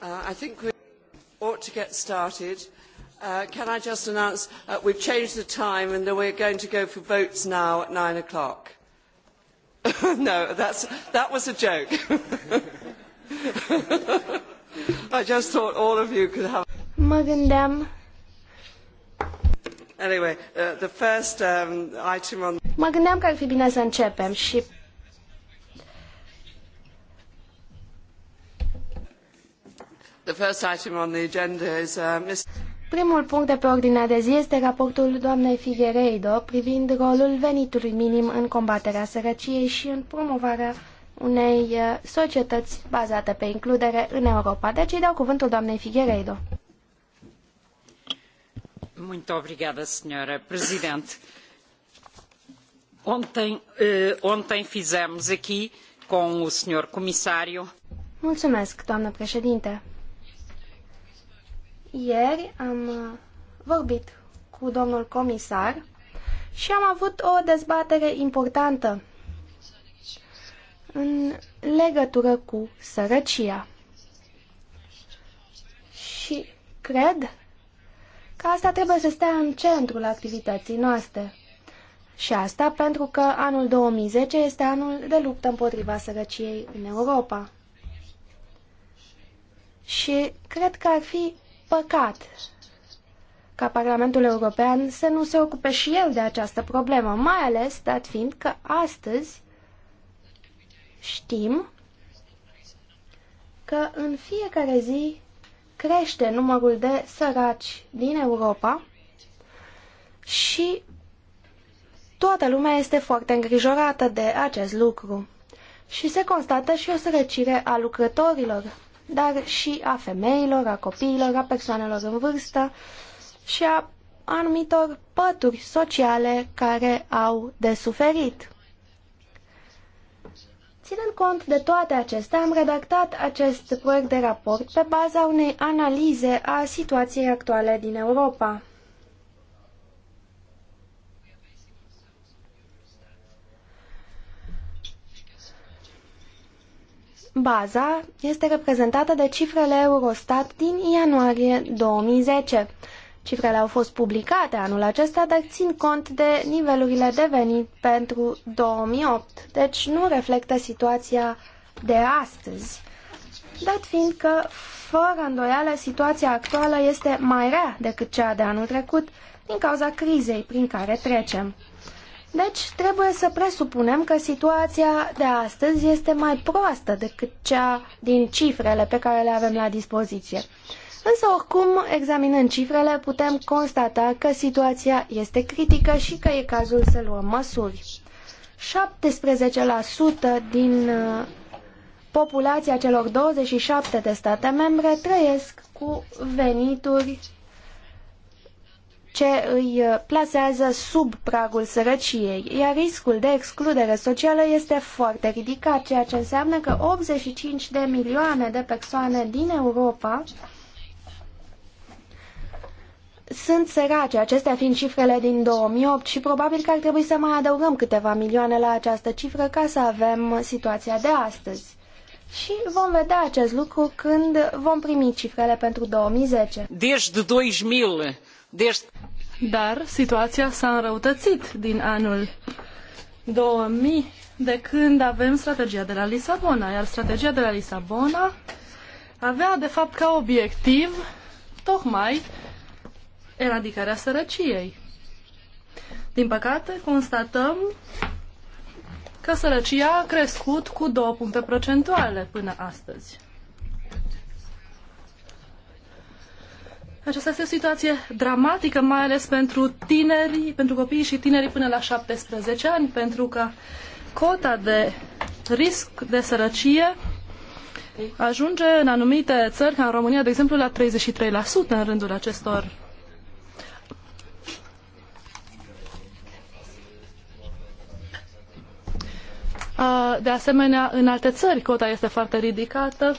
Uh, I think we ought to get started. Uh, can I just announce uh, we've changed the time and we're going to go for votes now at nine o'clock. no, that's, that was a joke. I just thought all of you could have... Mă gândeam... Anyway, uh, the first um, item on... Mă gândeam că ar fi bine să începem și Uh, Primul punct de pe ordinea de zi este raportul doamnei Figueiredo privind rolul venitului minim în combaterea sărăciei și în promovarea unei uh, societăți bazate pe includere în Europa. Deci îi dau cuvântul doamnei Figueiredo. Muito obrigada, senhora Presidente. Ontem, eh, ontem fizemos aqui com o senhor Comissário. Mulțumesc, doamnă președinte. Ieri am uh, vorbit cu domnul comisar și am avut o dezbatere importantă în legătură cu sărăcia. Și cred că asta trebuie să stea în centrul activității noastre. Și asta pentru că anul 2010 este anul de luptă împotriva sărăciei în Europa. Și cred că ar fi păcat ca Parlamentul European să nu se ocupe și el de această problemă, mai ales dat fiind că astăzi știm că în fiecare zi crește numărul de săraci din Europa și toată lumea este foarte îngrijorată de acest lucru. Și se constată și o sărăcire a lucrătorilor, dar și a femeilor, a copiilor, a persoanelor în vârstă și a anumitor pături sociale care au de suferit. Ținând cont de toate acestea, am redactat acest proiect de raport pe baza unei analize a situației actuale din Europa. Baza este reprezentată de cifrele Eurostat din ianuarie 2010. Cifrele au fost publicate anul acesta, dar țin cont de nivelurile de venit pentru 2008, deci nu reflectă situația de astăzi. Dat fiind că, fără îndoială, situația actuală este mai rea decât cea de anul trecut din cauza crizei prin care trecem. Deci trebuie să presupunem că situația de astăzi este mai proastă decât cea din cifrele pe care le avem la dispoziție. Însă, oricum, examinând cifrele, putem constata că situația este critică și că e cazul să luăm măsuri. 17% din uh, populația celor 27 de state membre trăiesc cu venituri ce îi uh, plasează sub pragul sărăciei, iar riscul de excludere socială este foarte ridicat, ceea ce înseamnă că 85 de milioane de persoane din Europa sunt sărace, acestea fiind cifrele din 2008 și probabil că ar trebui să mai adăugăm câteva milioane la această cifră ca să avem situația de astăzi. Și vom vedea acest lucru când vom primi cifrele pentru 2010. Desde 2000 deci- Dar situația s-a înrăutățit din anul 2000 de când avem strategia de la Lisabona, iar strategia de la Lisabona avea de fapt ca obiectiv tocmai eradicarea sărăciei. Din păcate, constatăm că sărăcia a crescut cu două puncte procentuale până astăzi. Aceasta este o situație dramatică, mai ales pentru tineri, pentru copiii și tinerii până la 17 ani, pentru că cota de risc de sărăcie ajunge în anumite țări, ca în România, de exemplu, la 33% în rândul acestor De asemenea, în alte țări cota este foarte ridicată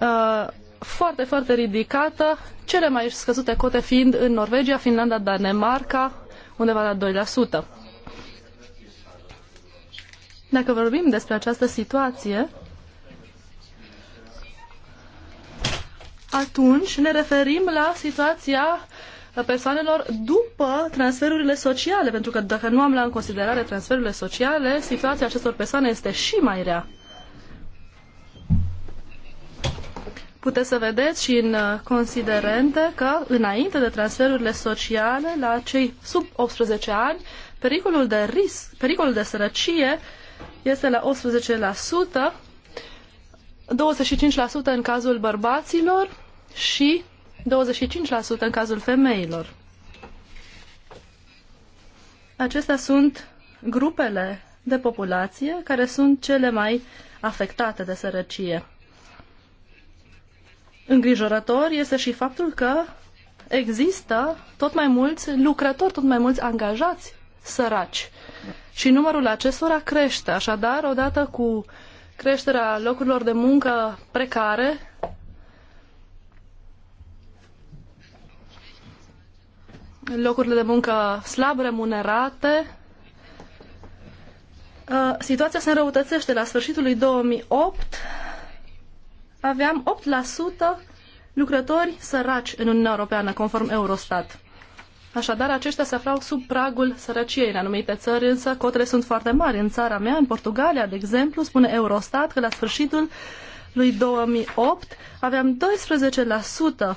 Uh, foarte, foarte ridicată, cele mai scăzute cote fiind în Norvegia, Finlanda, Danemarca, undeva la 2%. Dacă vorbim despre această situație, atunci ne referim la situația persoanelor după transferurile sociale, pentru că dacă nu am luat în considerare transferurile sociale, situația acestor persoane este și mai rea. Puteți să vedeți și în uh, considerente că, înainte de transferurile sociale, la cei sub 18 ani, pericolul de risc, pericolul de sărăcie este la 18%, 25% în cazul bărbaților și 25% în cazul femeilor. Acestea sunt grupele de populație care sunt cele mai afectate de sărăcie îngrijorător este și faptul că există tot mai mulți lucrători, tot mai mulți angajați săraci. Și numărul acestora crește. Așadar, odată cu creșterea locurilor de muncă precare, locurile de muncă slab remunerate, uh, situația se înrăutățește. La sfârșitul lui 2008, aveam 8% lucrători săraci în Uniunea Europeană, conform Eurostat. Așadar, aceștia se aflau sub pragul sărăciei în anumite țări, însă cotele sunt foarte mari. În țara mea, în Portugalia, de exemplu, spune Eurostat că la sfârșitul lui 2008 aveam 12%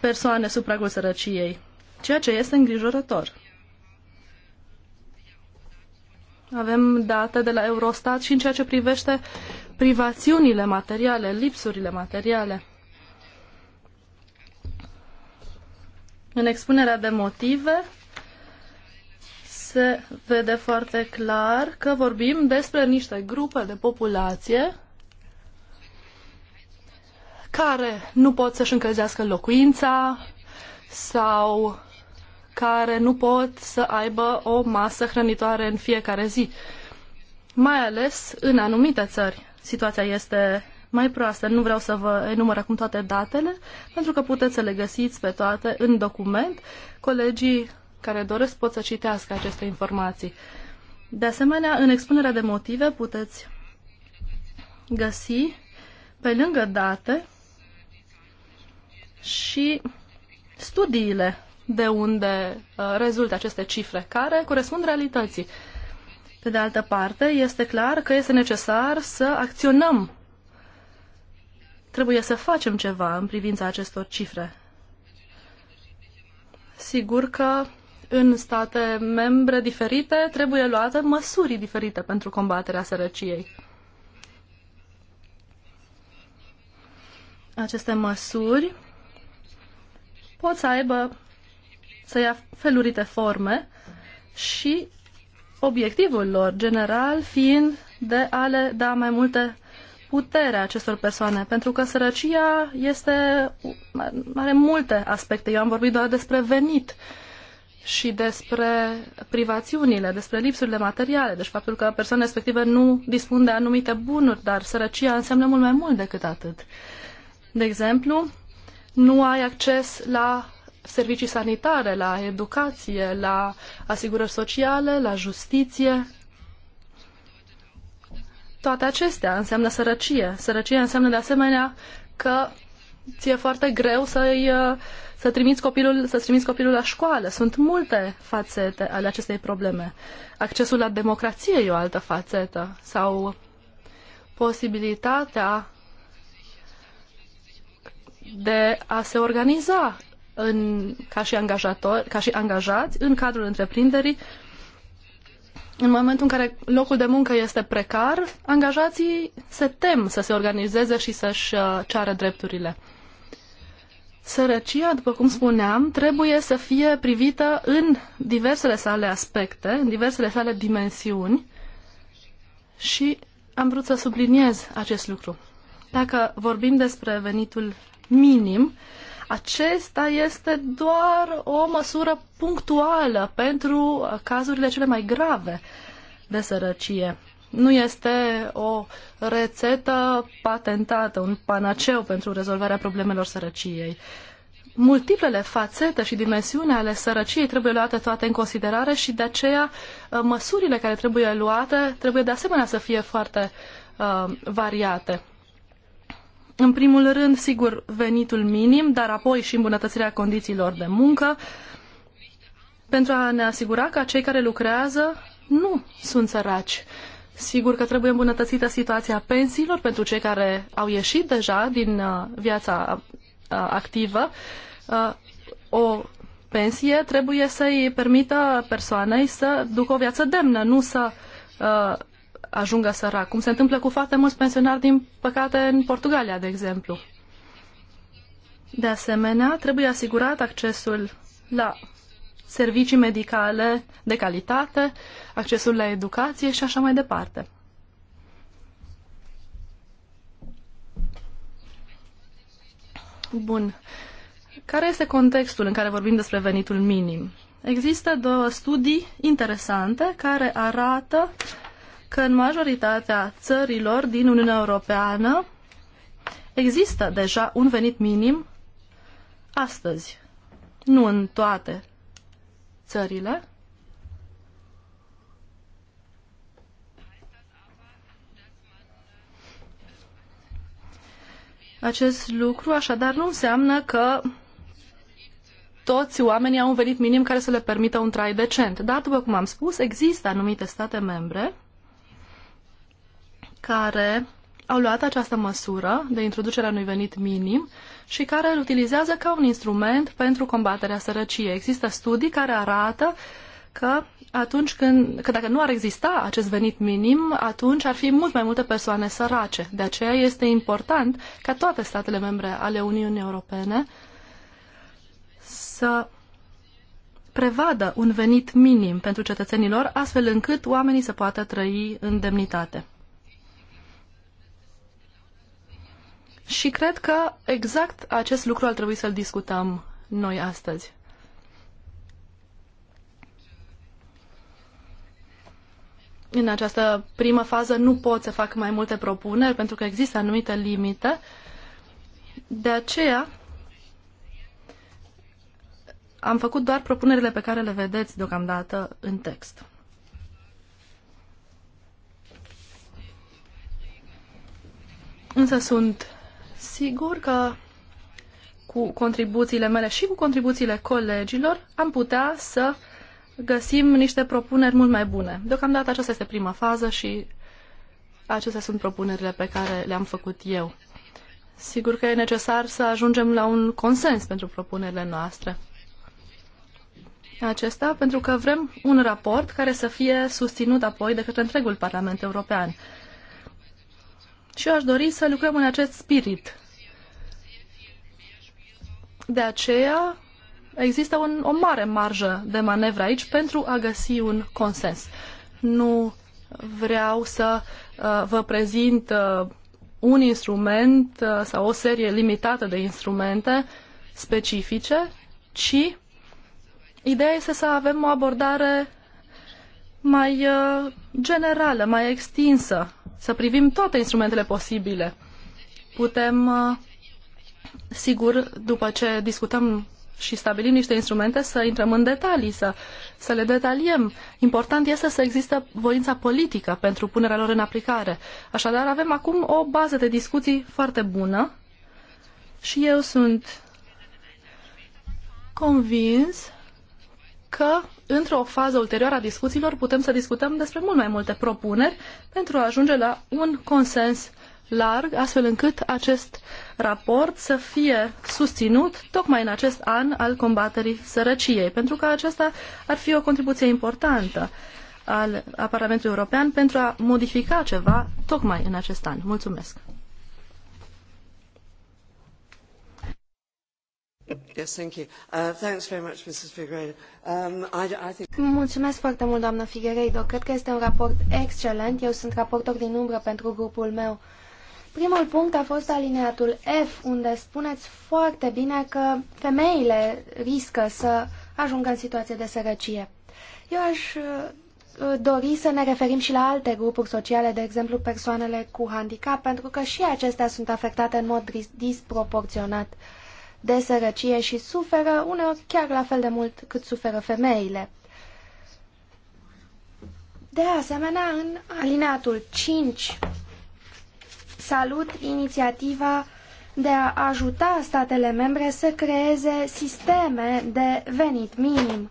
persoane sub pragul sărăciei, ceea ce este îngrijorător. Avem date de la Eurostat și în ceea ce privește privațiunile materiale, lipsurile materiale. În expunerea de motive se vede foarte clar că vorbim despre niște grupe de populație care nu pot să-și încălzească locuința sau care nu pot să aibă o masă hrănitoare în fiecare zi, mai ales în anumite țări situația este mai proastă. Nu vreau să vă enumăr acum toate datele, pentru că puteți să le găsiți pe toate în document. Colegii care doresc pot să citească aceste informații. De asemenea, în expunerea de motive puteți găsi, pe lângă date, și studiile de unde uh, rezultă aceste cifre, care corespund realității. Pe de altă parte, este clar că este necesar să acționăm. Trebuie să facem ceva în privința acestor cifre. Sigur că în state membre diferite trebuie luate măsuri diferite pentru combaterea sărăciei. Aceste măsuri pot să aibă, să ia felurite forme și obiectivul lor general fiind de a le da mai multe putere acestor persoane, pentru că sărăcia este, are multe aspecte. Eu am vorbit doar despre venit și despre privațiunile, despre lipsurile materiale, deci faptul că persoanele respective nu dispun de anumite bunuri, dar sărăcia înseamnă mult mai mult decât atât. De exemplu, nu ai acces la servicii sanitare, la educație, la asigurări sociale, la justiție. Toate acestea înseamnă sărăcie. Sărăcie înseamnă de asemenea că ți-e foarte greu să-i, uh, să trimiți copilul, să trimiți copilul la școală. Sunt multe fațete ale acestei probleme. Accesul la democrație e o altă fațetă sau posibilitatea de a se organiza în, ca, și angajator, ca și angajați în cadrul întreprinderii. În momentul în care locul de muncă este precar, angajații se tem să se organizeze și să-și uh, ceară drepturile. Sărăcia, după cum spuneam, trebuie să fie privită în diversele sale aspecte, în diversele sale dimensiuni și am vrut să subliniez acest lucru. Dacă vorbim despre venitul minim, acesta este doar o măsură punctuală pentru cazurile cele mai grave de sărăcie. Nu este o rețetă patentată, un panaceu pentru rezolvarea problemelor sărăciei. Multiplele fațete și dimensiuni ale sărăciei trebuie luate toate în considerare și de aceea uh, măsurile care trebuie luate trebuie de asemenea să fie foarte uh, variate. În primul rând, sigur, venitul minim, dar apoi și îmbunătățirea condițiilor de muncă, pentru a ne asigura că cei care lucrează nu sunt săraci. Sigur că trebuie îmbunătățită situația pensiilor pentru cei care au ieșit deja din uh, viața uh, activă. Uh, o pensie trebuie să-i permită persoanei să ducă o viață demnă, nu să ajungă sărac, cum se întâmplă cu foarte mulți pensionari, din păcate, în Portugalia, de exemplu. De asemenea, trebuie asigurat accesul la servicii medicale de calitate, accesul la educație și așa mai departe. Bun. Care este contextul în care vorbim despre venitul minim? Există două studii interesante care arată că în majoritatea țărilor din Uniunea Europeană există deja un venit minim astăzi. Nu în toate țările. Acest lucru așadar nu înseamnă că toți oamenii au un venit minim care să le permită un trai decent. Dar, după cum am spus, există anumite state membre care au luat această măsură de introducerea unui venit minim și care îl utilizează ca un instrument pentru combaterea sărăciei. Există studii care arată că atunci când, că dacă nu ar exista acest venit minim, atunci ar fi mult mai multe persoane sărace. De aceea este important ca toate statele membre ale Uniunii Europene să prevadă un venit minim pentru cetățenilor, astfel încât oamenii să poată trăi în demnitate. Și cred că exact acest lucru ar trebui să-l discutăm noi astăzi. În această primă fază nu pot să fac mai multe propuneri pentru că există anumite limite. De aceea am făcut doar propunerile pe care le vedeți deocamdată în text. Însă sunt Sigur că cu contribuțiile mele și cu contribuțiile colegilor am putea să găsim niște propuneri mult mai bune. Deocamdată aceasta este prima fază și acestea sunt propunerile pe care le-am făcut eu. Sigur că e necesar să ajungem la un consens pentru propunerile noastre. Acesta pentru că vrem un raport care să fie susținut apoi de către întregul Parlament European. Și eu aș dori să lucrăm în acest spirit. De aceea există un, o mare marjă de manevră aici pentru a găsi un consens. Nu vreau să uh, vă prezint uh, un instrument uh, sau o serie limitată de instrumente specifice, ci ideea este să avem o abordare mai uh, generală, mai extinsă, să privim toate instrumentele posibile. Putem, uh, sigur, după ce discutăm și stabilim niște instrumente, să intrăm în detalii, să, să le detaliem. Important este să există voința politică pentru punerea lor în aplicare. Așadar, avem acum o bază de discuții foarte bună și eu sunt convins că într-o fază ulterioară a discuțiilor putem să discutăm despre mult mai multe propuneri pentru a ajunge la un consens larg, astfel încât acest raport să fie susținut tocmai în acest an al combaterii sărăciei, pentru că aceasta ar fi o contribuție importantă al, a Parlamentului European pentru a modifica ceva tocmai în acest an. Mulțumesc! Yes, thank you. Uh, thanks very much, Mrs. Um, I, I think... Mulțumesc foarte mult, doamnă Figueiredo. Cred că este un raport excelent. Eu sunt raportor din umbră pentru grupul meu. Primul punct a fost alineatul F, unde spuneți foarte bine că femeile riscă să ajungă în situație de sărăcie. Eu aș uh, dori să ne referim și la alte grupuri sociale, de exemplu persoanele cu handicap, pentru că și acestea sunt afectate în mod disproporționat. Uh, de sărăcie și suferă uneori chiar la fel de mult cât suferă femeile. De asemenea, în alineatul 5 salut inițiativa de a ajuta statele membre să creeze sisteme de venit minim.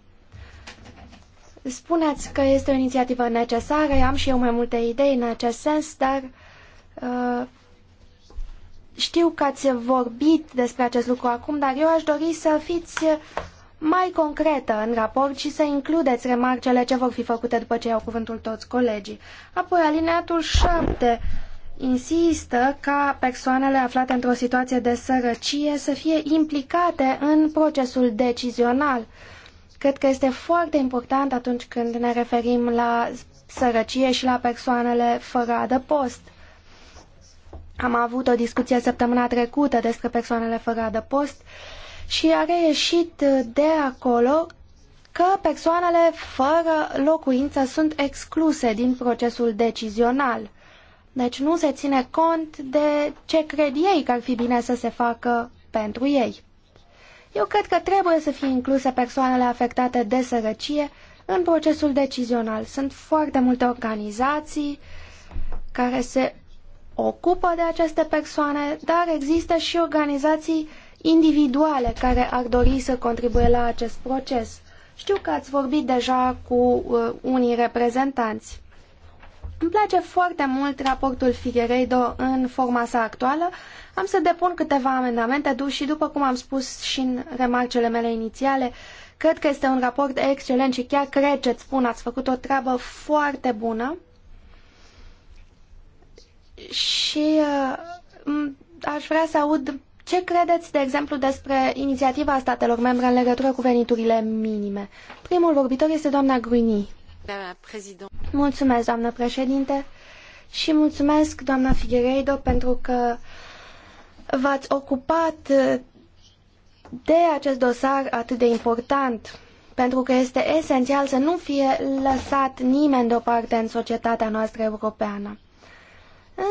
Spuneți că este o inițiativă necesară, am și eu mai multe idei în acest sens, dar uh, știu că ați vorbit despre acest lucru acum, dar eu aș dori să fiți mai concretă în raport și să includeți remarcele ce vor fi făcute după ce iau cuvântul toți colegii. Apoi, alineatul 7 insistă ca persoanele aflate într-o situație de sărăcie să fie implicate în procesul decizional. Cred că este foarte important atunci când ne referim la sărăcie și la persoanele fără adăpost. post. Am avut o discuție săptămâna trecută despre persoanele fără adăpost și a reieșit de acolo că persoanele fără locuință sunt excluse din procesul decizional. Deci nu se ține cont de ce cred ei că ar fi bine să se facă pentru ei. Eu cred că trebuie să fie incluse persoanele afectate de sărăcie în procesul decizional. Sunt foarte multe organizații care se ocupă de aceste persoane, dar există și organizații individuale care ar dori să contribuie la acest proces. Știu că ați vorbit deja cu uh, unii reprezentanți. Îmi place foarte mult raportul Figueiredo în forma sa actuală. Am să depun câteva amendamente și, după cum am spus și în remarcele mele inițiale, cred că este un raport excelent și chiar cred ce spun, ați făcut o treabă foarte bună. și uh, aș vrea să aud ce credeți, de exemplu, despre inițiativa statelor membre în legătură cu veniturile minime. Primul vorbitor este doamna Gruini. Mulțumesc, doamnă președinte, și mulțumesc, doamna Figueiredo, pentru că v-ați ocupat de acest dosar atât de important, pentru că este esențial să nu fie lăsat nimeni deoparte în societatea noastră europeană.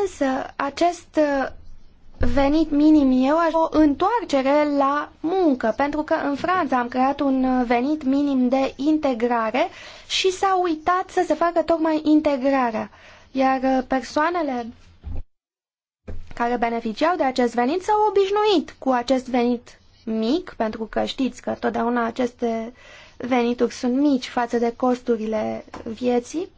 Însă, acest uh, venit minim eu aș o întoarcere la muncă, pentru că în Franța am creat un uh, venit minim de integrare și s-a uitat să se facă tocmai integrarea. Iar uh, persoanele care beneficiau de acest venit s-au obișnuit cu acest venit mic, pentru că știți că totdeauna aceste venituri sunt mici față de costurile vieții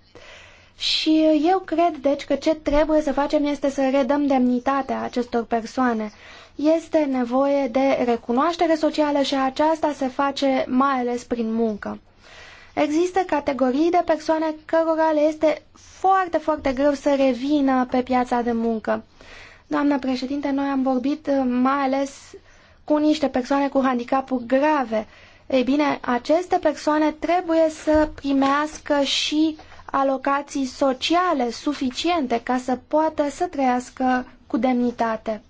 și eu cred, deci, că ce trebuie să facem este să redăm demnitatea acestor persoane. Este nevoie de recunoaștere socială și aceasta se face mai ales prin muncă. Există categorii de persoane cărora le este foarte, foarte greu să revină pe piața de muncă. Doamna președinte, noi am vorbit uh, mai ales cu niște persoane cu handicapuri grave. Ei bine, aceste persoane trebuie să primească și uh, alocații sociale suficiente ca să poată să trăiască cu demnitate.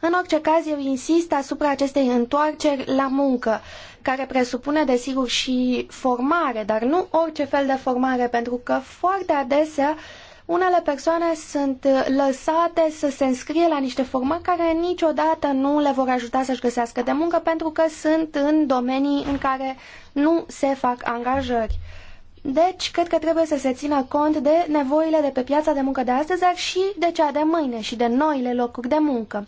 În orice caz, eu insist asupra acestei întoarceri la muncă, care presupune, desigur, și formare, dar nu orice fel de formare, pentru că foarte adesea unele persoane sunt lăsate să se înscrie la niște formări care niciodată nu le vor ajuta să-și găsească de muncă pentru că sunt în domenii în care nu se fac angajări. Deci, cred că trebuie să se țină cont de nevoile de pe piața de muncă de astăzi, dar și de cea de mâine și de noile locuri de muncă.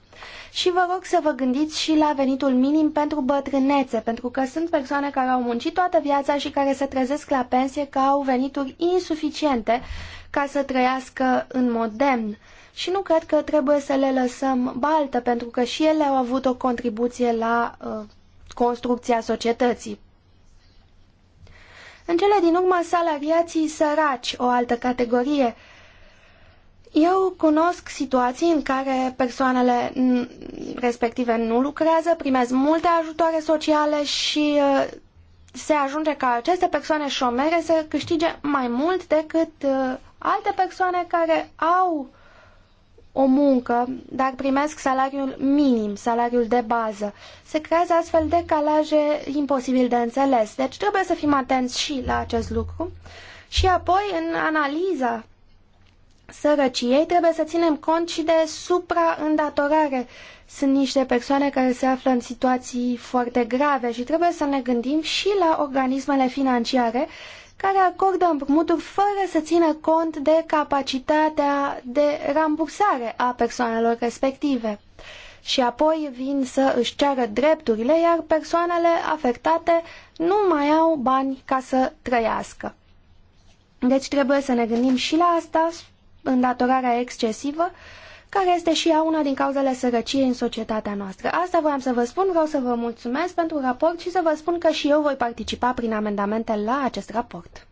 Și vă rog să vă gândiți și la venitul minim pentru bătrânețe, pentru că sunt persoane care au muncit toată viața și care se trezesc la pensie că au venituri insuficiente ca să trăiască în mod demn. Și nu cred că trebuie să le lăsăm baltă, pentru că și ele au avut o contribuție la uh, construcția societății. În cele din urmă, salariații săraci, o altă categorie. Eu cunosc situații în care persoanele respective nu lucrează, primez multe ajutoare sociale și uh, se ajunge ca aceste persoane șomere să câștige mai mult decât uh, alte persoane care au o muncă, dar primesc salariul minim, salariul de bază. Se creează astfel decalaje imposibil de înțeles. Deci trebuie să fim atenți și la acest lucru. Și apoi, în analiza sărăciei, trebuie să ținem cont și de supraîndatorare. Sunt niște persoane care se află în situații foarte grave și trebuie să ne gândim și la organismele financiare care acordă împrumuturi fără să țină cont de capacitatea de rambursare a persoanelor respective. Și apoi vin să își ceară drepturile, iar persoanele afectate nu mai au bani ca să trăiască. Deci trebuie să ne gândim și la asta, îndatorarea excesivă, uh, care este și ea una din cauzele sărăciei în societatea noastră. Asta voiam să vă spun, vreau să vă mulțumesc pentru raport și să vă spun că și eu voi participa prin amendamente la acest raport.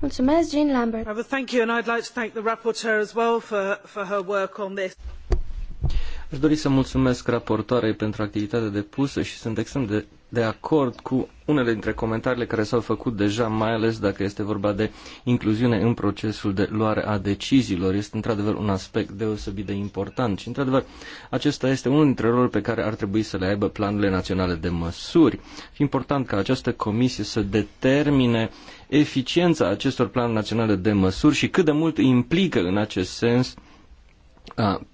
Mulțumesc, Jean Lambert. Thank you, and I'd like to thank the rapporteur as well for, for her work on this. Aș dori să mulțumesc raportoarei pentru activitatea depusă și sunt extrem de de acord cu unele dintre comentariile care s-au făcut deja, mai ales dacă este vorba de incluziune în procesul de luare a deciziilor. Este într-adevăr un aspect deosebit de important și, într-adevăr, acesta este unul dintre roluri pe care ar trebui să le aibă planurile naționale de măsuri. E important ca această comisie să determine eficiența acestor planuri naționale de măsuri și cât de mult implică în acest sens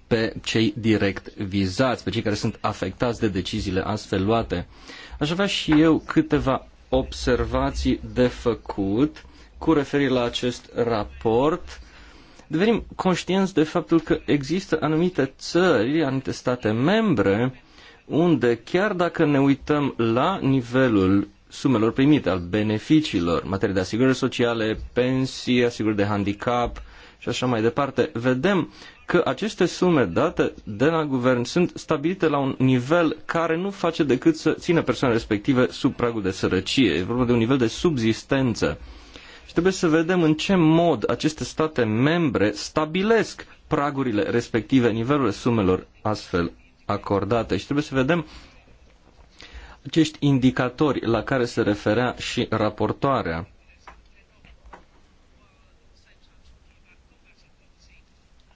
pe cei direct vizați, pe cei care sunt afectați de deciziile astfel luate. Aș avea și eu câteva observații de făcut cu referire la acest raport. Devenim conștienți de faptul că există anumite țări, anumite state membre, unde chiar dacă ne uităm la nivelul sumelor primite, al beneficiilor, materie de asigurări sociale, pensii, asigurări de handicap și așa mai departe, vedem că aceste sume date de la guvern sunt stabilite la un nivel care nu face decât să țină persoanele respective sub pragul de sărăcie. E vorba de un nivel de subzistență. Și trebuie să vedem în ce mod aceste state membre stabilesc pragurile respective, nivelul sumelor astfel acordate. Și trebuie să vedem acești indicatori la care se referea și raportoarea.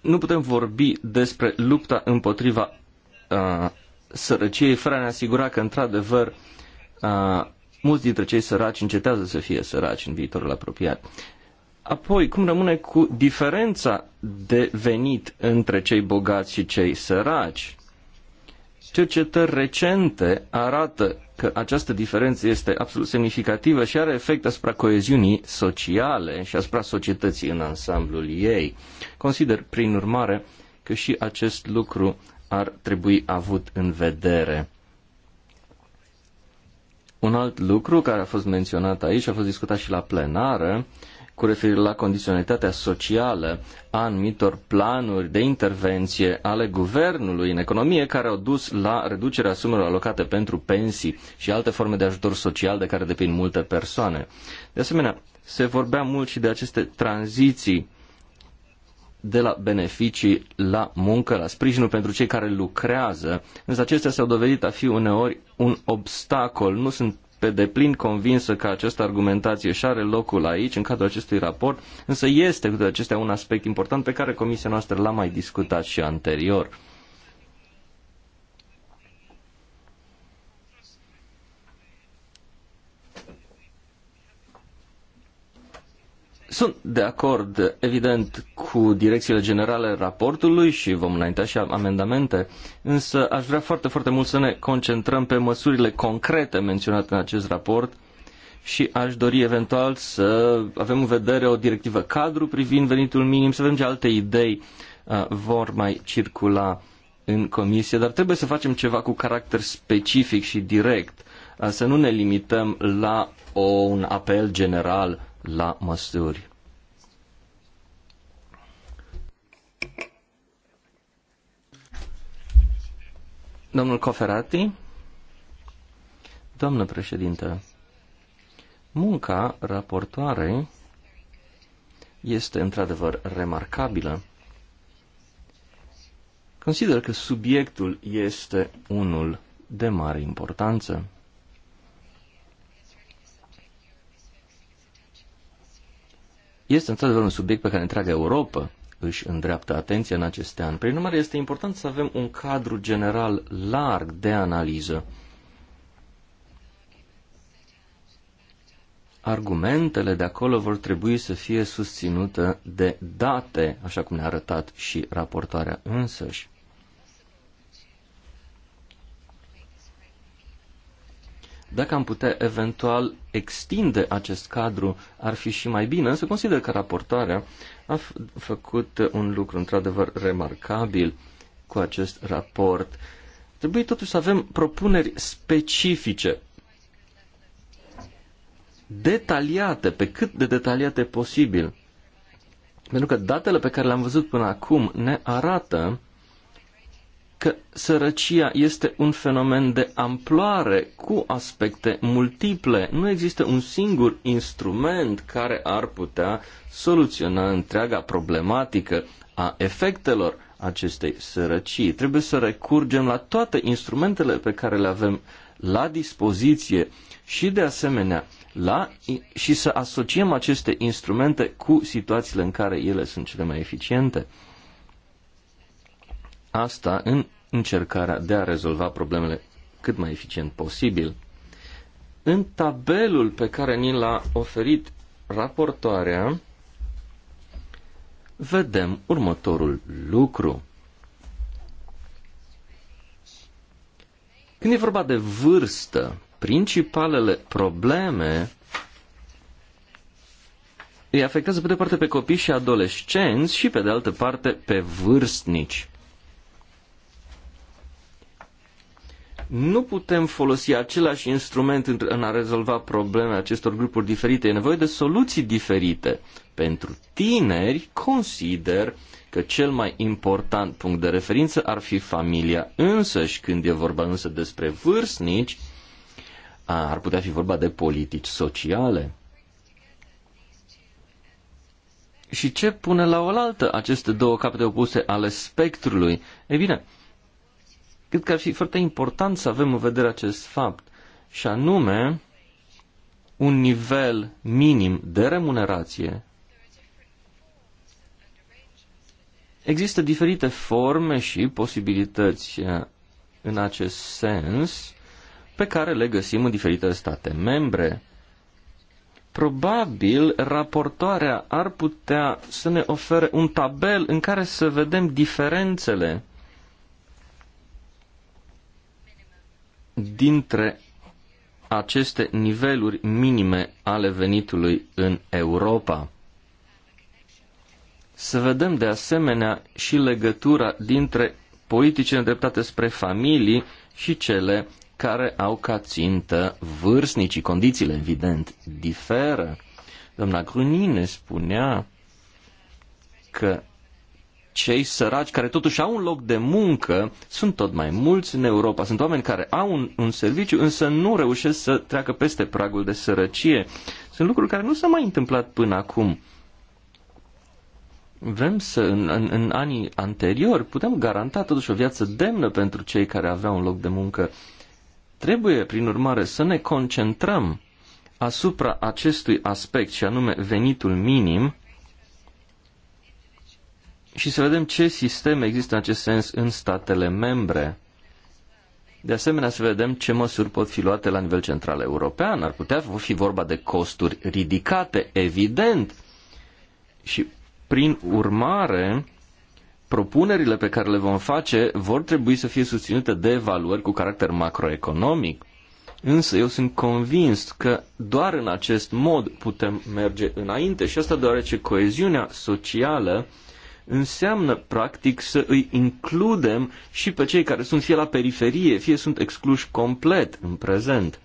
nu putem vorbi despre lupta împotriva uh, sărăciei fără a ne asigura că, într-adevăr, uh, mulți dintre cei săraci încetează să fie săraci în viitorul apropiat. Apoi, cum rămâne cu diferența de venit între cei bogați și cei săraci? Cercetări recente arată că această diferență este absolut semnificativă și are efect asupra coeziunii sociale și asupra societății în ansamblul ei. Consider, prin urmare, că și acest lucru ar trebui avut în vedere. Un alt lucru care a fost menționat aici, a fost discutat și la plenară, uh, cu referire la condiționalitatea socială a anumitor planuri de intervenție ale guvernului în economie care au dus la reducerea sumelor alocate pentru pensii și alte forme de ajutor social de care depind multe persoane. De asemenea, se vorbea mult și de aceste tranziții de la beneficii la muncă, la sprijinul pentru cei care lucrează, însă acestea s-au dovedit a fi uneori un obstacol, nu sunt pe deplin convinsă că această argumentație și are locul aici, în cadrul acestui raport, însă este cu toate acestea un aspect important pe care comisia noastră l-a mai discutat și anterior. Sunt de acord, evident, cu direcțiile generale raportului și vom înainta și amendamente, însă aș vrea foarte, foarte mult să ne concentrăm pe măsurile concrete menționate în acest raport și aș dori eventual să avem în vedere o directivă cadru privind venitul minim, să vedem ce alte idei uh, vor mai circula în comisie, dar trebuie să facem ceva cu caracter specific și direct, uh, să nu ne limităm la o, un apel general la măsuri. Domnul Coferati, domnul președinte, munca raportoarei este într-adevăr remarcabilă. Consider că subiectul este unul de mare importanță. Este într-adevăr un subiect pe care întreaga Europa își îndreaptă atenția în aceste ani. Prin urmare, este important să avem un cadru general larg de analiză. Argumentele de acolo vor trebui să fie susținute de date, așa cum ne-a arătat și raportarea însăși. Dacă am putea eventual extinde acest cadru, ar fi și mai bine, însă consider că raportoarea a făcut un lucru într-adevăr remarcabil cu acest raport. Trebuie totuși să avem propuneri specifice, detaliate, pe cât de detaliate posibil. Pentru că datele pe care le-am văzut până acum ne arată că sărăcia este un fenomen de amploare cu aspecte multiple. Nu există un singur instrument care ar putea soluționa întreaga problematică a efectelor acestei sărăcii. Trebuie să recurgem la toate instrumentele pe care le avem la dispoziție și de asemenea la, și să asociem aceste instrumente cu situațiile în care ele sunt cele mai eficiente. Asta în încercarea de a rezolva problemele cât mai eficient posibil. În tabelul pe care ni l-a oferit raportoarea, vedem următorul lucru. Când e vorba de vârstă, principalele probleme îi afectează pe de parte pe copii și adolescenți și pe de altă parte pe vârstnici. Nu putem folosi același instrument în a rezolva problemele acestor grupuri diferite. E nevoie de soluții diferite. Pentru tineri, consider că cel mai important punct de referință ar fi familia însăși. Când e vorba însă despre vârstnici, ar putea fi vorba de politici sociale. Și ce pune la oaltă aceste două capete opuse ale spectrului? Ei bine, Cred că ar fi foarte important să avem în vedere acest fapt, și anume un nivel minim de remunerație. Există diferite forme și posibilități eh, în acest sens pe care le găsim în diferite state membre. Probabil raportoarea ar putea să ne ofere un tabel în care să vedem diferențele dintre aceste niveluri minime ale venitului în Europa. Să vedem de asemenea și legătura dintre politice îndreptate spre familii și cele care au ca țintă vârstnicii. Condițiile, evident, diferă. Doamna Grunin ne spunea că cei săraci care totuși au un loc de muncă sunt tot mai mulți în Europa. Sunt oameni care au un, un serviciu, însă nu reușesc să treacă peste pragul de sărăcie. Sunt lucruri care nu s-au mai întâmplat până acum. Vrem să, în, în, în anii anteriori, putem garanta totuși o viață demnă pentru cei care aveau un loc de muncă. Trebuie, prin urmare, să ne concentrăm asupra acestui aspect, și anume venitul minim, și să vedem ce sisteme există în acest sens în statele membre. De asemenea, să vedem ce măsuri pot fi luate la nivel central european. Ar putea fi vorba de costuri ridicate, evident. Și, prin urmare, propunerile pe care le vom face vor trebui să fie susținute de evaluări cu caracter macroeconomic. Însă eu sunt convins că doar în acest mod putem merge înainte și asta deoarece coeziunea socială înseamnă practic să îi includem și pe cei care sunt fie la periferie, fie sunt excluși complet în prezent.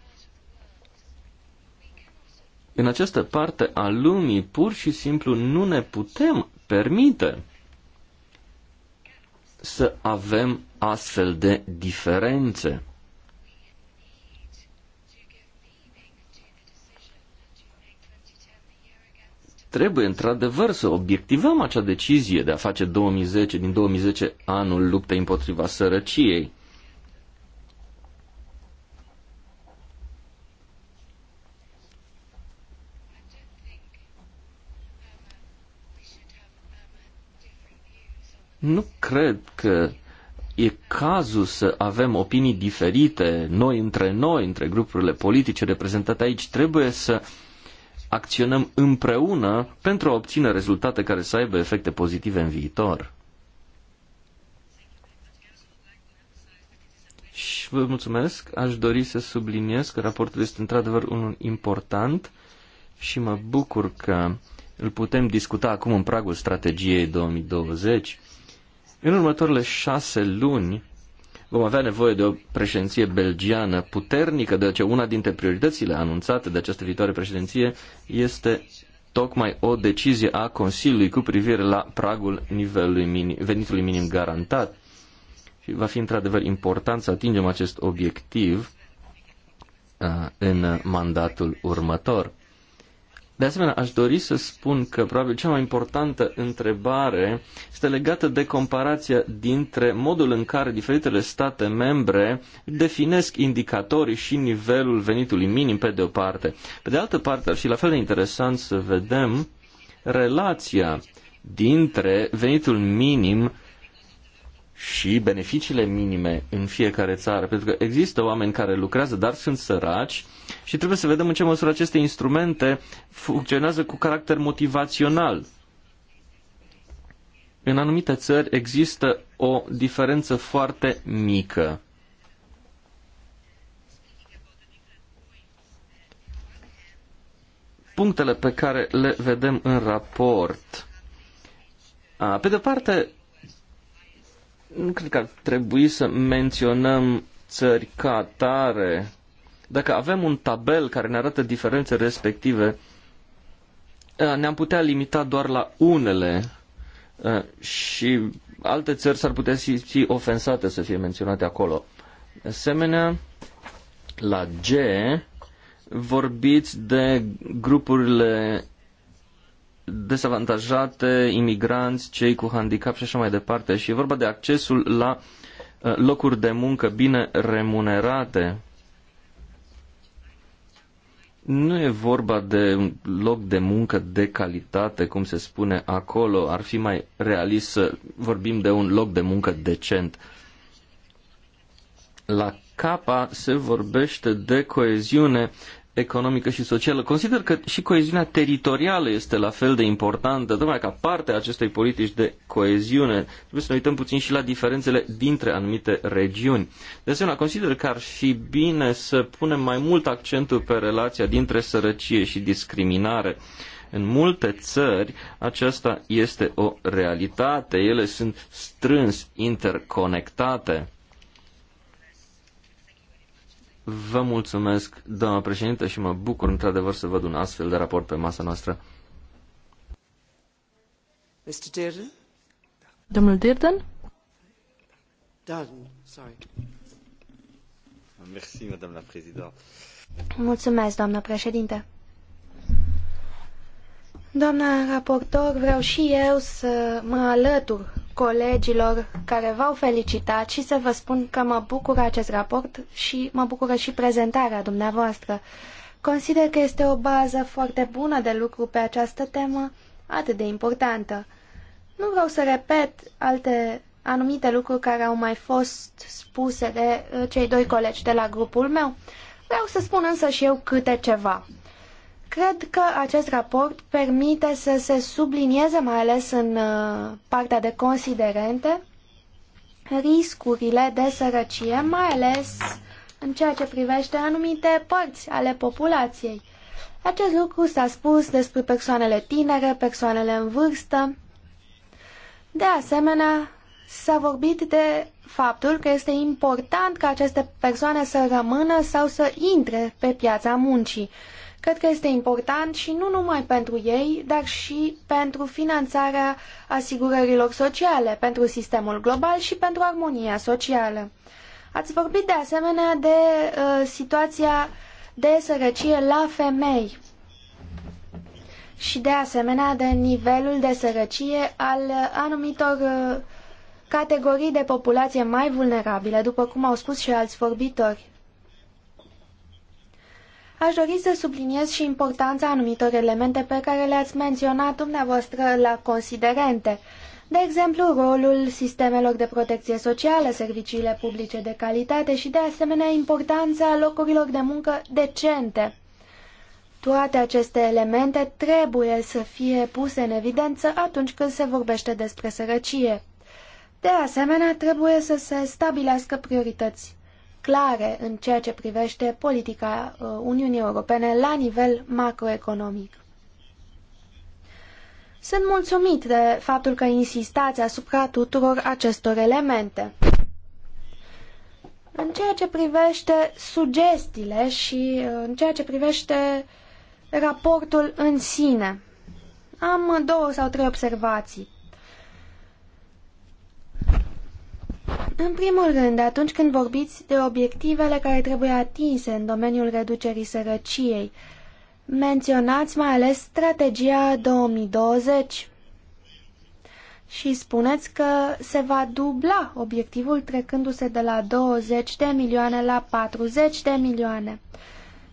În această parte a lumii pur și simplu nu ne putem permite să avem astfel de diferențe. Trebuie într-adevăr să obiectivăm acea decizie de a face 2010 din 2010 anul luptei împotriva sărăciei. Nu cred că e cazul să avem opinii diferite, noi între noi, între grupurile politice reprezentate aici. Trebuie să acționăm împreună pentru a obține rezultate care să aibă efecte pozitive în viitor. Și vă mulțumesc. Aș dori să subliniez că raportul este într-adevăr unul important și mă bucur că îl putem discuta acum în pragul strategiei 2020. În următoarele șase luni Vom avea nevoie de o președinție belgiană puternică, aceea una dintre prioritățile anunțate de această viitoare președinție este tocmai o decizie a Consiliului cu privire la pragul nivelului minim, venitului minim garantat. Și va fi într-adevăr important să atingem acest obiectiv uh, în mandatul următor. De asemenea, aș dori să spun că probabil cea mai importantă întrebare este legată de comparația dintre modul în care diferitele state membre definesc indicatorii și nivelul venitului minim pe de o parte. Pe de altă parte, ar fi la fel de interesant să vedem relația dintre venitul minim și beneficiile minime în fiecare țară, pentru că există oameni care lucrează, dar sunt săraci și trebuie să vedem în ce măsură aceste instrumente funcționează cu caracter motivațional. În anumite țări există o diferență foarte mică. Punctele pe care le vedem în raport. Pe de parte, nu cred că ar trebui să menționăm țări ca atare. Dacă avem un tabel care ne arată diferențele respective, ne-am putea limita doar la unele și alte țări s-ar putea fi ofensate să fie menționate acolo. De asemenea, la G vorbiți de grupurile dezavantajate, imigranți, cei cu handicap și așa mai departe. Și e vorba de accesul la uh, locuri de muncă bine remunerate. Nu e vorba de un loc de muncă de calitate, cum se spune acolo. Ar fi mai realist să vorbim de un loc de muncă decent. La capa se vorbește de coeziune economică și socială. Consider că și coeziunea teritorială este la fel de importantă, tocmai ca parte a acestei politici de coeziune. Trebuie să ne uităm puțin și la diferențele dintre anumite regiuni. De asemenea, consider că ar fi bine să punem mai mult accentul pe relația dintre sărăcie și discriminare. În multe țări aceasta este o realitate, ele sunt strâns interconectate. Vă mulțumesc, doamnă președinte, și mă bucur într-adevăr să văd un astfel de raport pe masa noastră. Mr. Dearden? Domnul Dearden? Darden, sorry. Mulțumesc, doamnă președinte. Doamna raportor, vreau și eu să mă alătur colegilor care v-au felicitat și să vă spun că mă bucură acest raport și mă bucură și prezentarea dumneavoastră. Consider că este o bază foarte bună de lucru pe această temă atât de importantă. Nu vreau să repet alte anumite lucruri care au mai fost spuse de uh, cei doi colegi de la grupul meu. Vreau să spun însă și eu câte ceva. Cred că acest raport permite să se sublinieze, mai ales în uh, partea de considerente, riscurile de sărăcie, mai ales în ceea ce privește anumite părți ale populației. Acest lucru s-a spus despre persoanele tinere, persoanele în vârstă. De asemenea, s-a vorbit de faptul că este important ca aceste persoane să rămână sau să intre pe piața muncii Cred că este important și nu numai pentru ei, dar și pentru finanțarea asigurărilor sociale, pentru sistemul global și pentru armonia socială. Ați vorbit de asemenea de uh, situația de sărăcie la femei și de asemenea de nivelul de sărăcie al anumitor uh, categorii de populație mai vulnerabile, după cum au spus și alți vorbitori. Aș dori să subliniez și importanța anumitor elemente pe care le-ați menționat dumneavoastră la considerente. De exemplu, rolul sistemelor de protecție socială, serviciile publice de calitate și, de asemenea, importanța locurilor de muncă decente. Toate aceste elemente trebuie să fie puse în evidență atunci când se vorbește despre sărăcie. De asemenea, trebuie să se stabilească priorități clare în ceea ce privește politica uh, Uniunii Europene la nivel macroeconomic. Sunt mulțumit de faptul că insistați asupra tuturor acestor elemente. În ceea ce privește sugestiile și uh, în ceea ce privește raportul în sine, am două sau trei observații. În primul rând, atunci când vorbiți de obiectivele care trebuie atinse în domeniul reducerii sărăciei, menționați mai ales strategia 2020 și spuneți că se va dubla obiectivul trecându-se de la 20 de milioane la 40 de milioane.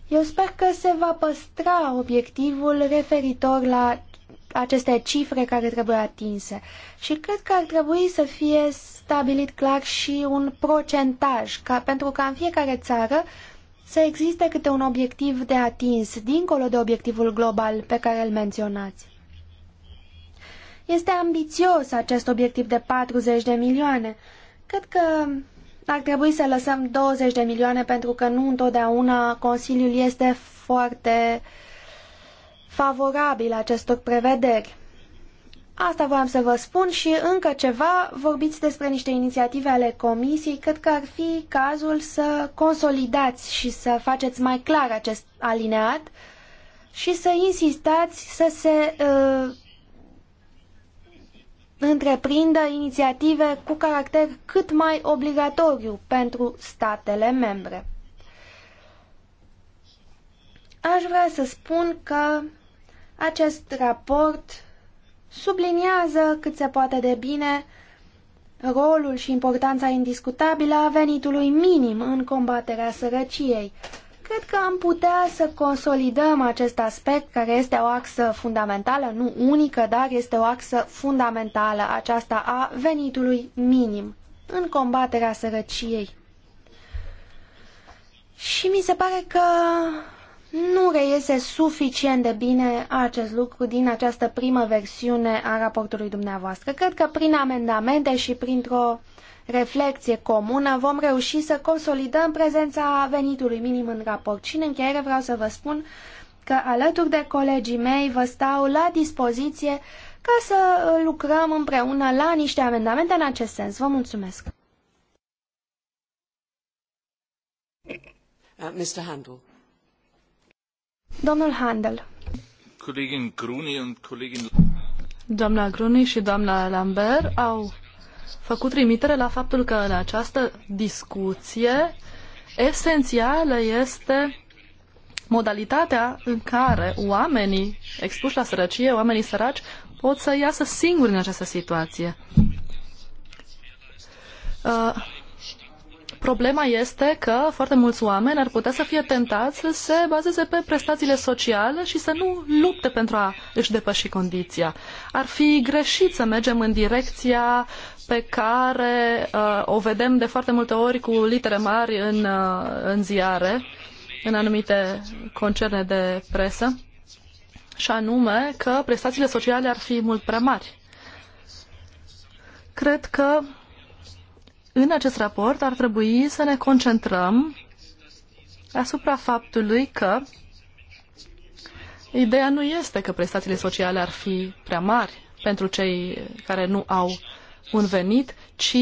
Eu sper că se va păstra obiectivul referitor la aceste cifre care trebuie atinse. Și cred că ar trebui să fie stabilit clar și un procentaj, ca, pentru ca în fiecare țară să existe câte un obiectiv de atins, dincolo de obiectivul global pe care îl menționați. Este ambițios acest obiectiv de 40 de milioane. Cred că ar trebui să lăsăm 20 de milioane pentru că nu întotdeauna Consiliul este foarte uh, favorabil acestor prevederi. Asta voiam să vă spun și încă ceva, vorbiți despre niște inițiative ale comisiei, cred că ar fi cazul să consolidați și să faceți mai clar acest alineat și să insistați să se uh, întreprindă inițiative cu caracter cât mai obligatoriu pentru statele membre. Aș vrea să spun că acest raport subliniază cât se poate de bine rolul și importanța indiscutabilă a venitului minim în combaterea sărăciei. Cred că am putea să consolidăm acest aspect care este o axă fundamentală, nu unică, dar este o axă fundamentală aceasta a venitului minim în combaterea sărăciei. Și mi se pare că nu reiese suficient de bine acest lucru din această primă versiune a raportului dumneavoastră. Cred că prin amendamente și printr-o reflecție comună vom reuși să consolidăm prezența venitului minim în raport. Și în încheiere vreau să vă spun că alături de colegii mei vă stau la dispoziție ca să lucrăm împreună la niște amendamente în acest sens. Vă mulțumesc! Uh, Mr. Handel. Handel. Doamna gruny și doamna Lambert au făcut trimitere la faptul că în această discuție esențială este modalitatea în care oamenii expuși la sărăcie, oamenii săraci, pot să iasă singuri în această situație. Uh, Problema este că foarte mulți oameni ar putea să fie tentați să se bazeze pe prestațiile sociale și să nu lupte pentru a își depăși condiția. Ar fi greșit să mergem în direcția pe care uh, o vedem de foarte multe ori cu litere mari în, uh, în ziare, în anumite concerne de presă, și anume că prestațiile sociale ar fi mult prea mari. Cred că în acest raport ar trebui să ne concentrăm asupra faptului că ideea nu este că prestațiile sociale ar fi prea mari pentru cei care nu au un venit, ci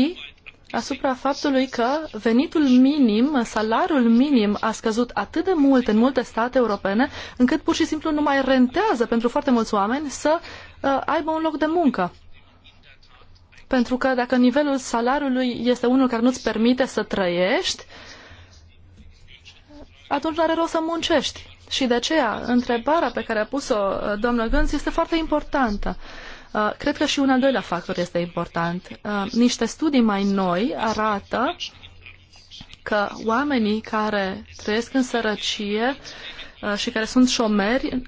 asupra faptului că venitul minim, salariul minim a scăzut atât de mult în multe state europene, încât pur și simplu nu mai rentează pentru foarte mulți oameni să uh, aibă un loc de muncă. Pentru că dacă nivelul salariului este unul care nu-ți permite să trăiești, atunci are rost să muncești. Și de aceea, întrebarea pe care a pus-o uh, doamnă Gânț este foarte importantă. Uh, cred că și un al doilea factor este important. Uh, niște studii mai noi arată că oamenii care trăiesc în sărăcie și care sunt șomeri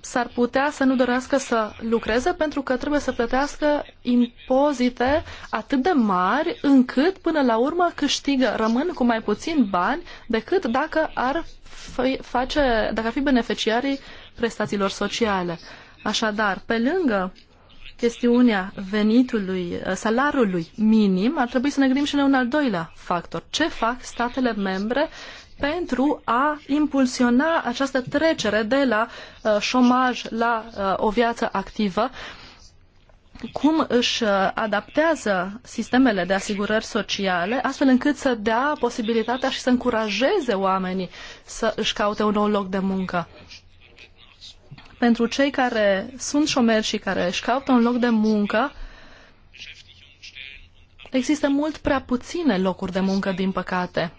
s-ar putea să nu dorească să lucreze pentru că trebuie să plătească impozite atât de mari încât până la urmă câștigă, rămân cu mai puțin bani decât dacă ar fi, face, dacă ar fi beneficiarii prestațiilor sociale. Așadar, pe lângă chestiunea venitului, salariului minim, ar trebui să ne gândim și la un al doilea factor. Ce fac statele membre uh, pentru a impulsiona această trecere de la uh, șomaj la uh, o viață activă, cum își uh, adaptează sistemele de asigurări sociale, astfel încât să dea posibilitatea și să încurajeze oamenii să își caute un nou loc de muncă. Pentru cei care sunt șomeri și care își caută un loc de muncă, există mult prea puține locuri de muncă, din păcate.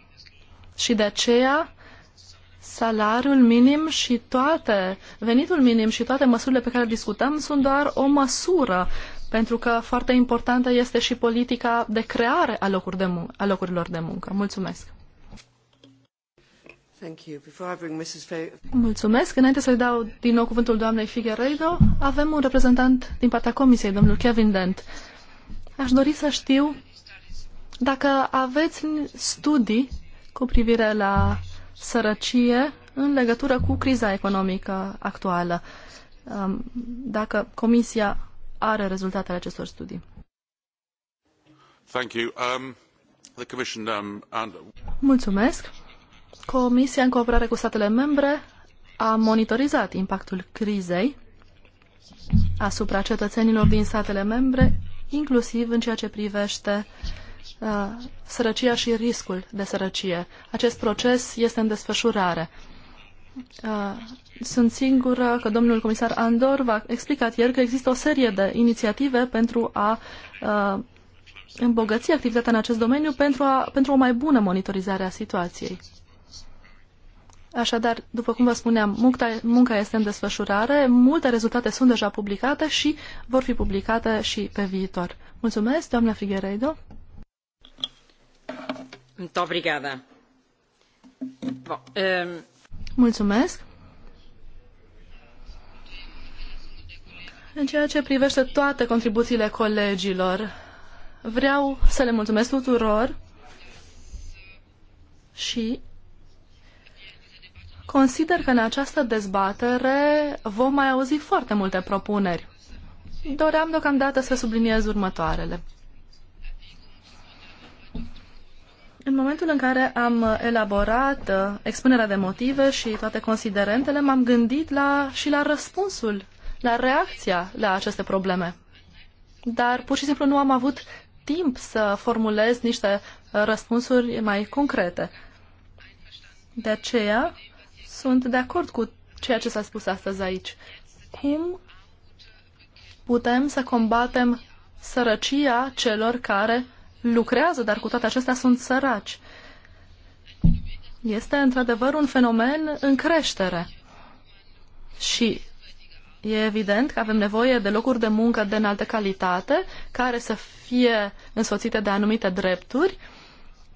Și de aceea salariul minim și toate, venitul minim și toate măsurile pe care le discutăm sunt doar o măsură, pentru că foarte importantă este și politica de creare a, locuri de mun- a locurilor de muncă. Mulțumesc! Mulțumesc. Înainte să-i dau din nou cuvântul doamnei Figueiredo, avem un reprezentant din partea Comisiei, domnul Kevin Dent. Aș dori să știu dacă aveți studii cu privire la sărăcie în legătură cu criza economică actuală. Um, dacă Comisia are rezultatele acestor studii. Thank you. Um, the commission, um, and... Mulțumesc. Comisia, în cooperare cu statele membre, a monitorizat impactul crizei asupra cetățenilor din statele membre, inclusiv în ceea ce privește uh, Uh, sărăcia și riscul de sărăcie. Acest proces este în desfășurare. Uh, sunt singură că domnul comisar Andor v-a explicat ieri că există o serie de inițiative pentru a uh, îmbogăți activitatea în acest domeniu pentru, a, pentru o mai bună monitorizare a situației. Așadar, după cum vă spuneam, munca, munca este în desfășurare, multe rezultate sunt deja publicate și vor fi publicate și pe viitor. Mulțumesc, doamna Figueiredo. Ehm, în ceea ce privete toate contribuiile colegilor, vreau să le mulumesc tuturor i consider că în această dezbatere vom mai auzi foarte multe propuneri. Doream deocamdată să subliniez următoarele. În momentul în care am elaborat uh, expunerea de motive și toate considerentele, m-am gândit la, și la răspunsul, la reacția la aceste probleme. Dar pur și simplu nu am avut timp să formulez niște uh, răspunsuri mai concrete. De aceea sunt de acord cu ceea ce s-a spus astăzi aici. Cum putem să combatem sărăcia celor care lucrează, dar cu toate acestea sunt săraci. Este într-adevăr un fenomen în creștere. Și E evident că avem nevoie de locuri de muncă de înaltă calitate, care să fie însoțite de anumite drepturi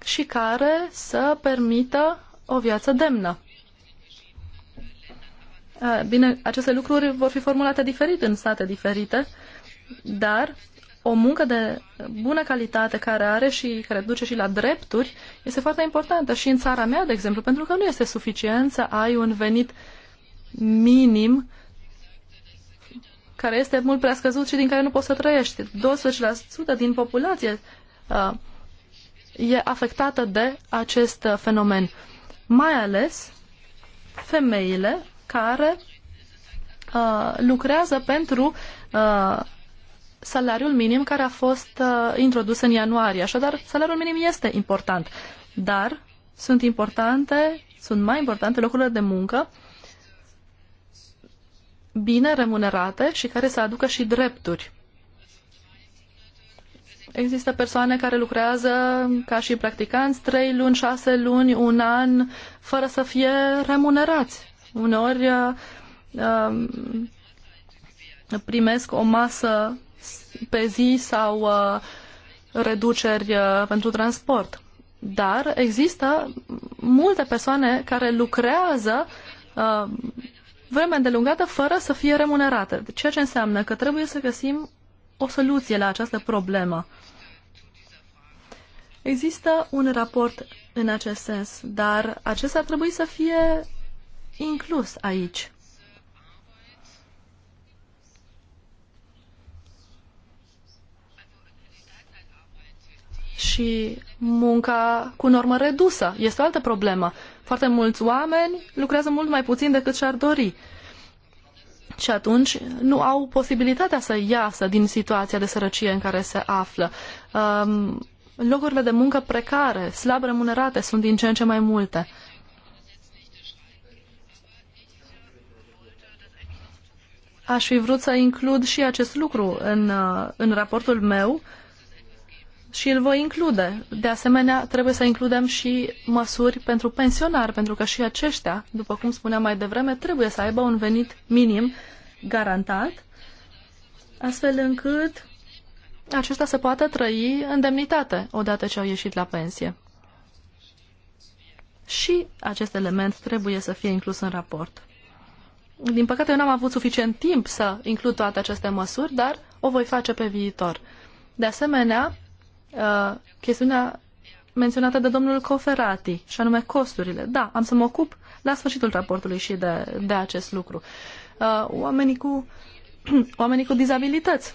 și care să permită o viață demnă. Bine, aceste lucruri vor fi formulate diferit în state diferite, dar o muncă de bună calitate care are și care duce și la drepturi este foarte importantă și în țara mea, de exemplu, pentru că nu este suficient să ai un venit minim care este mult prea scăzut și din care nu poți să trăiești. 12% din populație uh, e afectată de acest fenomen. Mai ales femeile care uh, lucrează pentru uh, salariul minim care a fost uh, introdus în ianuarie. Așadar, salariul minim este important, dar sunt importante, sunt mai importante locurile de muncă bine remunerate și care să aducă și drepturi. Există persoane care lucrează ca și practicanți trei luni, șase luni, un an, fără să fie remunerați. Uneori uh, um, primesc o masă pe zi sau uh, reduceri uh, pentru transport. Dar există multe persoane care lucrează uh, vreme îndelungată fără să fie remunerate. Ceea ce înseamnă că trebuie să găsim o soluție la această problemă. Există un raport în acest sens, dar acesta ar trebui să fie inclus aici. și munca cu normă redusă. Este o altă problemă. Foarte mulți oameni lucrează mult mai puțin decât și-ar dori. Și atunci nu au posibilitatea să iasă din situația de sărăcie în care se află. Um, locurile de muncă precare, slab remunerate, sunt din ce în ce mai multe. Aș fi vrut să includ și acest lucru în, uh, în raportul meu, și îl voi include. De asemenea, trebuie să includem și măsuri pentru pensionari, pentru că și aceștia, după cum spuneam mai devreme, trebuie să aibă un venit minim garantat, astfel încât acesta să poată trăi în demnitate odată ce au ieșit la pensie. Și acest element trebuie să fie inclus în raport. Din păcate, eu n-am avut suficient timp să includ toate aceste măsuri, dar o voi face pe viitor. De asemenea, uh, chestiunea menționată de domnul Coferati, și anume costurile. Da, am să mă ocup la sfârșitul raportului și de, de acest lucru. Uh, oamenii, cu, oamenii cu dizabilități.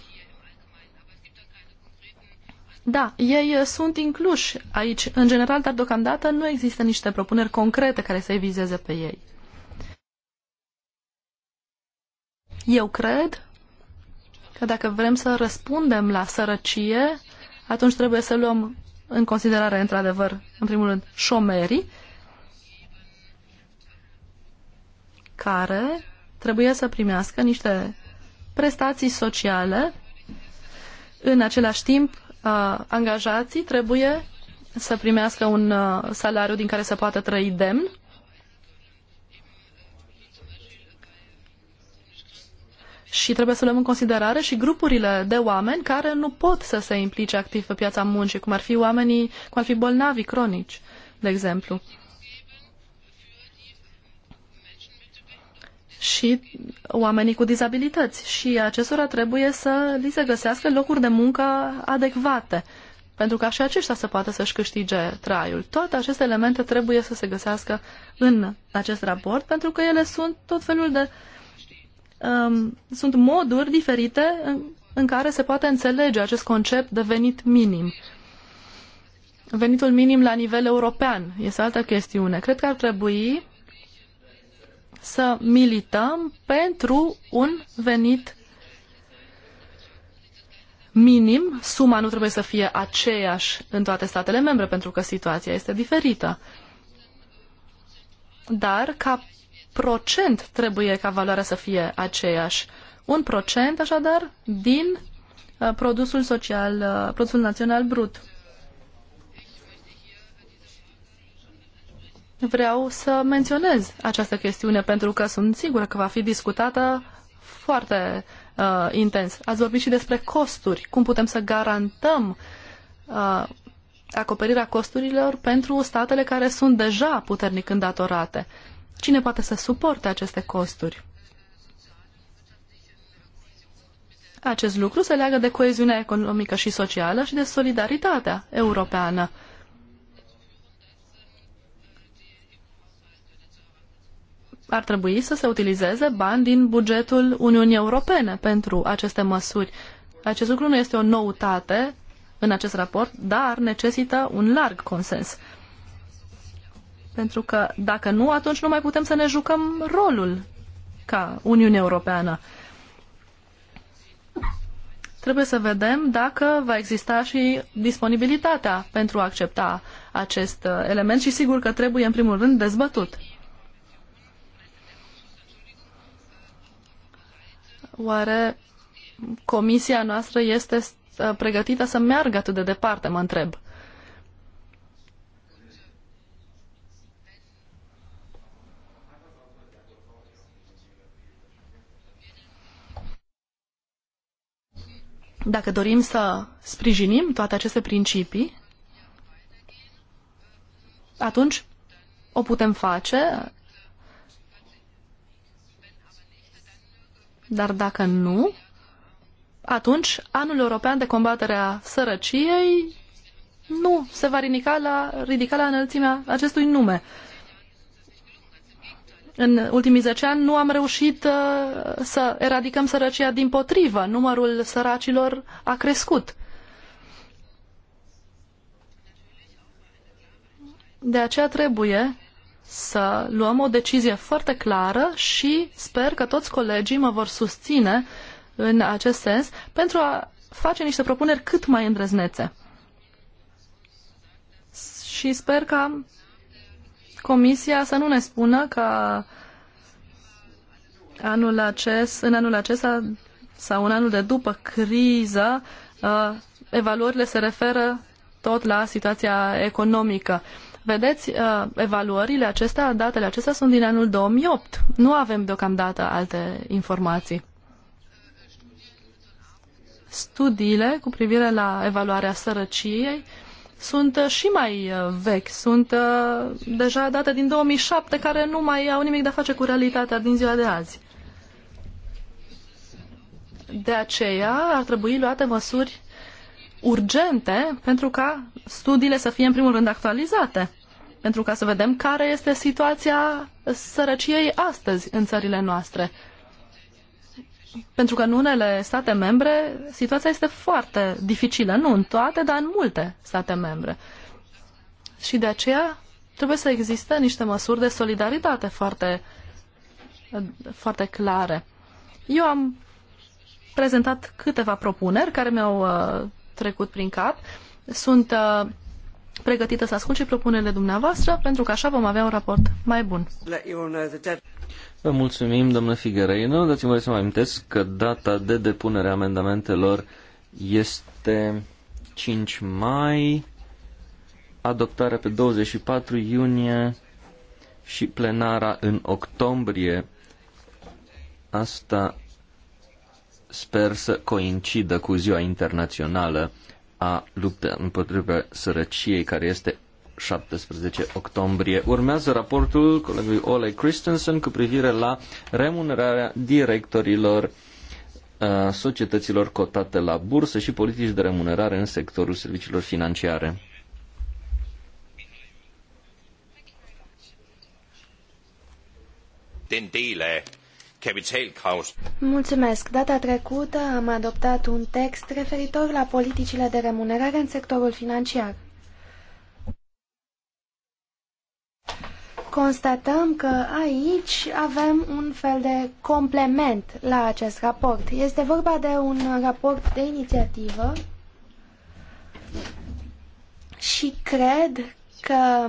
Da, ei sunt incluși aici, în general, dar deocamdată nu există niște propuneri concrete care să-i vizeze pe ei. Eu cred că dacă vrem să răspundem la sărăcie, atunci trebuie să luăm în considerare, într-adevăr, în primul rând, șomerii, care trebuie să primească niște prestații sociale. În același timp, uh, angajații trebuie să primească un uh, salariu din care să poată trăi demn și trebuie să luăm în considerare și grupurile de oameni care nu pot să se implice activ pe piața muncii, cum ar fi oamenii, cum ar fi bolnavi cronici, de exemplu. și oamenii cu dizabilități și acestora trebuie să li se găsească locuri de muncă adecvate pentru ca și aceștia să poată să-și câștige traiul. Toate aceste elemente trebuie să se găsească în acest raport pentru că ele sunt tot felul de uh, um, sunt moduri diferite în, în care se poate înțelege acest concept de venit minim. Venitul minim la nivel european este altă chestiune. Cred că ar trebui să milităm pentru un venit minim. Suma nu trebuie să fie aceeași în toate statele membre, pentru că situația este diferită. Dar, ca procent trebuie ca valoarea să fie aceeași. Un procent, așadar, din uh, produsul social, uh, produsul național brut. Vreau să menționez această chestiune pentru că sunt sigură că va fi discutată foarte uh, intens. Ați vorbit și despre costuri, cum putem să garantăm uh, acoperirea costurilor pentru statele care sunt deja puternic îndatorate. Uh, Cine poate să suporte aceste costuri? Acest lucru se leagă de coeziunea economică și socială și de solidaritatea europeană. Ar trebui să se utilizeze bani din bugetul Uniunii Europene pentru aceste măsuri. Acest lucru nu este o noutate în acest raport, dar necesită un larg consens. Pentru că dacă nu, atunci nu mai putem să ne jucăm rolul ca Uniune Europeană. Trebuie să vedem dacă va exista și disponibilitatea pentru a accepta acest uh, element și sigur că trebuie în primul rând dezbătut. Oare comisia noastră este uh, pregătită să meargă atât de departe, mă întreb. Dacă dorim să sprijinim toate aceste principii, atunci o putem face, dar dacă nu, atunci anul european de combatere a sărăciei nu se va ridica la, ridica la înălțimea acestui nume în ultimii 10 ani nu am reușit uh, să eradicăm sărăcia din potrivă. Numărul săracilor a crescut. De aceea trebuie să luăm o decizie foarte clară și sper că toți colegii mă vor susține în acest sens pentru a face niște propuneri cât mai îndrăznețe. Și sper ca Comisia să nu ne spună că anul acest, în anul acesta sau în anul de după criză, uh, evaluările se referă tot la situația economică. Vedeți, uh, evaluările acestea, datele acestea sunt din anul 2008. Nu avem deocamdată alte informații. Studiile cu privire la evaluarea sărăciei uh, sunt uh, și mai uh, vechi, sunt uh, deja date din 2007 care nu mai au nimic de a face cu realitatea din ziua de azi. De aceea ar trebui luate măsuri urgente pentru ca studiile să fie în primul rând actualizate, pentru ca să vedem care este situația sărăciei astăzi în țările noastre pentru că în unele state membre situația este foarte dificilă. Nu în toate, dar în multe state membre. Și de aceea trebuie să existe niște măsuri de solidaritate foarte, foarte clare. Eu am prezentat câteva propuneri care mi-au uh, trecut prin cap. Sunt uh, pregătită să ascult și propunerile dumneavoastră, pentru că așa vom avea un raport mai bun. Vă mulțumim, domnule Figueiredo. Dați-mi voie să mă amintesc că data de depunere a amendamentelor este 5 mai, adoptarea pe 24 iunie și plenara în octombrie. Asta sper să coincidă cu Ziua Internațională a luptei împotriva sărăciei, care este 17 octombrie. Urmează raportul colegului Ole Christensen cu privire la remunerarea directorilor uh, societăților cotate la bursă și politici de remunerare în sectorul serviciilor financiare. Den Mulțumesc. Data trecută am adoptat un text referitor la politicile de remunerare în sectorul financiar. constatăm că aici avem un fel de complement la acest raport. Este vorba de un raport de inițiativă și cred că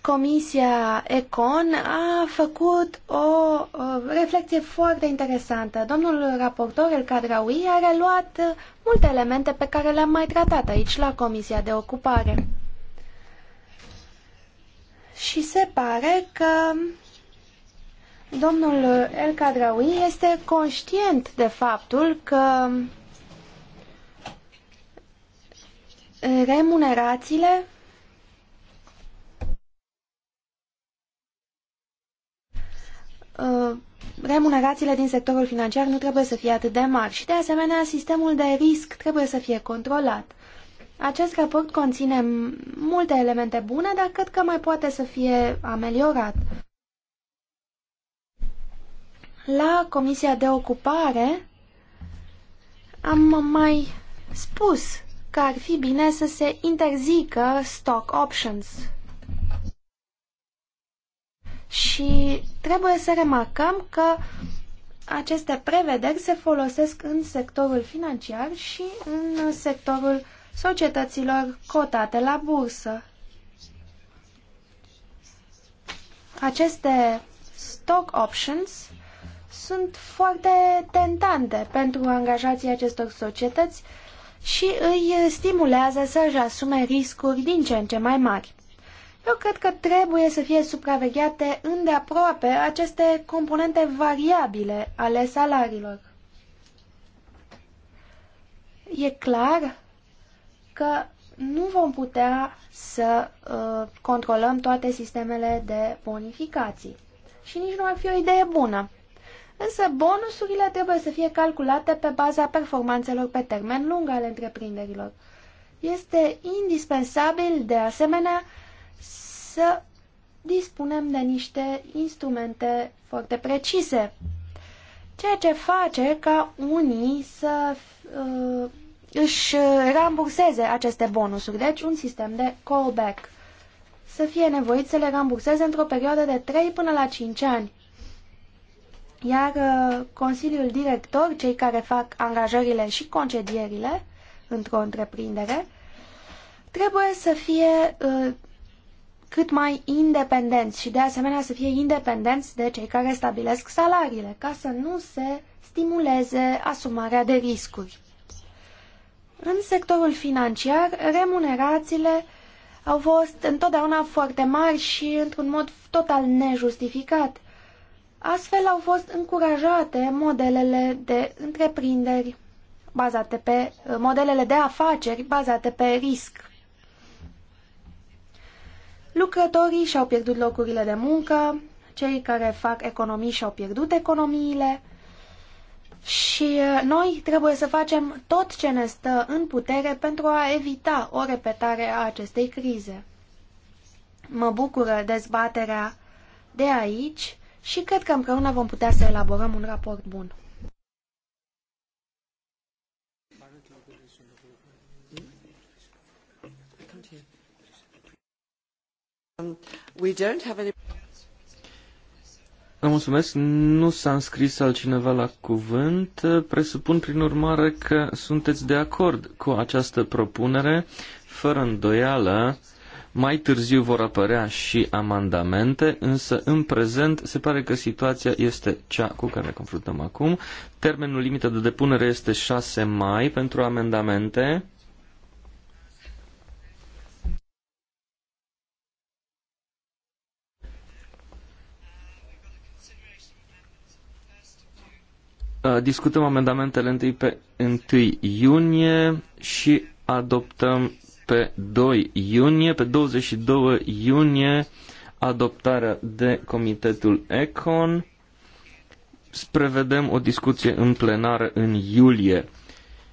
Comisia Econ a făcut o reflexie foarte interesantă. Domnul raportor El Cadraui a reluat multe elemente pe care le-am mai tratat aici la Comisia de Ocupare și se pare că domnul El Cadraui este conștient de faptul că remunerațiile uh, remunerațiile din sectorul financiar nu trebuie să fie atât de mari și de asemenea sistemul de risc trebuie să fie controlat. Acest raport conține multe elemente bune, dar cred că mai poate să fie ameliorat. La Comisia de Ocupare am mai spus că ar fi bine să se interzică stock options. Și trebuie să remarcăm că aceste prevederi se folosesc în sectorul financiar și în sectorul societăților cotate la bursă. Aceste stock options sunt foarte tentante pentru angajații acestor societăți și îi stimulează să-și asume riscuri din ce în ce mai mari. Eu cred că trebuie să fie supravegheate îndeaproape aceste componente variabile ale salariilor. E clar că nu vom putea să uh, controlăm toate sistemele de bonificații. Și nici nu ar fi o idee bună. Însă bonusurile trebuie să fie calculate pe baza performanțelor pe termen lung ale întreprinderilor. Este indispensabil, de asemenea, să dispunem de niște instrumente foarte precise, ceea ce face ca unii să uh, își rambuseze aceste bonusuri, deci un sistem de callback. Să fie nevoit să le rambuseze într-o perioadă de 3 până la 5 ani. Iar uh, Consiliul Director, cei care fac angajările și concedierile într-o întreprindere, trebuie să fie uh, cât mai independenți și de asemenea să fie independenți de cei care stabilesc salariile, ca să nu se stimuleze asumarea de riscuri. În sectorul financiar, remunerațiile au fost întotdeauna foarte mari și într-un mod total nejustificat. Astfel au fost încurajate modelele de întreprinderi bazate pe modelele de afaceri bazate pe risc. Lucrătorii și-au pierdut locurile de muncă, cei care fac economii și-au pierdut economiile, și uh, noi trebuie să facem tot ce ne stă în putere pentru a evita o repetare a acestei crize. Mă bucură dezbaterea de aici și cred că împreună vom putea să elaborăm un raport bun. Um, we don't have any... Vă mulțumesc. Nu s-a înscris altcineva la cuvânt. Presupun, prin urmare, că sunteți de acord cu această propunere. Fără îndoială, mai târziu vor apărea și amendamente, însă în prezent se pare că situația este cea cu care ne confruntăm acum. Termenul limită de depunere este 6 mai pentru amendamente. Uh, discutăm amendamentele întâi pe 1 iunie și adoptăm pe 2 iunie, pe 22 iunie adoptarea de Comitetul ECON. Prevedem o discuție în plenară în iulie.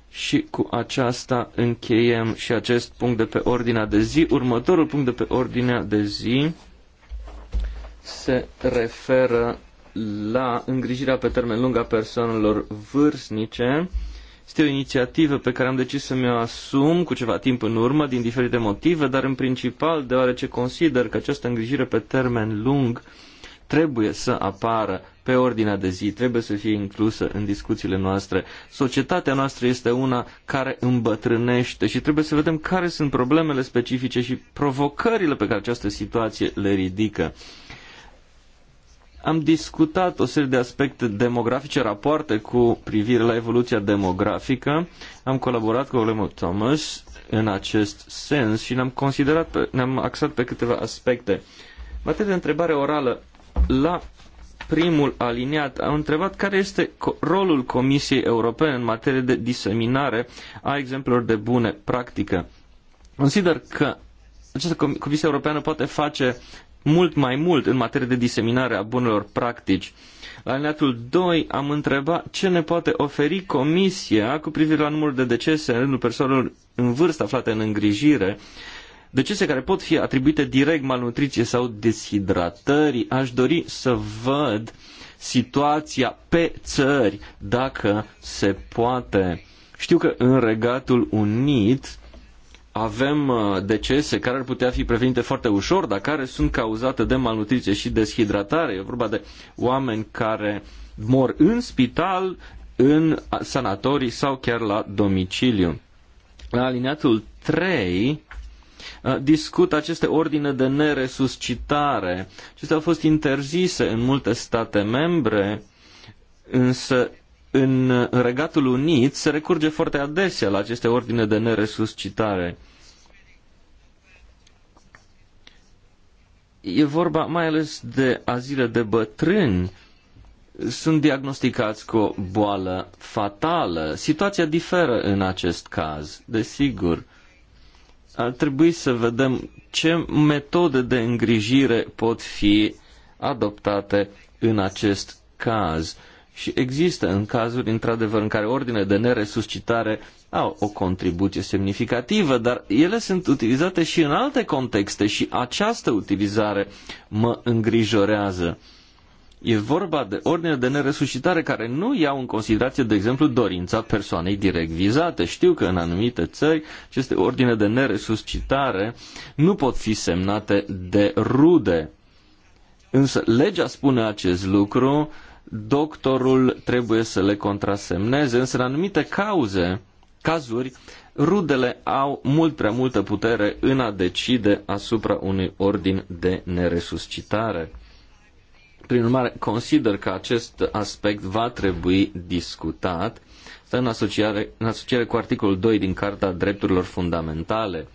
Și cu aceasta încheiem și acest punct de pe ordinea de zi. Următorul punct de pe ordinea de zi se referă la îngrijirea pe termen lung a persoanelor vârstnice. Este o inițiativă pe care am decis să mi-o asum cu ceva timp în urmă, din diferite motive, dar în principal deoarece consider că această îngrijire pe termen lung trebuie să apară pe ordinea de zi, trebuie să fie inclusă în discuțiile noastre. Societatea noastră este una care îmbătrânește și trebuie să vedem care sunt problemele specifice și provocările pe care această situație le ridică. Am discutat o serie de aspecte demografice, rapoarte cu privire la evoluția demografică. Am colaborat cu Olemo Thomas în acest sens și ne-am considerat, ne-am axat pe câteva aspecte. Bate de întrebare orală. La primul aliniat am întrebat care este rolul Comisiei Europene în materie de diseminare a exemplelor de bune practică. Consider că această Comisie Europeană poate face mult mai mult în materie de diseminare a bunelor practici. La alineatul 2 am întrebat ce ne poate oferi Comisia cu privire la numărul de decese în rândul persoanelor în vârstă aflate în îngrijire, decese care pot fi atribuite direct malnutriție sau deshidratării. Aș dori să văd situația pe țări, dacă se poate. Știu că în Regatul Unit avem uh, decese care ar putea fi prevenite foarte ușor, dar care sunt cauzate de malnutriție și deshidratare. E vorba de oameni care mor în spital, în sanatorii sau chiar la domiciliu. La aliniatul 3 uh, discut aceste ordine de neresuscitare. Acestea au fost interzise în multe state membre, însă în Regatul Unit se recurge foarte adesea la aceste ordine de neresuscitare. E vorba mai ales de azile de bătrâni. Sunt diagnosticați cu o boală fatală. Situația diferă în acest caz, desigur. Ar trebui să vedem ce metode de îngrijire pot fi adoptate în acest caz și există în cazuri, într-adevăr, în care ordine de neresuscitare au o contribuție semnificativă, dar ele sunt utilizate și în alte contexte și această utilizare mă îngrijorează. E vorba de ordine de neresuscitare care nu iau în considerație, de exemplu, dorința persoanei direct vizate. Știu că în anumite țări aceste ordine de neresuscitare nu pot fi semnate de rude. Însă legea spune acest lucru, uh, doctorul trebuie să le contrasemneze, însă în anumite cauze, cazuri, rudele au mult prea multă putere în a decide asupra unui ordin de neresuscitare. Prin urmare, consider că acest aspect va trebui discutat în asociere, în asociere cu articolul 2 din Carta Drepturilor Fundamentale.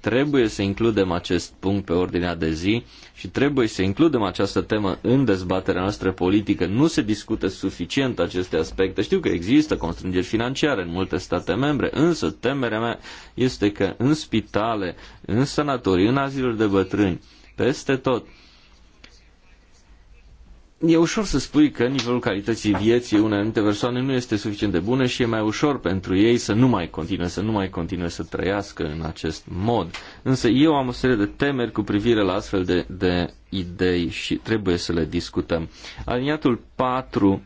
Trebuie să includem acest punct pe ordinea de zi și trebuie să includem această temă în dezbaterea noastră politică. Nu se discută suficient aceste aspecte. Știu că există constrângeri financiare în multe state membre, însă temerea mea este că în spitale, în sanatorii, în aziluri de bătrâni, peste tot, e ușor să spui că nivelul calității vieții unei anumite persoane nu este suficient de bună și e mai ușor pentru ei să nu mai continue, să nu mai continue să trăiască în acest mod. Însă eu am o serie de temeri cu privire la astfel de, de idei și trebuie să le discutăm. Aliniatul 4,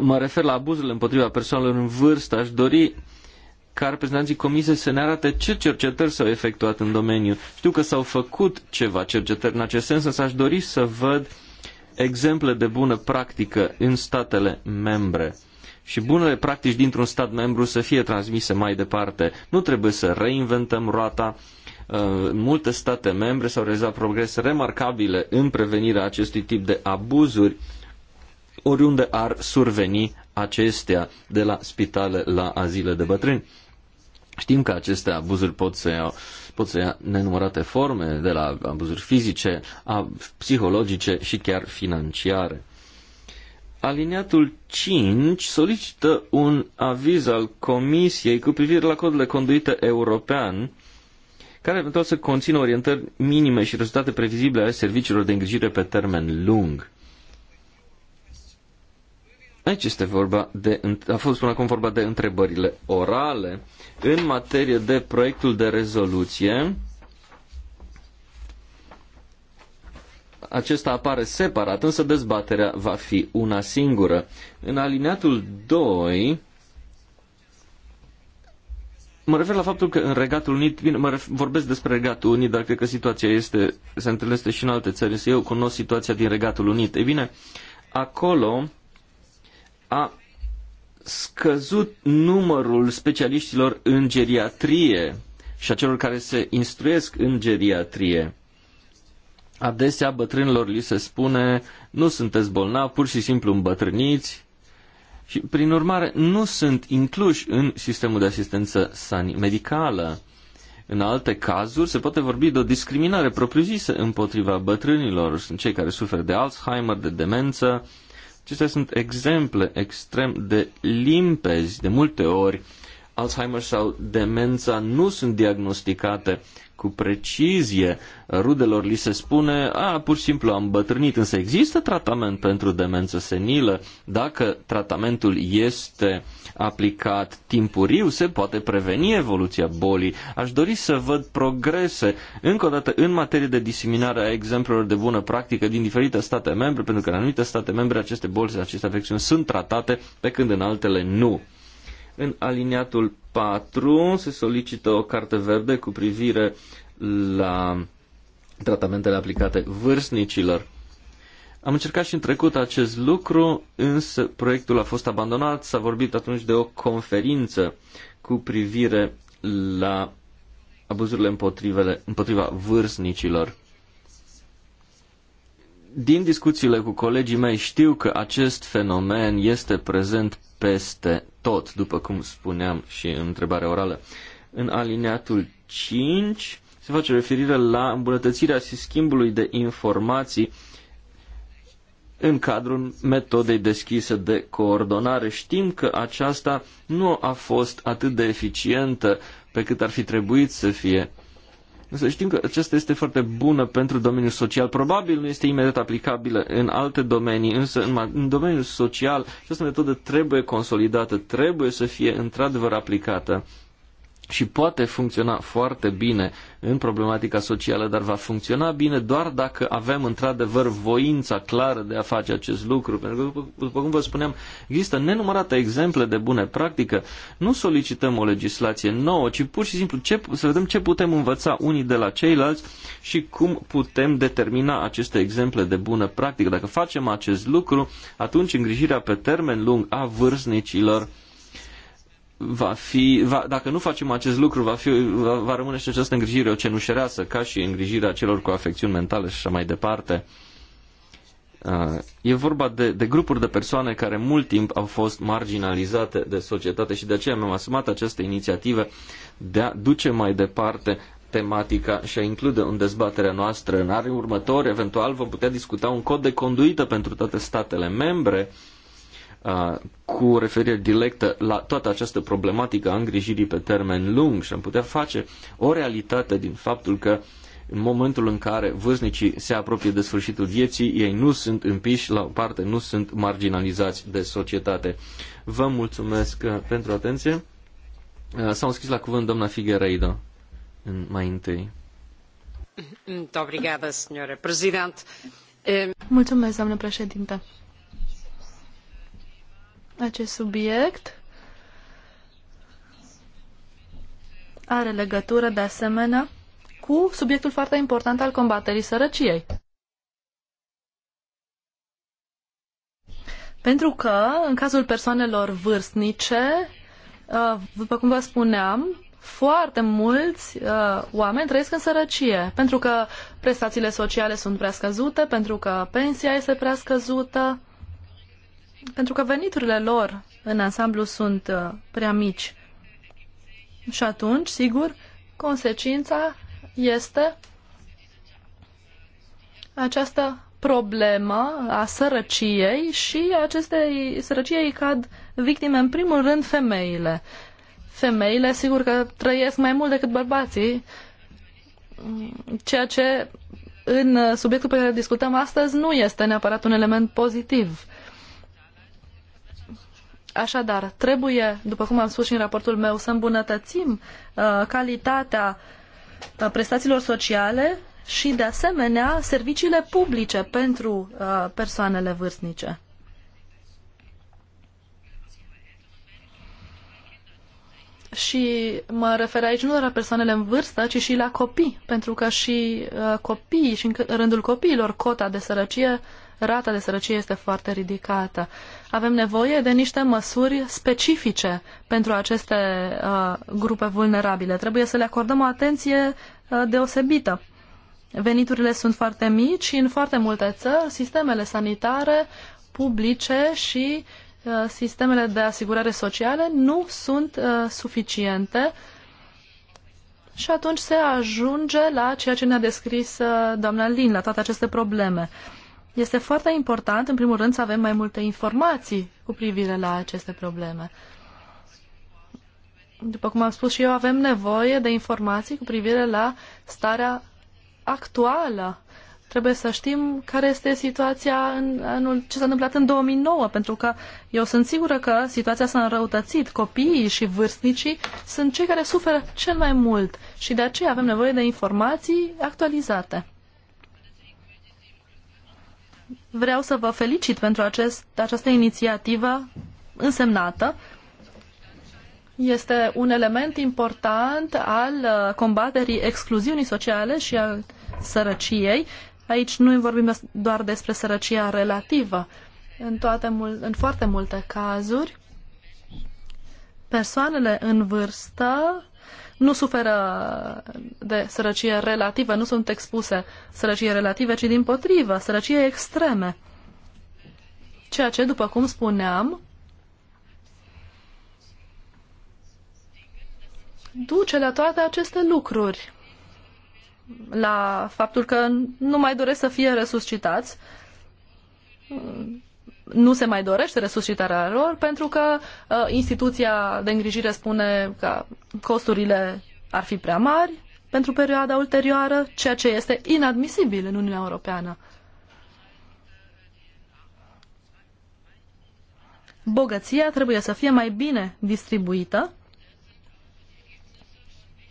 mă refer la abuzurile împotriva persoanelor în vârstă, aș dori ca reprezentanții comise să ne arate ce cercetări s-au efectuat în domeniu. Știu că s-au făcut ceva cercetări în acest sens, însă aș dori să văd uh, exemple de bună practică în statele membre și bunele practici dintr-un stat membru să fie transmise mai departe. Nu trebuie să reinventăm roata. În uh, multe state membre s-au realizat progrese remarcabile în prevenirea acestui tip de abuzuri oriunde ar surveni acestea de la spitale la azile de bătrâni. Știm că aceste abuzuri pot să iau, pot să ia nenumărate forme, de la abuzuri fizice, a, psihologice și chiar financiare. Aliniatul 5 solicită un aviz al Comisiei cu privire la codul de conduită european, care eventual să conțină orientări minime și rezultate previzibile ale serviciilor de îngrijire pe termen lung. Aici este vorba de, a fost până acum vorba de întrebările orale. În materie de proiectul de rezoluție, acesta apare separat, însă dezbaterea va fi una singură. În alineatul 2, mă refer la faptul că în Regatul Unit, bine, mă ref, vorbesc despre Regatul Unit, dar cred că situația este, se întâlnește și în alte țări, însă eu cunosc situația din Regatul Unit. Ei bine, acolo a scăzut numărul specialiștilor în geriatrie și a celor care se instruiesc în geriatrie. Adesea bătrânilor li se spune, nu sunteți bolnavi, pur și simplu îmbătrâniți și, prin urmare, nu sunt incluși în sistemul de asistență medicală. În alte cazuri se poate vorbi de o discriminare propriu-zisă împotriva bătrânilor. Sunt cei care suferă de Alzheimer, de demență, Acestea sunt exemple extrem de limpezi, de multe ori, Alzheimer sau demența nu sunt diagnosticate cu precizie. Rudelor li se spune, a, pur și simplu am bătrânit, însă există tratament pentru demență senilă. Dacă tratamentul este aplicat timpuriu, se poate preveni evoluția bolii. Aș dori să văd progrese, încă o dată, în materie de diseminare a exemplelor de bună practică din diferite state membre, pentru că în anumite state membre aceste boli, aceste afecțiuni sunt tratate, pe când în altele nu. În aliniatul 4 se solicită o carte verde cu privire la tratamentele aplicate vârstnicilor. Am încercat și în trecut acest lucru, însă proiectul a fost abandonat. S-a vorbit atunci de o conferință cu privire la abuzurile împotriva vârstnicilor. Din discuțiile cu colegii mei știu că acest fenomen este prezent peste tot, după cum spuneam și în întrebarea orală. În alineatul 5 se face referire la îmbunătățirea și schimbului de informații în cadrul metodei deschise de coordonare. Știm că aceasta nu a fost atât de eficientă pe cât ar fi trebuit să fie Însă știm că aceasta este foarte bună pentru domeniul social. Probabil nu este imediat aplicabilă în alte domenii, însă în, în domeniul social această metodă trebuie consolidată, trebuie să fie într-adevăr aplicată și poate funcționa foarte bine în problematica socială, dar va funcționa bine doar dacă avem într-adevăr voința clară de a face acest lucru. Pentru că, după cum vă spuneam, există nenumărate exemple de bune practică. Nu solicităm o legislație nouă, ci pur și simplu ce, să vedem ce putem învăța unii de la ceilalți și cum putem determina aceste exemple de bună practică. Dacă facem acest lucru, atunci îngrijirea pe termen lung a vârstnicilor va fi, va, dacă nu facem acest lucru, va, fi, va, va rămâne și această îngrijire o cenușereasă, ca și îngrijirea celor cu afecțiuni mentale și așa mai departe. Uh, e vorba de, de grupuri de persoane care mult timp au fost marginalizate de societate și de aceea mi-am asumat această inițiativă de a duce mai departe tematica și a include în dezbaterea noastră. În anii următori, eventual, vom putea discuta un cod de conduită pentru toate statele membre uh, cu referire directă la toată această problematică a îngrijirii pe termen lung și am putea face o realitate din faptul că în momentul în care vârstnicii se apropie de sfârșitul vieții, ei nu sunt împiși la o parte, nu sunt marginalizați de societate. Vă mulțumesc uh, pentru atenție. Uh, s-au scris la cuvânt doamna Figueiredo mai întâi. Eh, mulțumesc, doamnă președinte acest subiect are legătură de asemenea cu subiectul foarte important al combaterii sărăciei. Pentru că, în cazul persoanelor vârstnice, uh, după cum vă spuneam, foarte mulți uh, oameni trăiesc în sărăcie, pentru că prestațiile sociale sunt prea scăzute, pentru că pensia este prea scăzută, pentru că veniturile lor în ansamblu sunt uh, prea mici. Și atunci, sigur, consecința este această problemă a sărăciei și acestei sărăciei cad victime în primul rând femeile. Femeile, sigur că trăiesc mai mult decât bărbații, ceea ce în subiectul pe care discutăm astăzi nu este neapărat un element pozitiv. Așadar, trebuie, după cum am spus și în raportul meu, să îmbunătățim uh, calitatea uh, prestațiilor sociale și, de asemenea, serviciile publice pentru uh, persoanele vârstnice. Și mă refer aici nu doar la persoanele în vârstă, ci și la copii, pentru că și uh, copiii și în rândul copiilor cota de sărăcie uh, rata de sărăcie este foarte ridicată. Avem nevoie de niște măsuri specifice pentru aceste uh, grupe vulnerabile. Trebuie să le acordăm o atenție uh, deosebită. Veniturile sunt foarte mici și în foarte multe țări sistemele sanitare publice și uh, sistemele de asigurare sociale nu sunt uh, suficiente și atunci se ajunge la ceea ce ne-a descris uh, doamna Lin, la toate aceste probleme. Uh, este foarte important, în primul rând, să avem mai multe informații cu privire la aceste probleme. După cum am spus și eu, avem nevoie de informații cu privire la starea actuală. Trebuie să știm care este situația în anul, ce s-a întâmplat în 2009, pentru că eu sunt sigură că situația s-a înrăutățit. Copiii și vârstnicii sunt cei care suferă cel mai mult și de aceea avem nevoie de informații actualizate vreau să vă felicit pentru acest, această inițiativă însemnată. Este un element important al uh, combaterii excluziunii sociale și al sărăciei. Aici nu vorbim doar despre sărăcia relativă. În, toate, în foarte multe cazuri, persoanele în vârstă nu suferă de sărăcie relativă, nu sunt expuse sărăcie relative, ci din potrivă, sărăcie extreme. Ceea ce, după cum spuneam, duce la toate aceste lucruri. La faptul că nu mai doresc să fie resuscitați, nu se mai dorește resuscitarea lor pentru că uh, instituția de îngrijire spune că costurile ar fi prea mari pentru perioada ulterioară, ceea ce este inadmisibil în Uniunea Europeană. Bogăția trebuie să fie mai bine distribuită,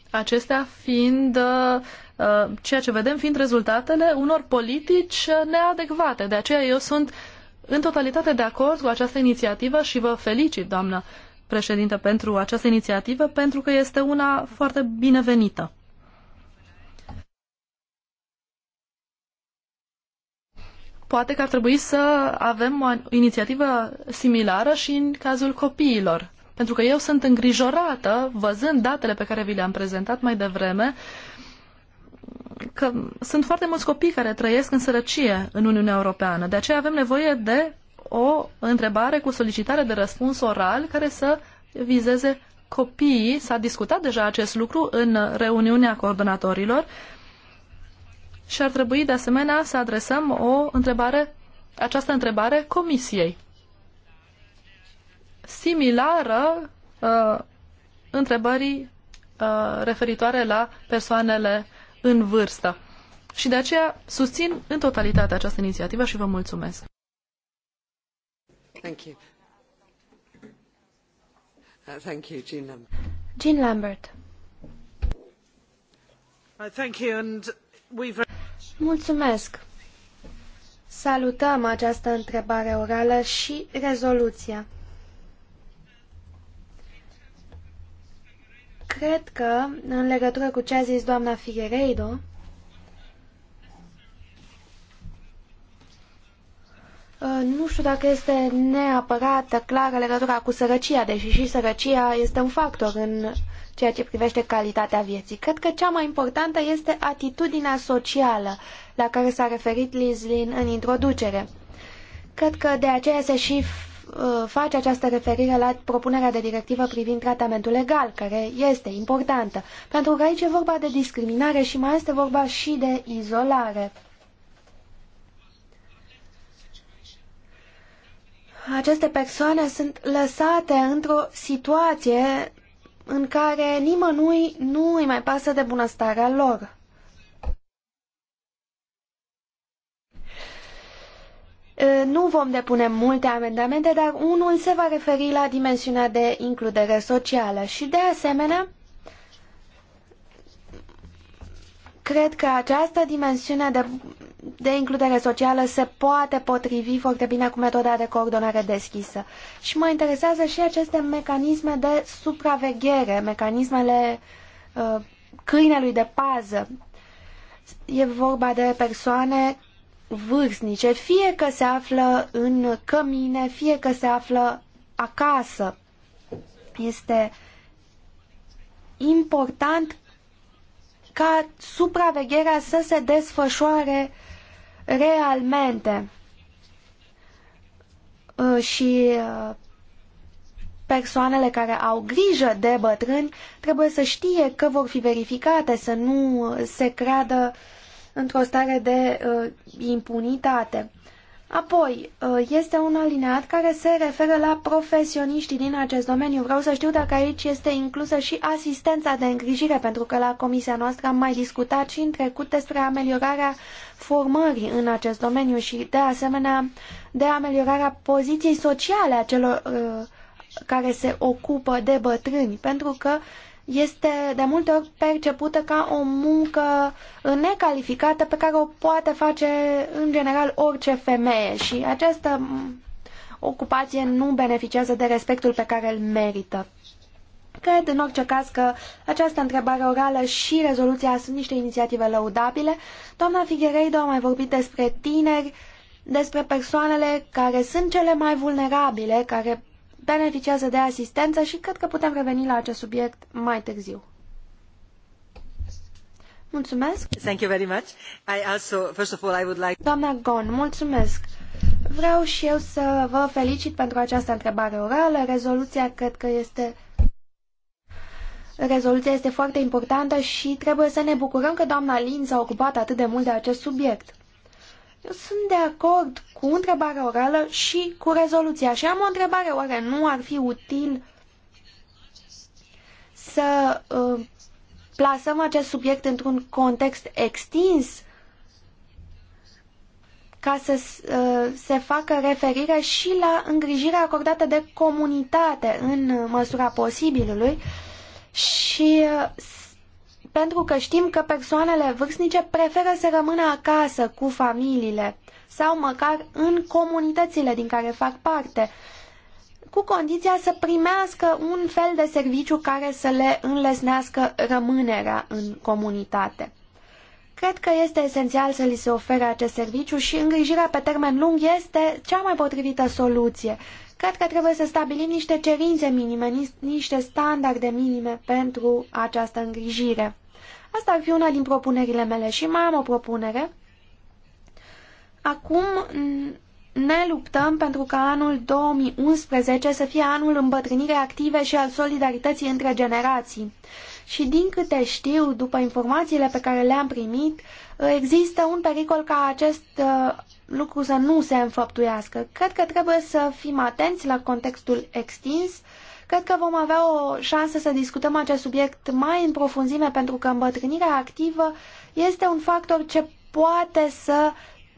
acestea fiind uh, uh, ceea ce vedem fiind rezultatele unor politici neadecvate. De aceea eu sunt uh, în totalitate de acord cu această inițiativă și vă felicit, doamnă președintă, pentru această inițiativă, pentru că este una foarte binevenită. Poate că ar trebui să avem o inițiativă similară și în cazul copiilor. Pentru că eu sunt îngrijorată, văzând datele pe care vi le-am prezentat mai devreme, uh, că sunt foarte mulți copii care trăiesc în sărăcie în Uniunea Europeană. De aceea avem nevoie de o întrebare cu solicitare de răspuns oral care să vizeze copiii. S-a discutat deja acest lucru în reuniunea coordonatorilor și ar trebui de asemenea să adresăm o întrebare, această întrebare comisiei. Similară uh, întrebării uh, referitoare la persoanele în vârstă. Și de aceea susțin în totalitate această inițiativă și vă mulțumesc. Thank you. Uh, thank you, Jean Lambert. Jean Lambert. Uh, thank you and we've... Mulțumesc. Salutăm această întrebare orală și rezoluția. Cred că, în legătură cu ce a zis doamna Figueiredo, ă, nu știu dacă este neapărat clară legătura cu sărăcia, deși și sărăcia este un factor în ceea ce privește calitatea vieții. Cred că cea mai importantă este atitudinea socială la care s-a referit Lizlin în introducere. Cred că de aceea se și Uh, face această referire la propunerea de directivă privind tratamentul legal, care este importantă, pentru că aici e vorba de discriminare și mai este vorba și de izolare. Aceste persoane sunt lăsate într-o situație în care nimănui nu îi mai pasă de bunăstarea lor. Uh, nu vom depune multe amendamente, dar unul se va referi la dimensiunea de includere socială și, de asemenea, cred că această dimensiune de, de includere socială se poate potrivi foarte bine cu metoda de coordonare deschisă. Și mă interesează și aceste mecanisme de supraveghere, mecanismele uh, câinelui de pază. E vorba de persoane vârstnice, fie că se află în cămine, fie că se află acasă. Este important ca supravegherea să se desfășoare realmente uh, și uh, persoanele care au grijă de bătrâni trebuie să știe că vor fi verificate, să nu se creadă uh, într-o stare de uh, impunitate. Apoi, uh, este un alineat care se referă la profesioniștii din acest domeniu. Vreau să știu dacă aici este inclusă și asistența de îngrijire, pentru că la comisia noastră am mai discutat și în trecut despre ameliorarea formării în acest domeniu și, de asemenea, de ameliorarea poziției sociale a celor uh, care se ocupă de bătrâni, pentru că este de multe ori percepută ca o muncă necalificată pe care o poate face în general orice femeie și această ocupație nu beneficiază de respectul pe care îl merită. Cred în orice caz că această întrebare orală și rezoluția sunt niște inițiative lăudabile. Doamna Figueiredo a mai vorbit despre tineri, despre persoanele care sunt cele mai vulnerabile, care beneficiază de asistență și cred că putem reveni la acest subiect mai târziu. Mulțumesc. Thank you very much. I also, first of all, I would like... Doamna Gon, mulțumesc. Vreau și eu să vă felicit pentru această întrebare orală. Rezoluția cred că este Rezoluția este foarte importantă și trebuie să ne bucurăm că doamna Lin s-a ocupat atât de mult de acest subiect. Eu sunt de acord cu întrebarea orală și cu rezoluția. Și am o întrebare, oare nu ar fi util să uh, plasăm acest subiect într-un context extins ca să uh, se facă referire și la îngrijirea acordată de comunitate în uh, măsura posibilului și uh, pentru că știm că persoanele vârstnice preferă să rămână acasă cu familiile sau măcar în comunitățile din care fac parte, cu condiția să primească un fel de serviciu care să le înlesnească rămânerea în comunitate. Cred că este esențial să li se ofere acest serviciu și îngrijirea pe termen lung este cea mai potrivită soluție. Cred că trebuie să stabilim niște cerințe minime, niște standarde minime pentru această îngrijire. Asta ar fi una din propunerile mele și mai am o propunere. Acum ne luptăm pentru ca anul 2011 să fie anul îmbătrânirii active și al solidarității între generații. Și din câte știu, după informațiile pe care le-am primit, ă, există un pericol ca acest ă, lucru să nu se înfăptuiască. Cred că trebuie să fim atenți la contextul extins Cred că vom avea o șansă să discutăm acest subiect mai în profunzime pentru că îmbătrânirea activă este un factor ce poate să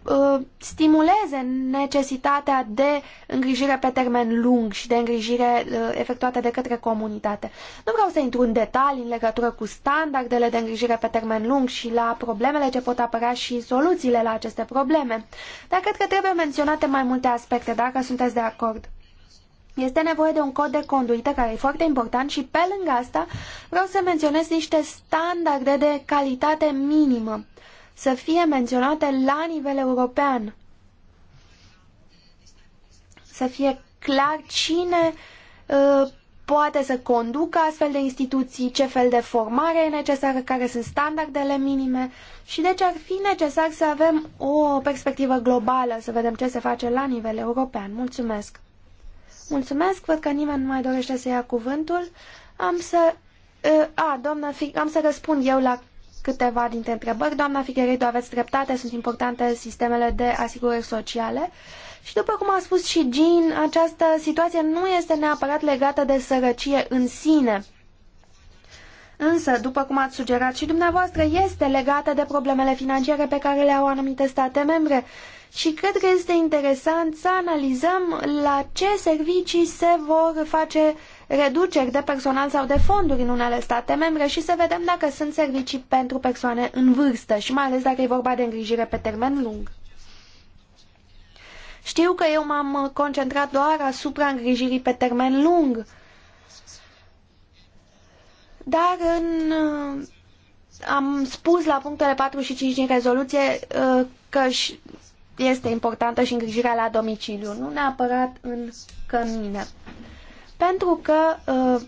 uh, stimuleze necesitatea de îngrijire pe termen lung și de îngrijire uh, efectuată de către comunitate. Nu vreau să intru în detalii în legătură cu standardele de îngrijire pe termen lung și la problemele ce pot apărea și soluțiile la aceste probleme, dar cred că trebuie menționate mai multe aspecte, dacă sunteți de acord. Este nevoie de un cod de conduită care e foarte important și pe lângă asta vreau să menționez niște standarde de calitate minimă să fie menționate la nivel european. Să fie clar cine uh, poate să conducă astfel de instituții, ce fel de formare e necesară, care sunt standardele minime și deci ar fi necesar să avem o perspectivă globală, să vedem ce se face la nivel european. Mulțumesc! Mulțumesc, văd că nimeni nu mai dorește să ia cuvântul. Am să... A, doamna, am să răspund eu la câteva dintre întrebări. Doamna Figueredo, aveți dreptate, sunt importante sistemele de asigurări sociale. Și după cum a spus și Jean, această situație nu este neapărat legată de sărăcie în sine. Însă, după cum ați sugerat și dumneavoastră, este legată de problemele financiare pe care le au anumite state membre și cred că este interesant să analizăm la ce servicii se vor face reduceri de personal sau de fonduri în unele state membre și să vedem dacă sunt servicii pentru persoane în vârstă și mai ales dacă e vorba de îngrijire pe termen lung. Știu că eu m-am concentrat doar asupra îngrijirii pe termen lung, dar în, am spus la punctele 4 și 5 din rezoluție uh, că este importantă și îngrijirea la domiciliu, nu neapărat în cămine. Pentru că uh,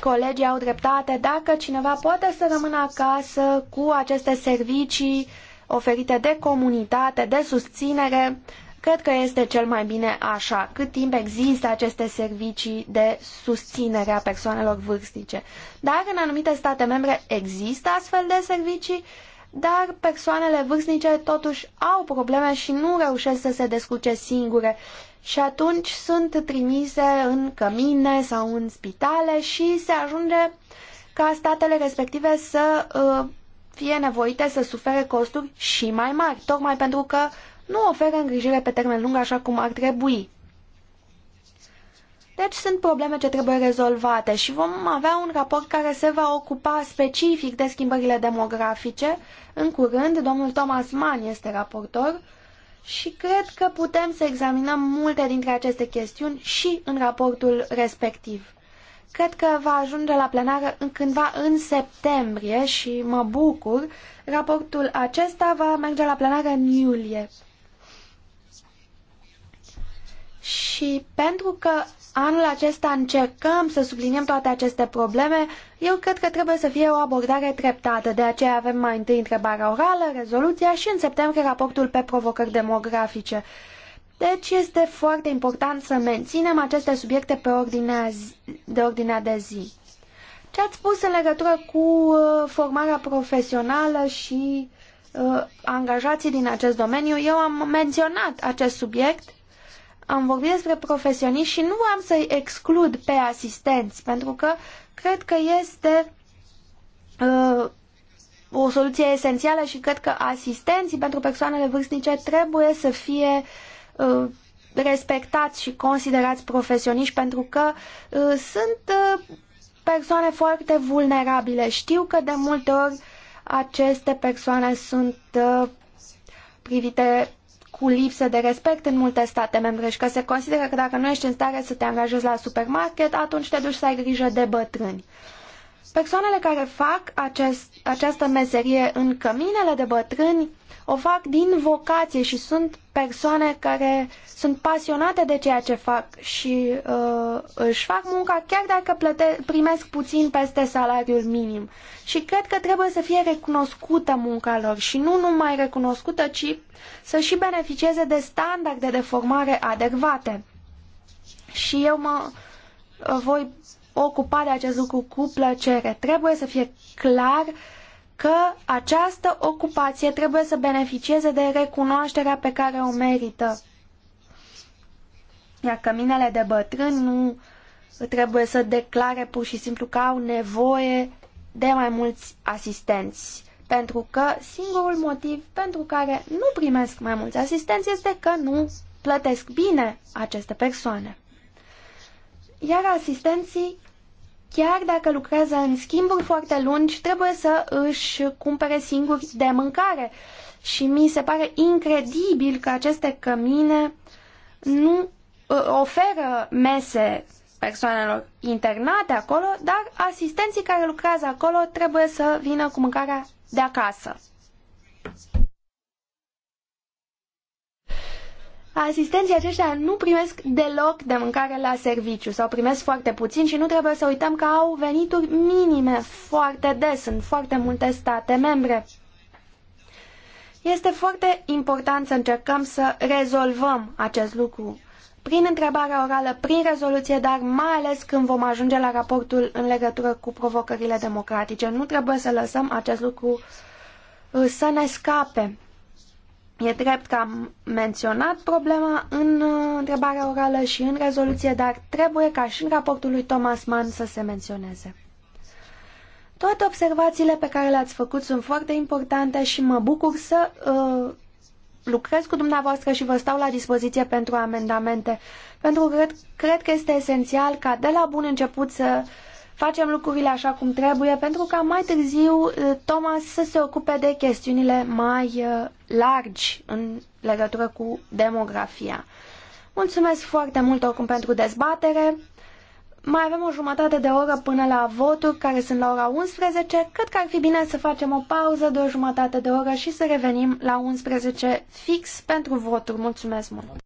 colegii au dreptate, dacă cineva poate să rămână acasă cu aceste servicii oferite de comunitate, de susținere, cred că este cel mai bine așa, cât timp există aceste servicii de susținere a persoanelor vârstnice. Dar în anumite state membre există astfel de servicii dar persoanele vârstnice totuși au probleme și nu reușesc să se descurce singure și atunci sunt trimise în cămine sau în spitale și se ajunge ca statele respective să uh, fie nevoite să sufere costuri și mai mari, tocmai pentru că nu oferă îngrijire pe termen lung așa cum ar trebui. Deci sunt probleme ce trebuie rezolvate și vom avea un raport care se va ocupa specific de schimbările demografice. În curând, domnul Thomas Mann este raportor și cred că putem să examinăm multe dintre aceste chestiuni și în raportul respectiv. Cred că va ajunge la plenară cândva în septembrie și mă bucur. Raportul acesta va merge la plenară în iulie. Și pentru că Anul acesta încercăm să subliniem toate aceste probleme. Eu cred că trebuie să fie o abordare treptată. De aceea avem mai întâi întrebarea orală, rezoluția și în septembrie raportul pe provocări demografice. Deci este foarte important să menținem aceste subiecte pe ordinea de ordinea de zi. Ce ați spus în legătură cu uh, formarea profesională și uh, angajații din acest domeniu, eu am menționat acest subiect am vorbit despre profesioniști și nu am să-i exclud pe asistenți, pentru că cred că este uh, o soluție esențială și cred că asistenții pentru persoanele vârstnice trebuie să fie uh, respectați și considerați profesioniști pentru că uh, sunt uh, persoane foarte vulnerabile. Știu că de multe ori aceste persoane sunt uh, privite cu lipsă de respect în multe state membre și că se consideră că dacă nu ești în stare să te angajezi la supermarket, atunci te duci să ai grijă de bătrâni. Persoanele care fac acest, această meserie în căminele de bătrâni o fac din vocație și sunt persoane care sunt pasionate de ceea ce fac și uh, își fac munca chiar dacă plăte- primesc puțin peste salariul minim. Și cred că trebuie să fie recunoscută munca lor și nu numai recunoscută, ci să și beneficieze de standarde de formare adecvate. Și eu mă uh, voi ocupa de acest lucru cu plăcere. Trebuie să fie clar că această ocupație trebuie să beneficieze de recunoașterea pe care o merită. Iar căminele de bătrâni nu trebuie să declare pur și simplu că au nevoie de mai mulți asistenți. Pentru că singurul motiv pentru care nu primesc mai mulți asistenți este că nu plătesc bine aceste persoane. Iar asistenții chiar dacă lucrează în schimburi foarte lungi, trebuie să își cumpere singuri de mâncare. Și mi se pare incredibil că aceste cămine nu ă, oferă mese persoanelor internate acolo, dar asistenții care lucrează acolo trebuie să vină cu mâncarea de acasă. Asistenții aceștia nu primesc deloc de mâncare la serviciu sau primesc foarte puțin și nu trebuie să uităm că au venituri minime foarte des în foarte multe state membre. Este foarte important să încercăm să rezolvăm acest lucru prin întrebarea orală, prin rezoluție, dar mai ales când vom ajunge la raportul în legătură cu provocările democratice. Nu trebuie să lăsăm acest lucru uh, să ne scape. E drept că am menționat problema în uh, întrebarea orală și în rezoluție, dar trebuie ca și în raportul lui Thomas Mann să se menționeze. Toate observațiile pe care le-ați făcut sunt foarte importante și mă bucur să uh, lucrez cu dumneavoastră și vă stau la dispoziție pentru amendamente, pentru că cred, cred că este esențial ca de la bun început să uh, facem lucrurile așa cum trebuie pentru ca mai târziu uh, Thomas să se ocupe de chestiunile mai uh, largi în legătură cu demografia. Mulțumesc foarte mult oricum pentru dezbatere. Mai avem o jumătate de oră până la voturi, care sunt la ora 11. Cred că ar fi bine să facem o pauză de o jumătate de oră și să revenim la 11 fix pentru voturi. Mulțumesc mult!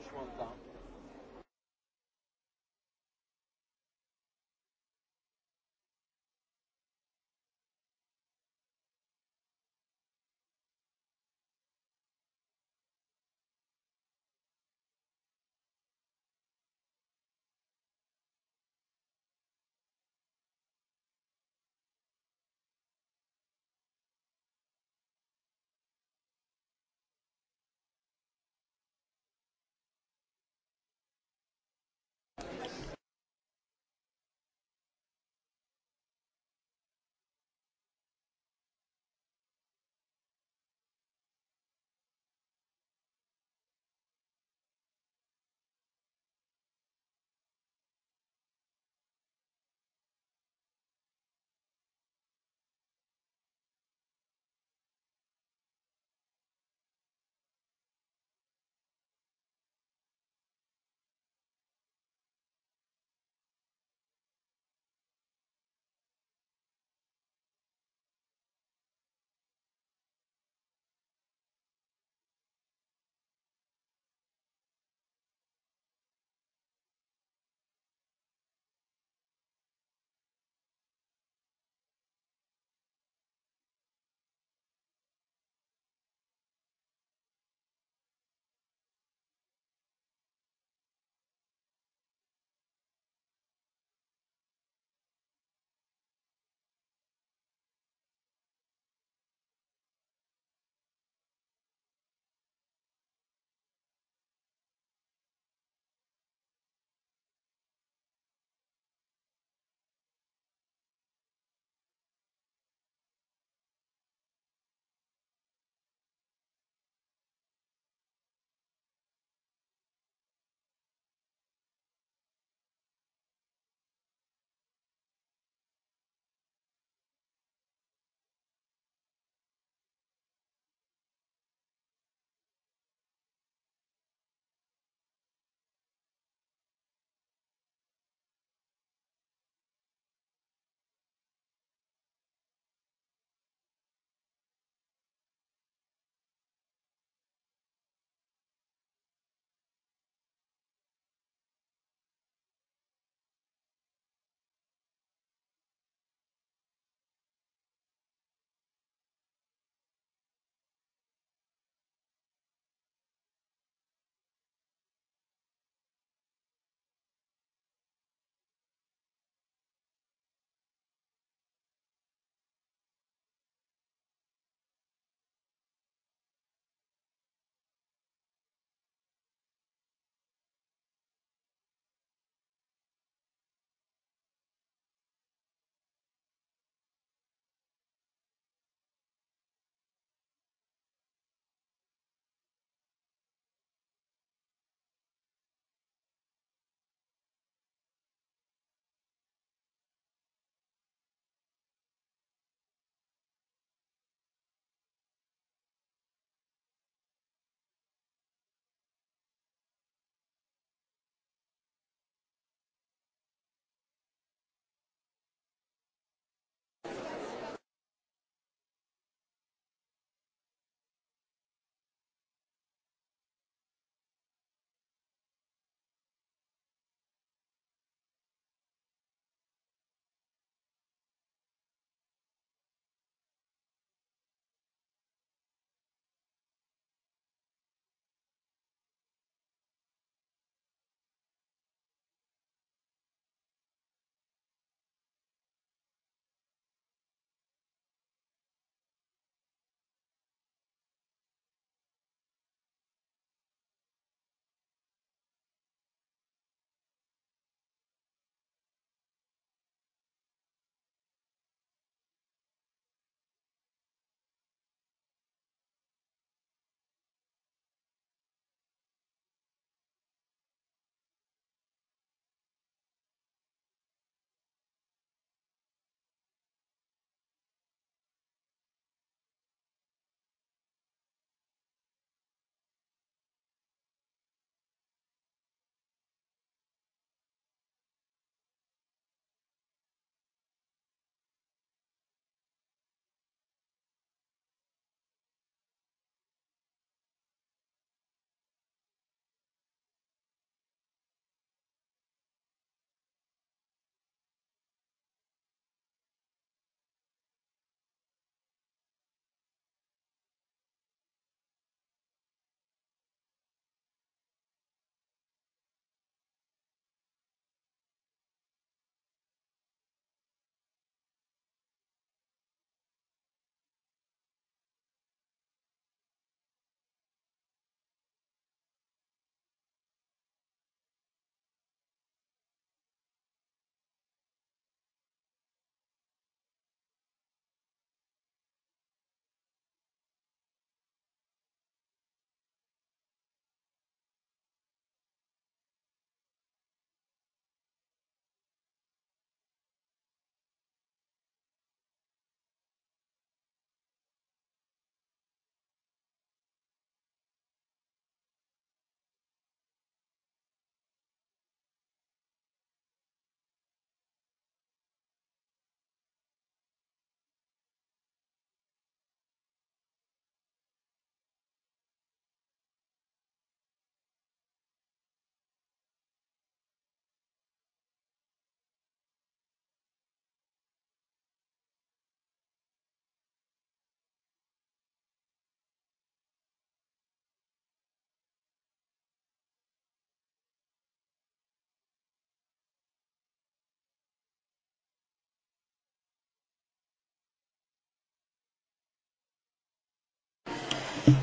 Franchement, là.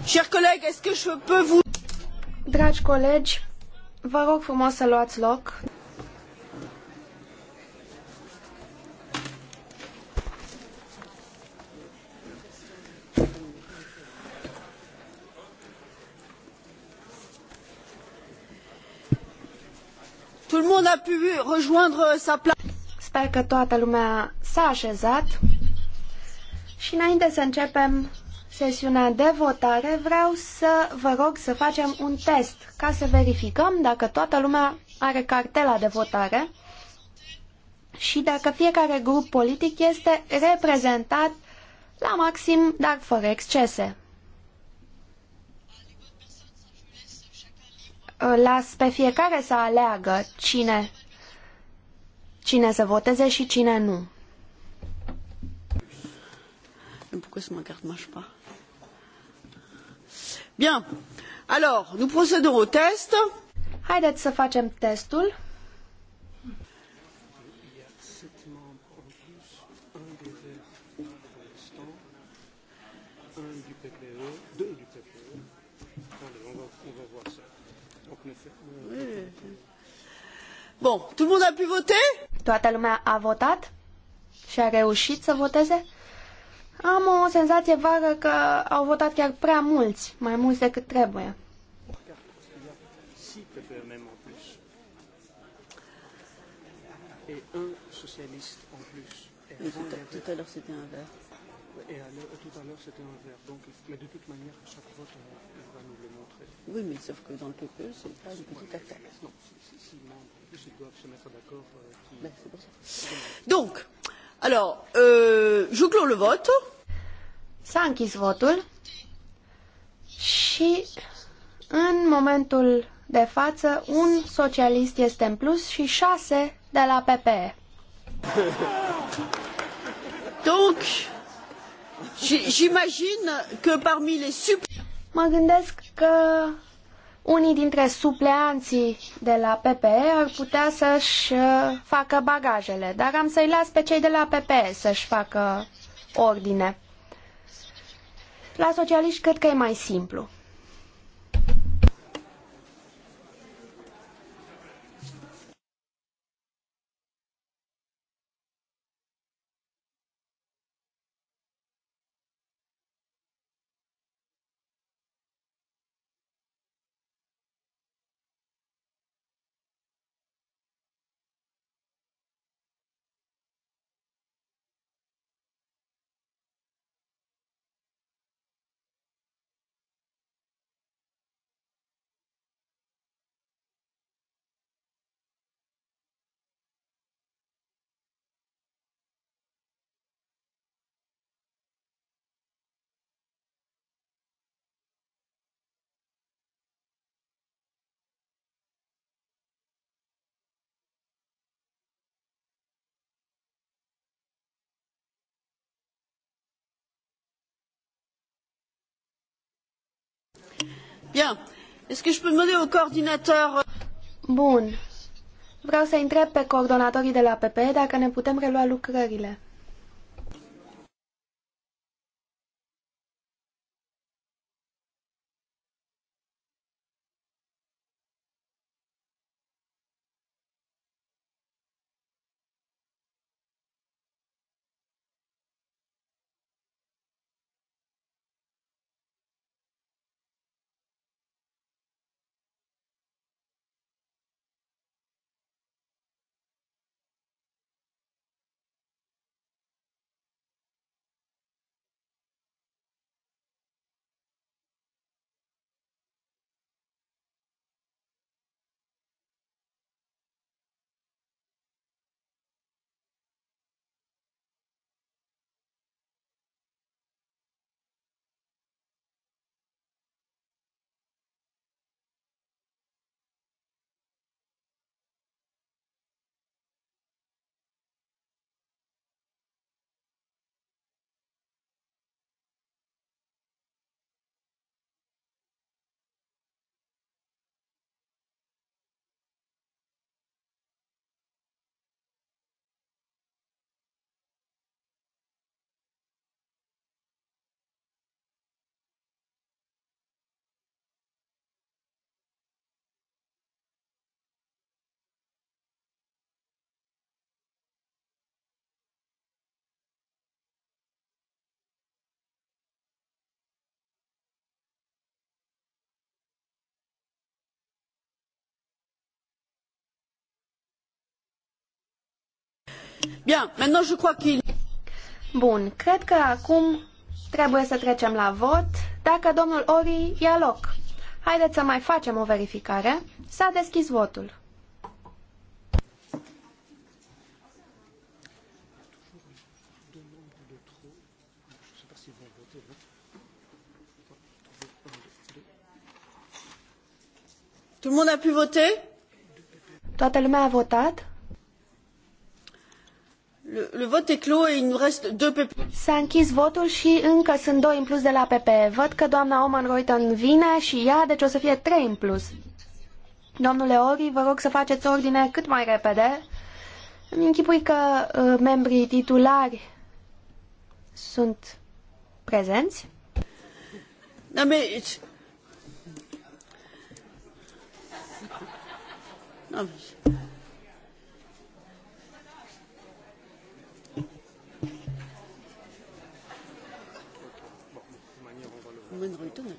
Chers collègues, est-ce que je peux vous... Dragi colegi, vă rog frumos să luați loc. Tout le monde a pu rejoindre sa place. Sper că toată lumea s-a așezat. Și înainte să începem, sesiunea de votare, vreau să vă rog să facem un test ca să verificăm dacă toată lumea are cartela de votare și dacă fiecare grup politic este reprezentat la maxim, dar fără excese. Las pe fiecare să aleagă cine, cine să voteze și cine nu. Pourquoi ce ma carte marche pas Bien. Alors, nous procédons au test. Haideți să facem testul. Bon, tout le monde a pu voter? Toată lumea a votat și a reușit să voteze? Am o senzație vagă că au votat chiar prea mulți, mai mulți decât trebuie. un plus. tout, à, l'heure, c'était un vert. un Donc, mais de toute manière, chaque vote, on va nous le montrer. Oui, mais sauf que dans le PPE, c'est pas une petite affaire. Non, si, si, si, doivent se mettre d'accord. Euh, qui... ben, c'est pour ça. Donc. Alors, euh, je clôt le vote. S-a închis votul și în momentul de față un socialist este în plus și șase de la PPE. Donc, j'imagine que parmi les sub... Mă gândesc că unii dintre supleanții de la PPE ar putea să-și uh, facă bagajele, dar am să-i las pe cei de la PPE să-și facă ordine. La socialiști cred că e mai simplu. ce euh, Bun. Vreau să întreb pe coordonatorii de la PPE dacă ne putem relua lucrările. Bien, maintenant je crois qu'il... Bun, cred că acum trebuie să trecem la vot. Dacă domnul Ori ia loc. Haideți să mai facem o verificare. S-a deschis votul. Tout le monde a pu voter? Toată lumea a votat? Le vot est clos et il nous reste deux PP. S-a închis votul și încă sunt doi în plus de la PP. Văd că doamna Oman Reuton vine și ea, deci o să fie trei în plus. Domnule Ori, vă rog să faceți ordine cât mai repede. Îmi închipui că uh, membrii titulari sunt prezenți. Da, mais... Non, mais... Carmen Reutemann.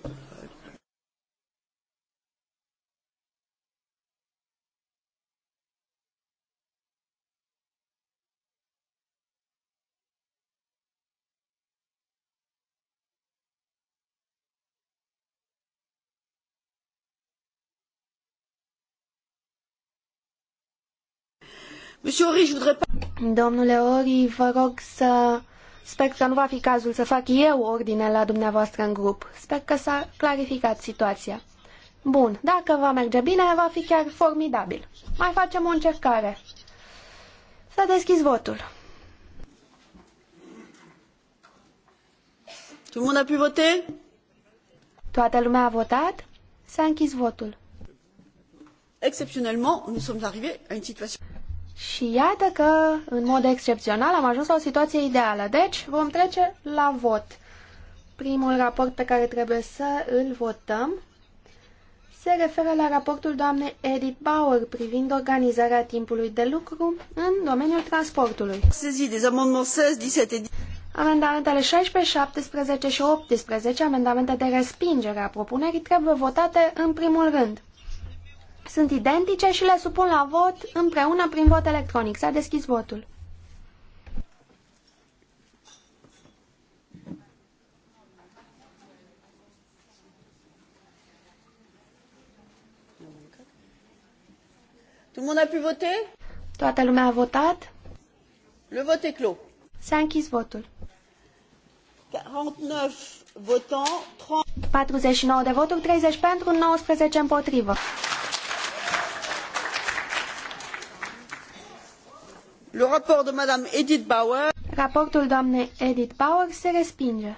Domnule Ori, vă rog să Sper că nu va fi cazul să fac eu ordine la dumneavoastră în grup. Sper că s-a clarificat situația. Bun, dacă va merge bine, va fi chiar formidabil. Mai facem o încercare. S-a deschis votul. Tout le monde a pu voter? Toată lumea a votat? S-a închis votul. Exceptionnellement, nous sommes arrivés à une situation... Și iată că, în mod excepțional, am ajuns la o situație ideală. Deci, vom trece la vot. Primul raport pe care trebuie să îl votăm se referă la raportul doamnei Edith Bauer privind organizarea timpului de lucru în domeniul transportului. Amendamentele 16, 17 și 18, amendamente de respingere a propunerii, trebuie votate în primul rând sunt identice și le supun la vot împreună prin vot electronic. S-a deschis votul. Tout le monde a pu voter? Toată lumea a votat? Le vote est clos. S-a închis votul. 49 votants, 30... 49 de voturi, 30 pentru, 19 împotrivă. Le rapport de Madame Edith Bauer. Raportul doamnei Edith Bauer se respinge.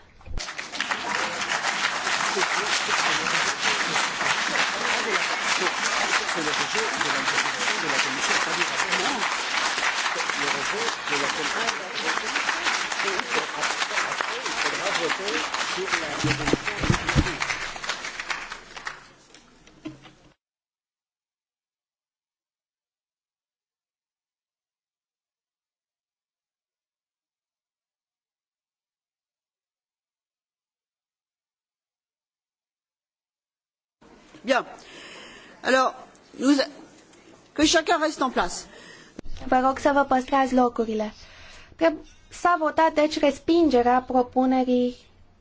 Bien. Alors, nous... que chacun reste en Vă rog să vă păstrați locurile. S-a votat, deci, respingerea propunerii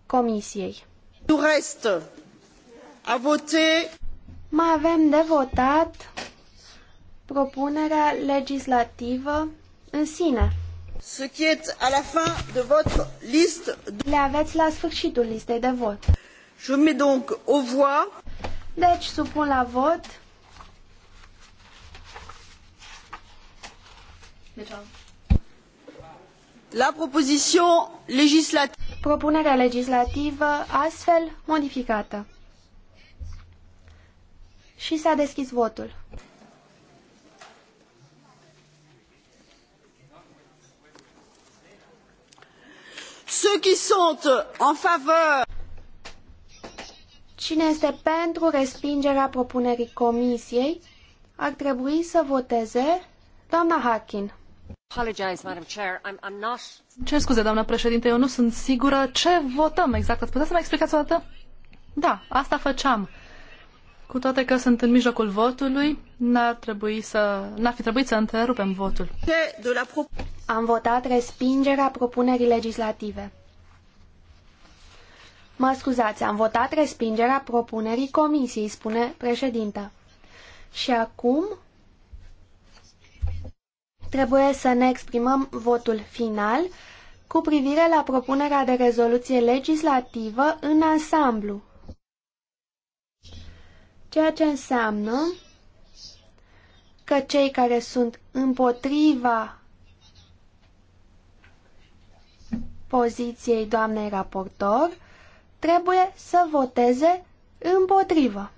comisiei. Nous reste à voter... Mai avem de votat propunerea legislativă în sine. Ce qui est à la fin de votre liste. Le aveți la sfârșitul listei de vot. Je mets donc aux voix deci, supun la vot. La propoziție legislativă. Propunerea legislativă astfel modificată. Și s-a deschis votul. Ceux qui sont en faveur Cine este pentru respingerea propunerii comisiei ar trebui să voteze doamna Harkin. Cer scuze, doamnă președinte, eu nu sunt sigură ce votăm exact. Ați putea să mi explicați o dată? Da, asta făceam. Cu toate că sunt în mijlocul votului, n-ar, trebui să, n-ar fi trebuit să întrerupem votul. Am votat respingerea propunerii legislative. Mă scuzați, am votat respingerea propunerii comisiei, spune președinta. Și acum trebuie să ne exprimăm votul final cu privire la propunerea de rezoluție legislativă în ansamblu. Ceea ce înseamnă că cei care sunt împotriva poziției doamnei raportor trebuie să voteze împotrivă.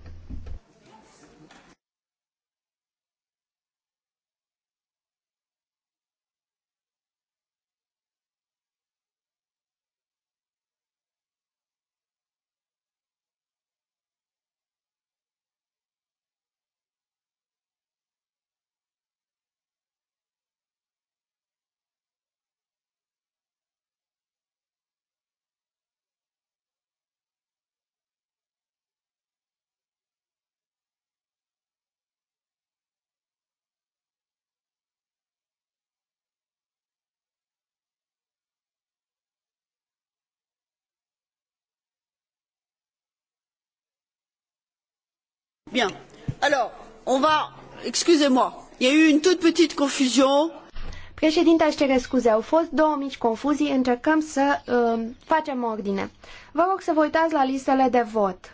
Bien. Alors, on va... Excusez-moi, il y a eu une toute petite confusion. Președinte, aș cere scuze, au fost două mici confuzii, încercăm să uh, facem ordine. Vă rog să vă uitați la listele de vot.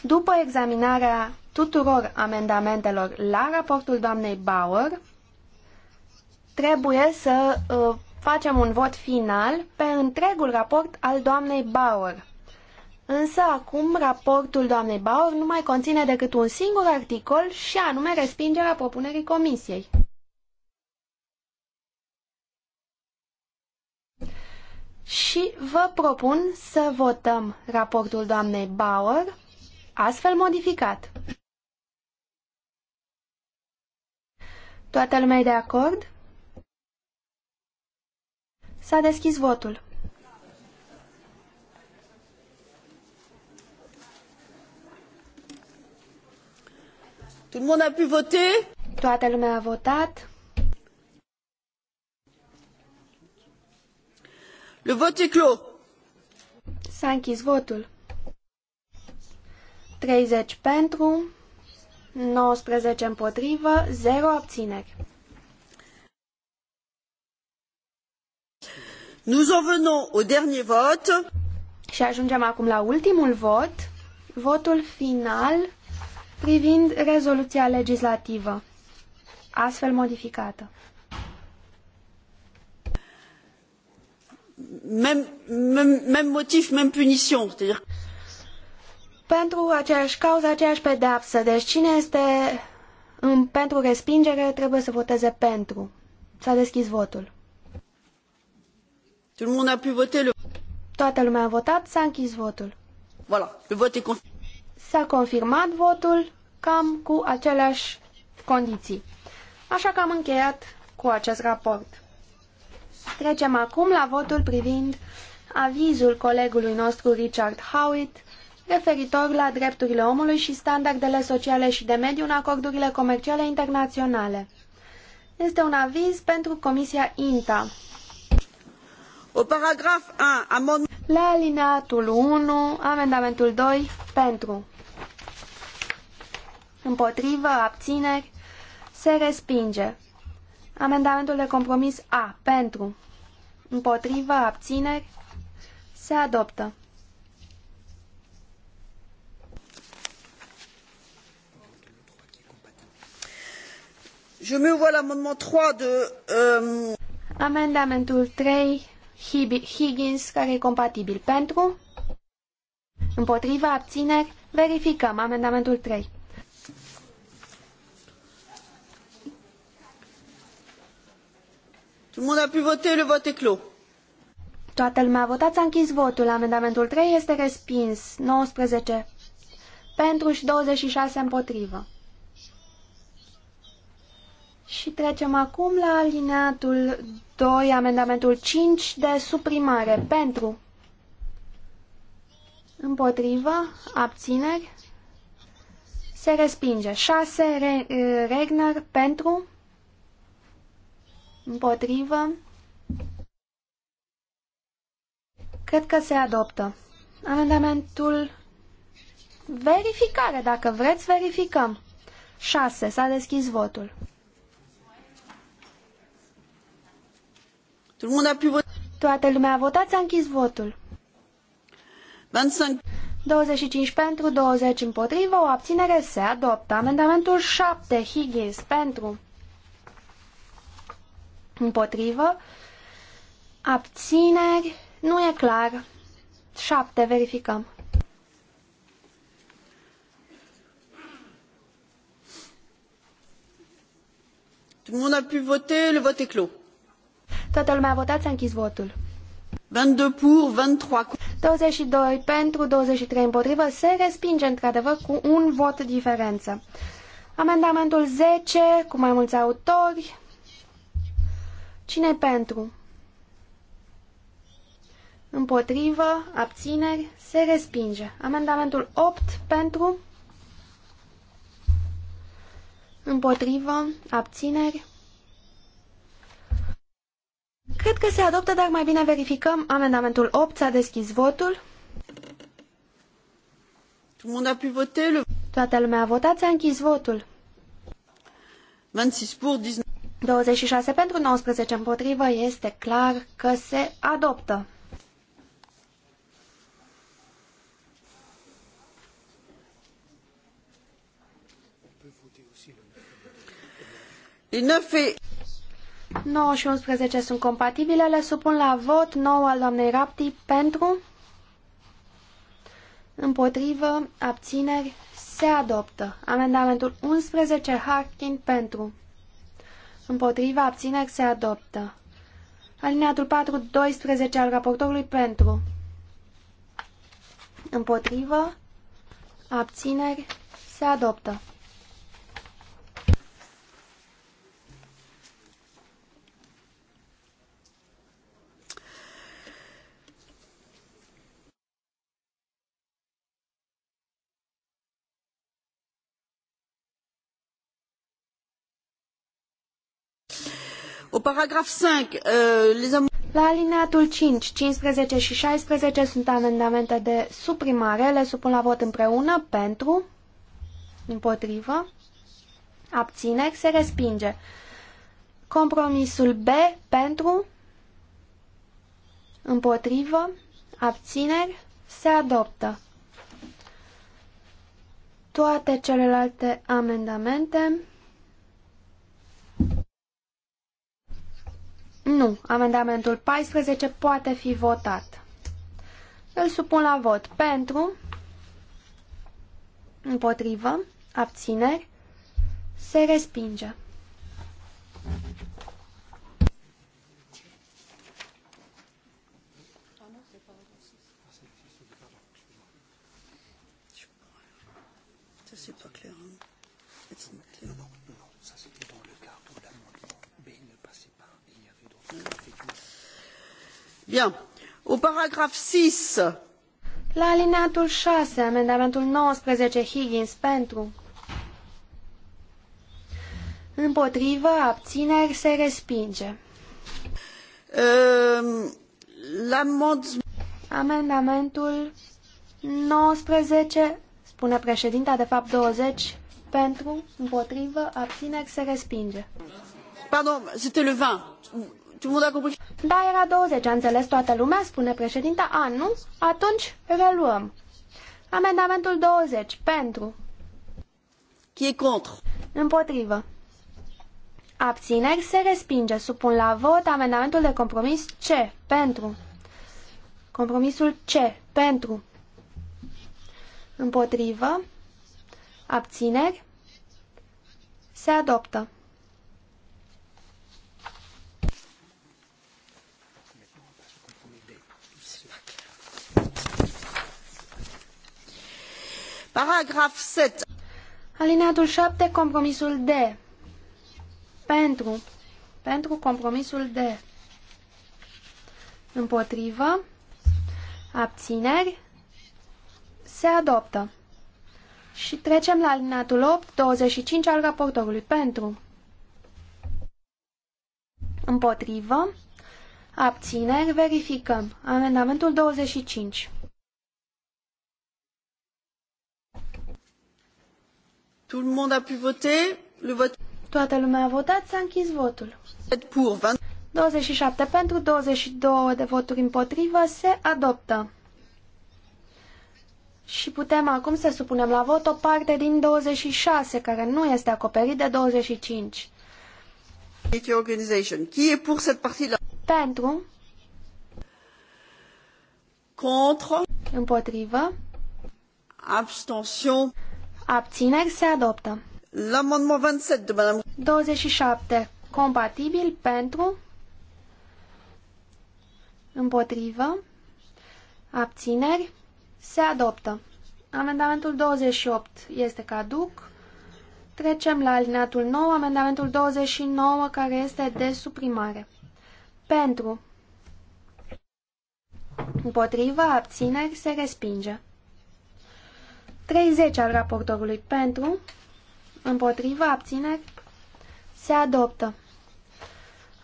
După examinarea tuturor amendamentelor la raportul doamnei Bauer, trebuie să uh, facem un vot final pe întregul raport al doamnei Bauer. Însă acum raportul doamnei Bauer nu mai conține decât un singur articol și anume respingerea propunerii comisiei. Și vă propun să votăm raportul doamnei Bauer astfel modificat. Toată lumea e de acord? S-a deschis votul. Tout le monde a pu voter? Toată lumea a votat. Le vot est clos. S-a închis votul. 30 pentru, 19 împotrivă, 0 abțineri. Nous en venons au dernier vote. Și ajungem acum la ultimul vot, votul final privind rezoluția legislativă, astfel modificată. Même, motiv, même punition. Pentru aceeași cauză, aceeași pedeapsă. Deci cine este în, pentru respingere trebuie să voteze pentru. S-a deschis votul. Tout le monde a pu voter le... Toată lumea a votat, s-a închis votul. Voilà, le vote est S-a confirmat votul cam cu aceleași condiții. Așa că am încheiat cu acest raport. Trecem acum la votul privind avizul colegului nostru Richard Howitt referitor la drepturile omului și standardele sociale și de mediu în acordurile comerciale internaționale. Este un aviz pentru Comisia INTA. O paragraf La alineatul 1, amendamentul 2, pentru. Împotrivă, abțineri, se respinge. Amendamentul de compromis A. Pentru. Împotrivă, abțineri, se adoptă. Je mets au l'amendement 3 de... Euh... Amendamentul 3, Higgins, care e compatibil pentru. Împotriva, abțineri, verificăm amendamentul 3. Tout a pu voter, le vote est clos. Toată lumea a votat, s-a închis votul. Amendamentul 3 este respins. 19 pentru și 26 împotrivă. Și trecem acum la alineatul 2, amendamentul 5 de suprimare. Pentru, împotrivă, abțineri, se respinge. 6, Regner, pentru, Împotrivă. Cred că se adoptă. Amendamentul verificare, dacă vreți, verificăm. 6. S-a deschis votul. Toată lumea a votat, s-a închis votul. 25. pentru, 20 împotrivă, o abținere se adoptă. Amendamentul 7, Higgins, pentru. Împotrivă. Abțineri. Nu e clar. Șapte, Verificăm. Tout le monde a pu voter, le vote est clos. Toată lumea a votat, s-a închis votul. 22 pour, 23 22 pentru, 23 împotrivă, se respinge într-adevăr cu un vot diferență. Amendamentul 10, cu mai mulți autori, cine pentru? Împotrivă, abțineri, se respinge. Amendamentul 8 pentru, împotrivă, abțineri. Cred că se adoptă, dar mai bine verificăm. Amendamentul 8 s-a deschis votul. Toată lumea a votat, s-a închis votul. 26 pour, 19. 26 pentru 19 împotrivă este clar că se adoptă. Fi... 9 și 11 sunt compatibile, le supun la vot 9 al doamnei Rapti pentru, împotrivă, abțineri, se adoptă. Amendamentul 11, Harkin pentru. Împotriva abțineri se adoptă. Alineatul 4, 12 al raportorului pentru. Împotrivă. Abțineri se adoptă. paragraf 5, euh, les la alineatul 5, 15 și 16 sunt amendamente de suprimare. Le supun la vot împreună pentru, împotrivă, abțineri, se respinge. Compromisul B pentru, împotrivă, abțineri, se adoptă. Toate celelalte amendamente Nu. Amendamentul 14 poate fi votat. Îl supun la vot pentru, împotrivă, abțineri, se respinge. Bien. Au paragraph 6. La alineatul 6, amendamentul 19, Higgins, pentru. Împotrivă, abțineri, se respinge. Ehm, la mod... Amendamentul 19, spune președinta, de fapt 20, pentru, împotrivă, abțineri, se respinge. Pardon, c'était le 20. Da, era 20, a înțeles toată lumea, spune președinta. A, nu? Atunci reluăm. Amendamentul 20. Pentru. Qui est contre? Împotrivă. Abțineri se respinge. Supun la vot amendamentul de compromis C. Pentru. Compromisul C. Pentru. Împotrivă. Abțineri. Se adoptă. Paragraf 7. Alineatul 7, compromisul D. Pentru. Pentru compromisul D. Împotrivă. Abțineri. Se adoptă. Și trecem la alineatul 8, 25 al raportorului. Pentru. Împotrivă. Abțineri. Verificăm. Amendamentul 25. Tout le monde a pu voter. Le vote... Toată lumea a votat, s-a închis votul. 27 pentru, 22 de voturi împotrivă, se adoptă. Și putem acum să supunem la vot o parte din 26, care nu este acoperit de 25. Pentru. Contra. Împotrivă. Abstention. Abțineri se adoptă. La 27, madame. 27. Compatibil pentru. Împotrivă. Abțineri se adoptă. Amendamentul 28 este caduc. Trecem la alineatul 9, amendamentul 29, care este de suprimare. Pentru. Împotrivă, abțineri, se respinge. 30 al raportorului pentru, împotriva, abțineri, se adoptă.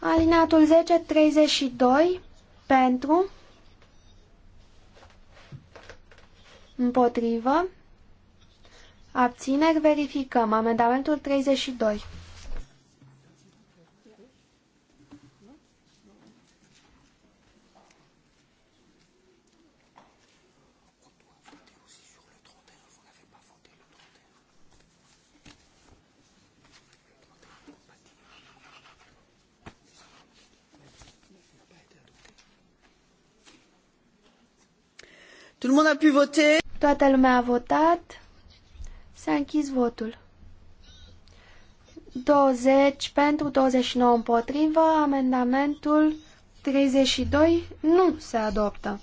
Alineatul 10, 32, pentru, împotrivă, abțineri, verificăm. Amendamentul 32. Tout le monde a pu voter. Toată lumea a votat. S-a închis votul. 20 pentru, 29 împotrivă, amendamentul 32 nu se adoptă.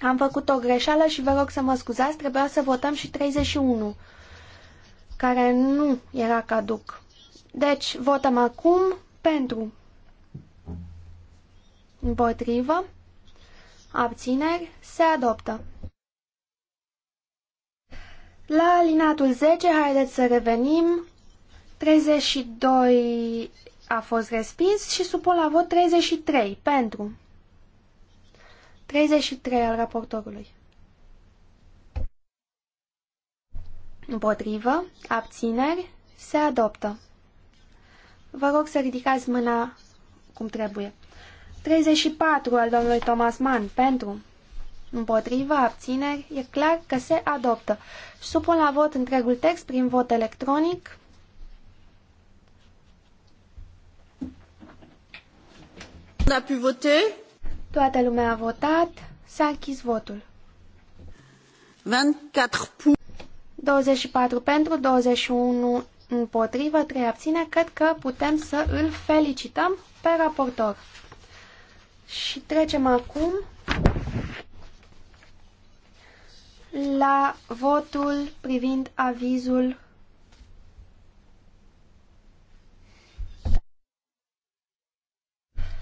Am făcut o greșeală și vă rog să mă scuzați, trebuia să votăm și 31, care nu era caduc. Deci, votăm acum pentru, împotrivă, abțineri, se adoptă. La alinatul 10, haideți să revenim. 32 a fost respins și supun la vot 33 pentru. 33 al raportorului. Împotrivă, abțineri, se adoptă. Vă rog să ridicați mâna cum trebuie. 34 al domnului Thomas Mann pentru împotriva abțineri e clar că se adoptă. Supun la vot întregul text prin vot electronic. a pu vote? Toată lumea a votat. S-a închis votul. 24 24 pentru, 21 împotrivă, 3 abține. Cred că putem să îl felicităm pe raportor. Și trecem acum la votul privind avizul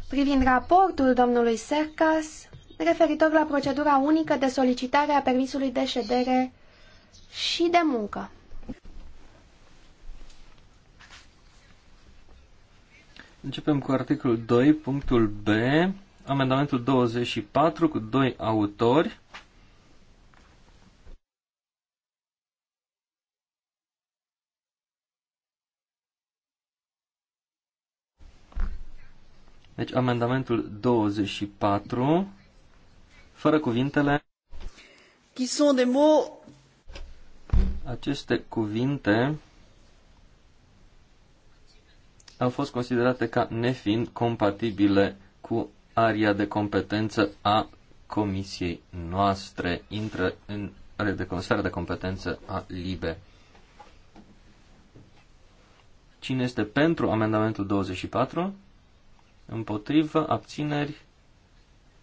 privind raportul domnului Sercas referitor la procedura unică de solicitare a permisului de ședere și de muncă. Începem cu articolul 2, punctul B, amendamentul 24 cu doi autori. Deci amendamentul 24, fără cuvintele. Qui sont des mots? Aceste cuvinte au fost considerate ca nefiind compatibile cu aria de competență a comisiei noastre, intră în are de sfera de competență a LIBE. Cine este pentru amendamentul 24? Împotrivă, abțineri,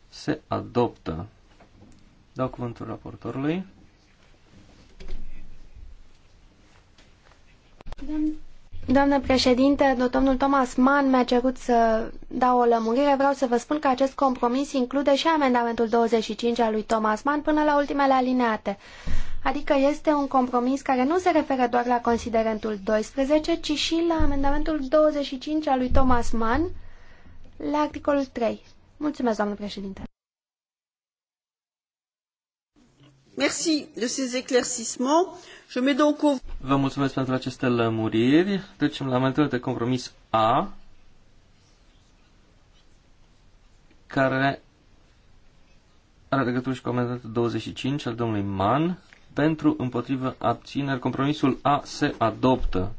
se adoptă. Dau cuvântul raportorului. Doamne, Doamnă președinte, domnul Thomas Mann mi-a cerut să dau o lămurire. Vreau să vă spun că acest compromis include și amendamentul 25 al lui Thomas Mann până la ultimele alineate. Adică este un compromis care nu se referă doar la considerentul 12, ci și la amendamentul 25 al lui Thomas Mann la articolul 3. Mulțumesc, doamnă președinte. Merci de ces éclaircissements. Je mets donc au... Vă mulțumesc pentru aceste lămuriri. Trecem la amendamentul de compromis A, care are legătură și cu amendamentul 25 al domnului Mann. Pentru, împotrivă, abțineri, compromisul A se adoptă.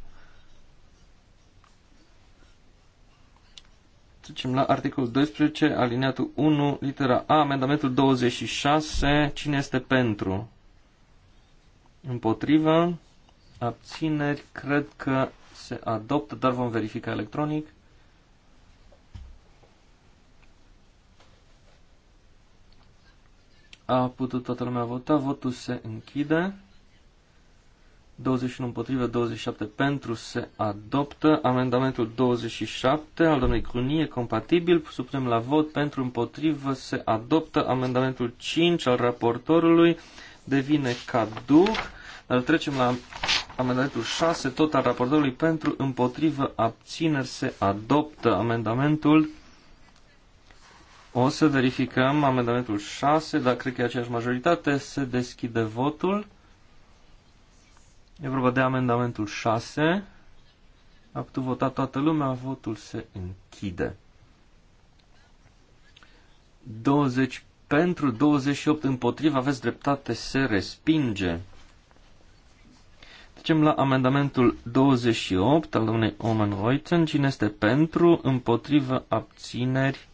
Trecem la articolul 12, alineatul 1, litera A, amendamentul 26. Cine este pentru? Împotrivă. Abțineri. Cred că se adoptă, dar vom verifica electronic. A putut toată lumea vota, votul se închide. 21 împotrivă, 27 pentru, se adoptă. Amendamentul 27 al domnului Crunie, compatibil, supunem la vot, pentru, împotrivă, se adoptă. Amendamentul 5 al raportorului devine caduc. Dar trecem la amendamentul 6, tot al raportorului, pentru, împotrivă, abțineri, se adoptă. Amendamentul o să verificăm amendamentul 6, dar cred că e aceeași majoritate. Se deschide votul. E vorba de amendamentul 6. A putut vota toată lumea, votul se închide. 20 pentru, 28 împotriva, aveți dreptate, se respinge. Trecem la amendamentul 28 al domnului Omen Reuten. Cine este pentru, împotrivă, abțineri,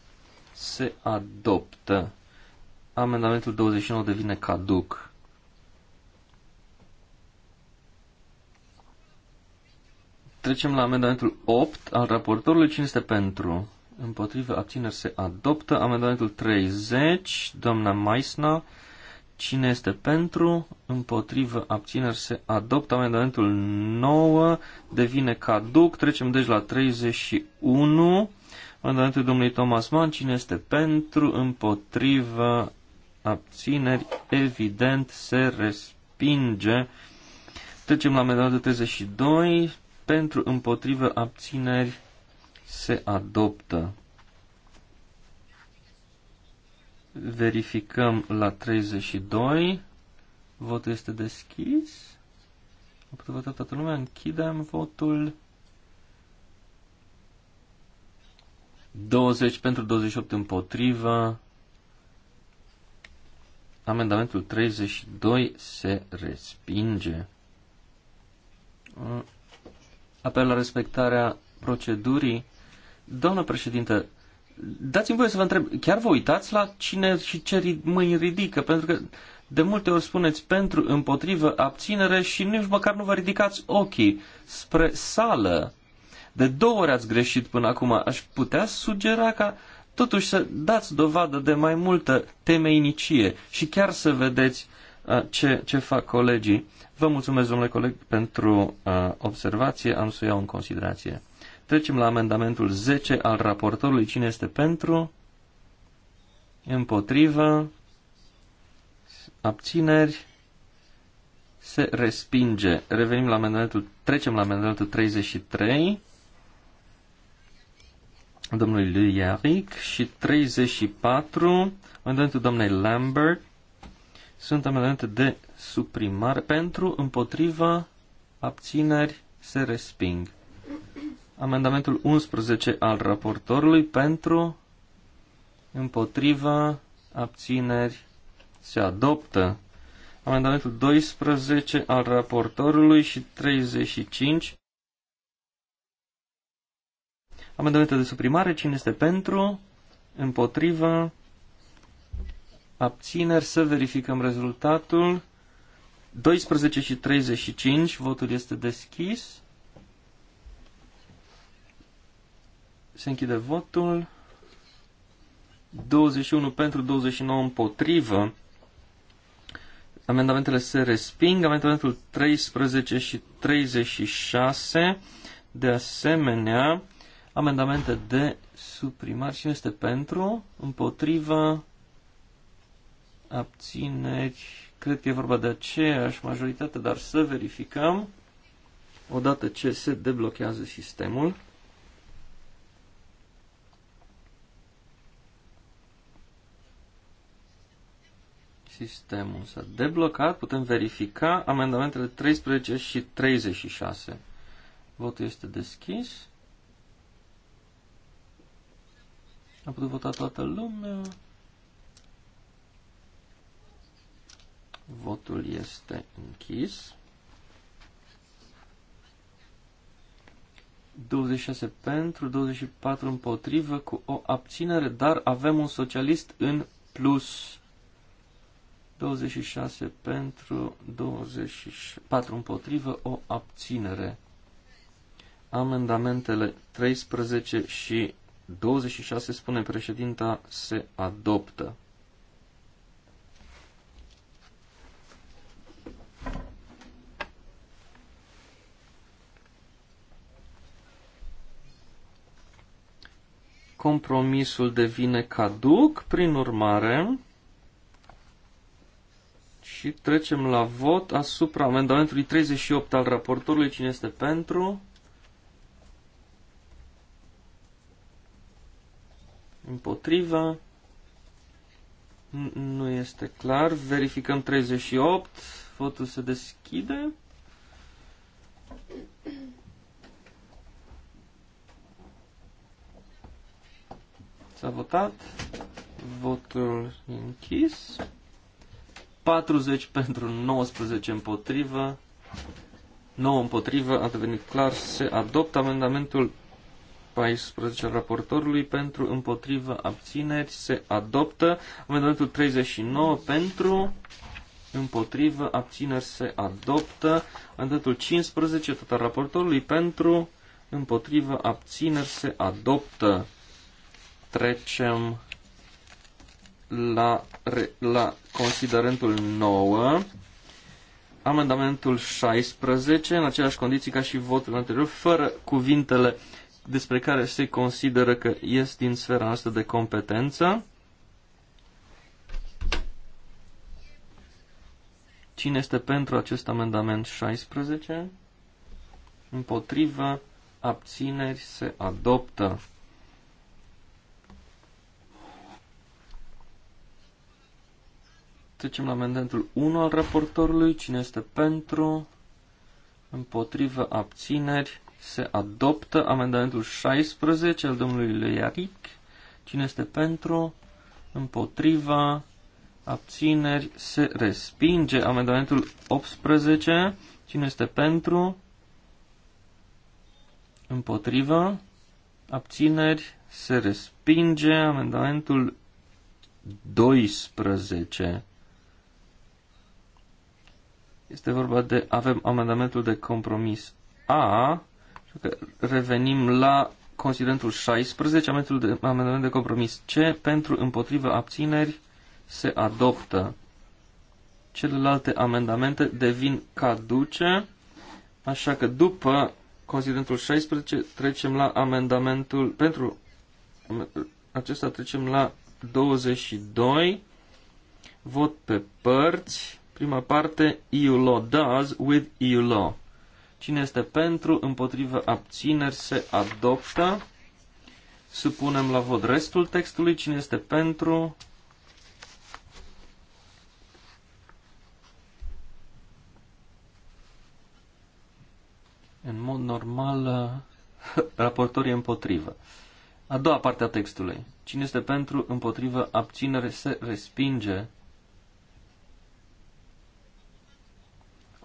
se adoptă. Amendamentul 29 devine caduc. Trecem la amendamentul 8 al raportorului. Cine este pentru? Împotrivă abțineri se adoptă. Amendamentul 30, doamna Maisna. Cine este pentru? Împotrivă abțineri se adoptă. Amendamentul 9 devine caduc. Trecem deci la 31. Amendamentul domnului Thomas Mann. Cine este pentru? Împotrivă abțineri. Evident se respinge. Trecem la amendamentul 32 pentru împotrivă abțineri se adoptă. Verificăm la 32. Votul este deschis. A putut vota toată lumea. Închidem votul. 20 pentru 28 împotrivă. Amendamentul 32 se respinge apel la respectarea procedurii. Doamnă președintă, dați-mi voie să vă întreb, chiar vă uitați la cine și ce mâini ridică? Pentru că de multe ori spuneți pentru, împotrivă, abținere și nici măcar nu vă ridicați ochii spre sală. De două ori ați greșit până acum. Aș putea sugera ca totuși să dați dovadă de mai multă temeinicie și chiar să vedeți ce, ce fac colegii. Vă mulțumesc, domnule coleg, pentru uh, observație. Am să o iau în considerație. Trecem la amendamentul 10 al raportorului. Cine este pentru? Împotrivă? Abțineri? Se respinge. Revenim la amendamentul, trecem la amendamentul 33 domnului Lui Iaric și 34 amendamentul domnului Lambert sunt amendamente de suprimare pentru, împotriva, abțineri, se resping. Amendamentul 11 al raportorului pentru, împotriva, abțineri, se adoptă. Amendamentul 12 al raportorului și 35. Amendamente de suprimare, cine este pentru, împotriva, abțineri, să verificăm rezultatul. 12 și 35, votul este deschis. Se închide votul. 21 pentru, 29 împotrivă. Amendamentele se resping. Amendamentul 13 și 36, de asemenea, amendamente de suprimare. Cine este pentru? Împotrivă? abțineri, cred că e vorba de aceeași majoritate, dar să verificăm odată ce se deblochează sistemul. Sistemul s-a deblocat, putem verifica amendamentele 13 și 36. Votul este deschis. A putut vota toată lumea. Votul este închis. 26 pentru, 24 împotrivă, cu o abținere, dar avem un socialist în plus. 26 pentru, 24 împotrivă, o abținere. Amendamentele 13 și 26, spune președinta, se adoptă. Compromisul devine caduc, prin urmare, și trecem la vot asupra amendamentului 38 al raportorului. Cine este pentru? Împotriva? Nu este clar. Verificăm 38. Votul se deschide. S-a votat. Votul închis. 40 pentru 19 împotrivă. 9 împotrivă. A devenit clar. Se adoptă amendamentul 14 al raportorului pentru împotrivă abțineri. Se adoptă amendamentul 39 pentru împotrivă abțineri. Se adoptă amendamentul 15 tot al raportorului pentru împotrivă abțineri. Se adoptă trecem la, la considerentul 9. Amendamentul 16, în aceleași condiții ca și votul anterior, fără cuvintele despre care se consideră că ies din sfera noastră de competență. Cine este pentru acest amendament 16? Împotrivă, abțineri, se adoptă. Trecem la amendamentul 1 al raportorului. Cine este pentru? Împotrivă abțineri. Se adoptă amendamentul 16 al domnului Leiaric. Cine este pentru? Împotriva abțineri. Se respinge amendamentul 18. Cine este pentru? Împotriva abțineri. Se respinge amendamentul 12. Este vorba de, avem amendamentul de compromis A, că revenim la considerentul 16, amendamentul de, amendament de compromis C, pentru împotrivă abțineri se adoptă. Celelalte amendamente devin caduce, așa că după considerentul 16 trecem la amendamentul, pentru acesta trecem la 22, vot pe părți, prima parte, EU law does with EU law. Cine este pentru, împotrivă, abțineri, se adoptă. Supunem la vot restul textului. Cine este pentru? În mod normal, raportorii împotrivă. A doua parte a textului. Cine este pentru, împotrivă, abținere, se respinge.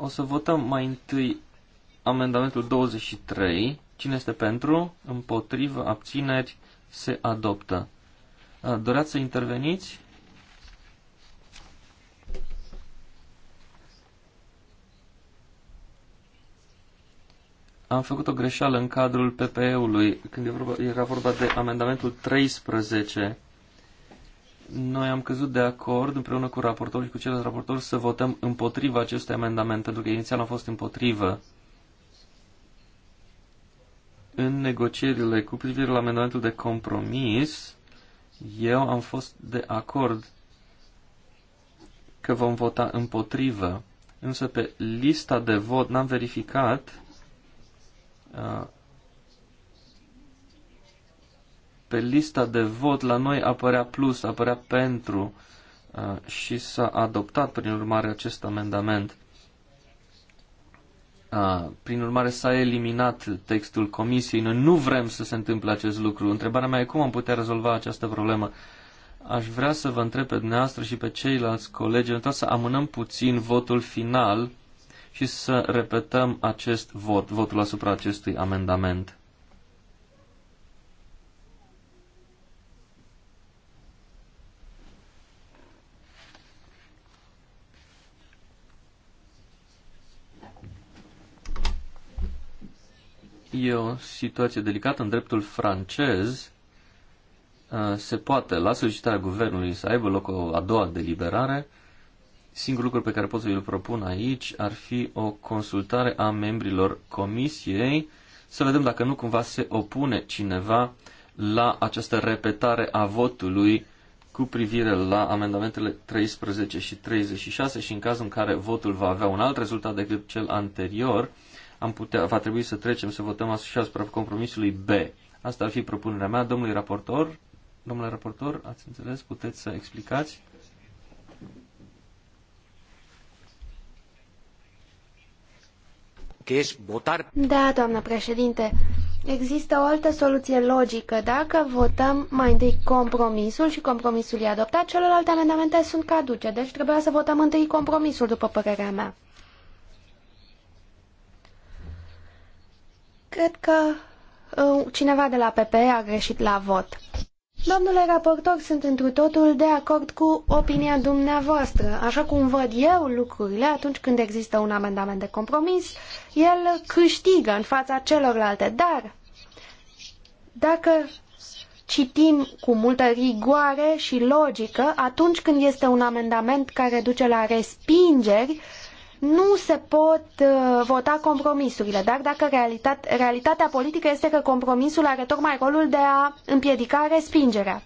O să votăm mai întâi amendamentul 23. Cine este pentru? Împotrivă? Abțineri? Se adoptă. Doreați să interveniți? Am făcut o greșeală în cadrul PPE-ului când era vorba de amendamentul 13 noi am căzut de acord împreună cu raportorul și cu ceilalți raportori să votăm împotriva acestui amendament, pentru că inițial am fost împotrivă. În negocierile cu privire la amendamentul de compromis, eu am fost de acord că vom vota împotrivă, însă pe lista de vot n-am verificat uh, pe lista de vot la noi apărea plus, apărea pentru uh, și s-a adoptat prin urmare acest amendament. Uh, prin urmare s-a eliminat textul comisiei. Noi nu vrem să se întâmple acest lucru. Întrebarea mea e cum am putea rezolva această problemă. Aș vrea să vă întreb pe dumneavoastră și pe ceilalți colegi, eventual să amânăm puțin votul final și să repetăm acest vot, votul asupra acestui amendament. E o situație delicată în dreptul francez. Uh, se poate, la solicitarea guvernului, să aibă loc o a doua deliberare. Singurul lucru pe care pot să îl propun aici ar fi o consultare a membrilor comisiei, să vedem dacă nu cumva se opune cineva la această repetare a votului cu privire la amendamentele 13 și 36 și în cazul în care votul va avea un alt rezultat decât cel anterior, am putea, va trebui să trecem să votăm și asupra compromisului B. Asta ar fi propunerea mea. Domnului raportor, domnule raportor, ați înțeles? Puteți să explicați? Da, doamnă președinte. Există o altă soluție logică. Dacă votăm mai întâi compromisul și compromisul e adoptat, celelalte amendamente sunt caduce, deci trebuia să votăm întâi compromisul, după părerea mea. Cred că uh, cineva de la PPE a greșit la vot. Domnule raportor, sunt întru totul de acord cu opinia dumneavoastră. Așa cum văd eu lucrurile, atunci când există un amendament de compromis, el câștigă în fața celorlalte. Dar, dacă citim cu multă rigoare și logică, atunci când este un amendament care duce la respingeri, nu se pot uh, vota compromisurile, dar dacă realitate, realitatea politică este că compromisul are tocmai rolul de a împiedica respingerea.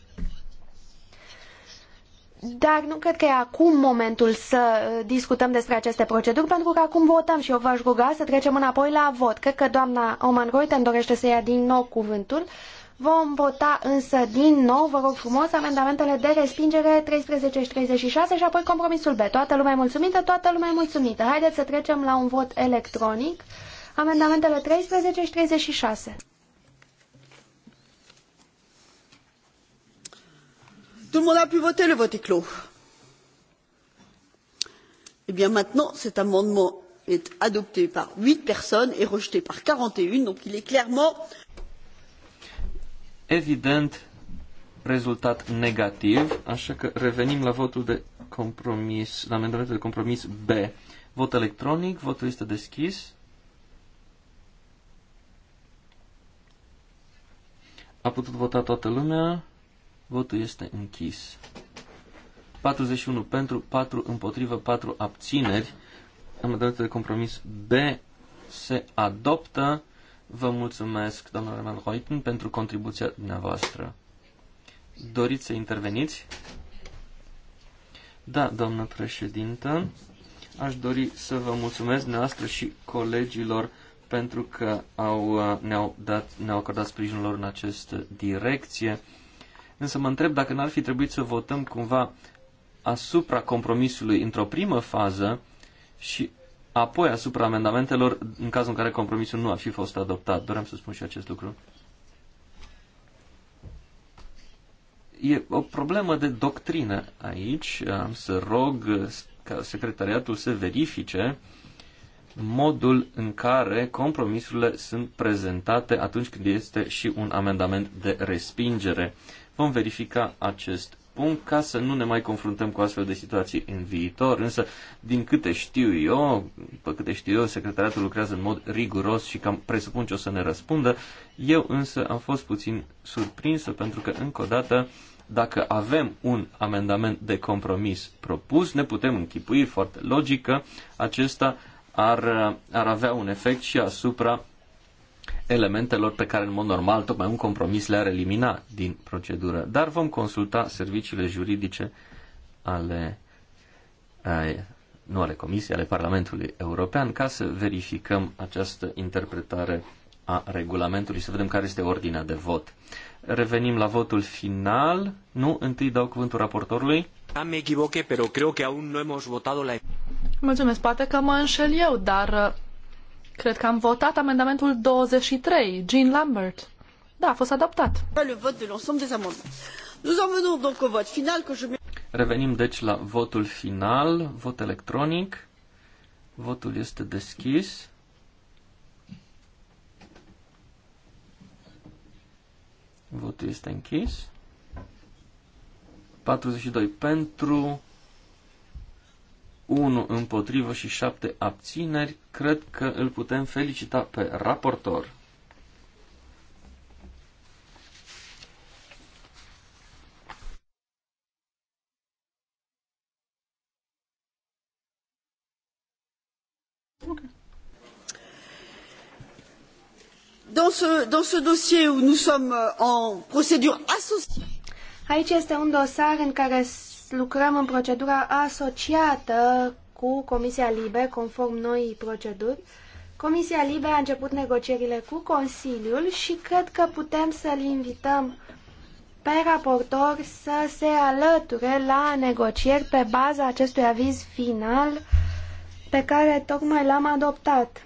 Dar nu cred că e acum momentul să uh, discutăm despre aceste proceduri, pentru că acum votăm și eu v-aș ruga să trecem înapoi la vot. Cred că doamna Oman Reuten dorește să ia din nou cuvântul. Uh, Vom vota însă din nou, vă rog frumos, amendamentele de respingere 13 și 36 și apoi compromisul B. Toată lumea mulțumită, toată lumea mulțumită. Haideți să trecem la un vot electronic. Amendamentele 13 și 36. Tout le monde a pu voter, le vote est clos. Eh bien maintenant, cet amendement est adopté par 8 personnes et rejeté par 41, donc il est clairement evident rezultat negativ, așa că revenim la votul de compromis, la amendamentul de compromis B. Vot electronic, votul este deschis. A putut vota toată lumea. Votul este închis. 41 pentru, 4 împotrivă, 4 abțineri. Amendamentul de compromis B se adoptă. Vă mulțumesc, domnule Van Hoyten, pentru contribuția dumneavoastră. Doriți să interveniți? Da, doamnă președintă. Aș dori să vă mulțumesc dumneavoastră și colegilor pentru că au, uh, ne-au, dat, ne-au acordat sprijinul lor în această direcție. Însă mă întreb dacă n-ar fi trebuit să votăm cumva asupra compromisului într-o primă fază și apoi asupra amendamentelor în cazul în care compromisul nu ar fi fost adoptat. Doream să spun și acest lucru. E o problemă de doctrină aici. Am să rog ca secretariatul să verifice modul în care compromisurile sunt prezentate atunci când este și un amendament de respingere. Vom verifica acest spun ca să nu ne mai confruntăm cu astfel de situații în viitor, însă din câte știu eu, după câte știu eu, secretariatul lucrează în mod riguros și cam presupun ce o să ne răspundă. Eu însă am fost puțin surprinsă pentru că încă o dată dacă avem un amendament de compromis propus, ne putem închipui foarte logică. acesta ar, ar avea un efect și asupra elementelor pe care în mod normal tocmai un compromis le-ar elimina din procedură. Dar vom consulta serviciile juridice ale, nu ale Comisiei, ale Parlamentului European ca să verificăm această interpretare a regulamentului, să vedem care este ordinea de vot. Revenim la votul final. Nu, întâi dau cuvântul raportorului. Am me pero creo que aún no hemos votado la... Mulțumesc, poate că mă înșel eu, dar Cred că am votat amendamentul 23, Jean Lambert. Da, a fost adoptat. Revenim deci la votul final, vot electronic. Votul este deschis. Votul este închis. 42 pentru, 1 împotrivă și 7 abțineri, cred că îl putem felicita pe raportor. Dans ce, dans ce dossier où nous sommes en procédure associée. Aici este un dosar în care lucrăm în procedura asociată cu Comisia Libe, conform noii proceduri. Comisia Libe a început negocierile cu Consiliul și cred că putem să-l invităm pe raportor să se alăture la negocieri pe baza acestui aviz final pe care tocmai l-am adoptat.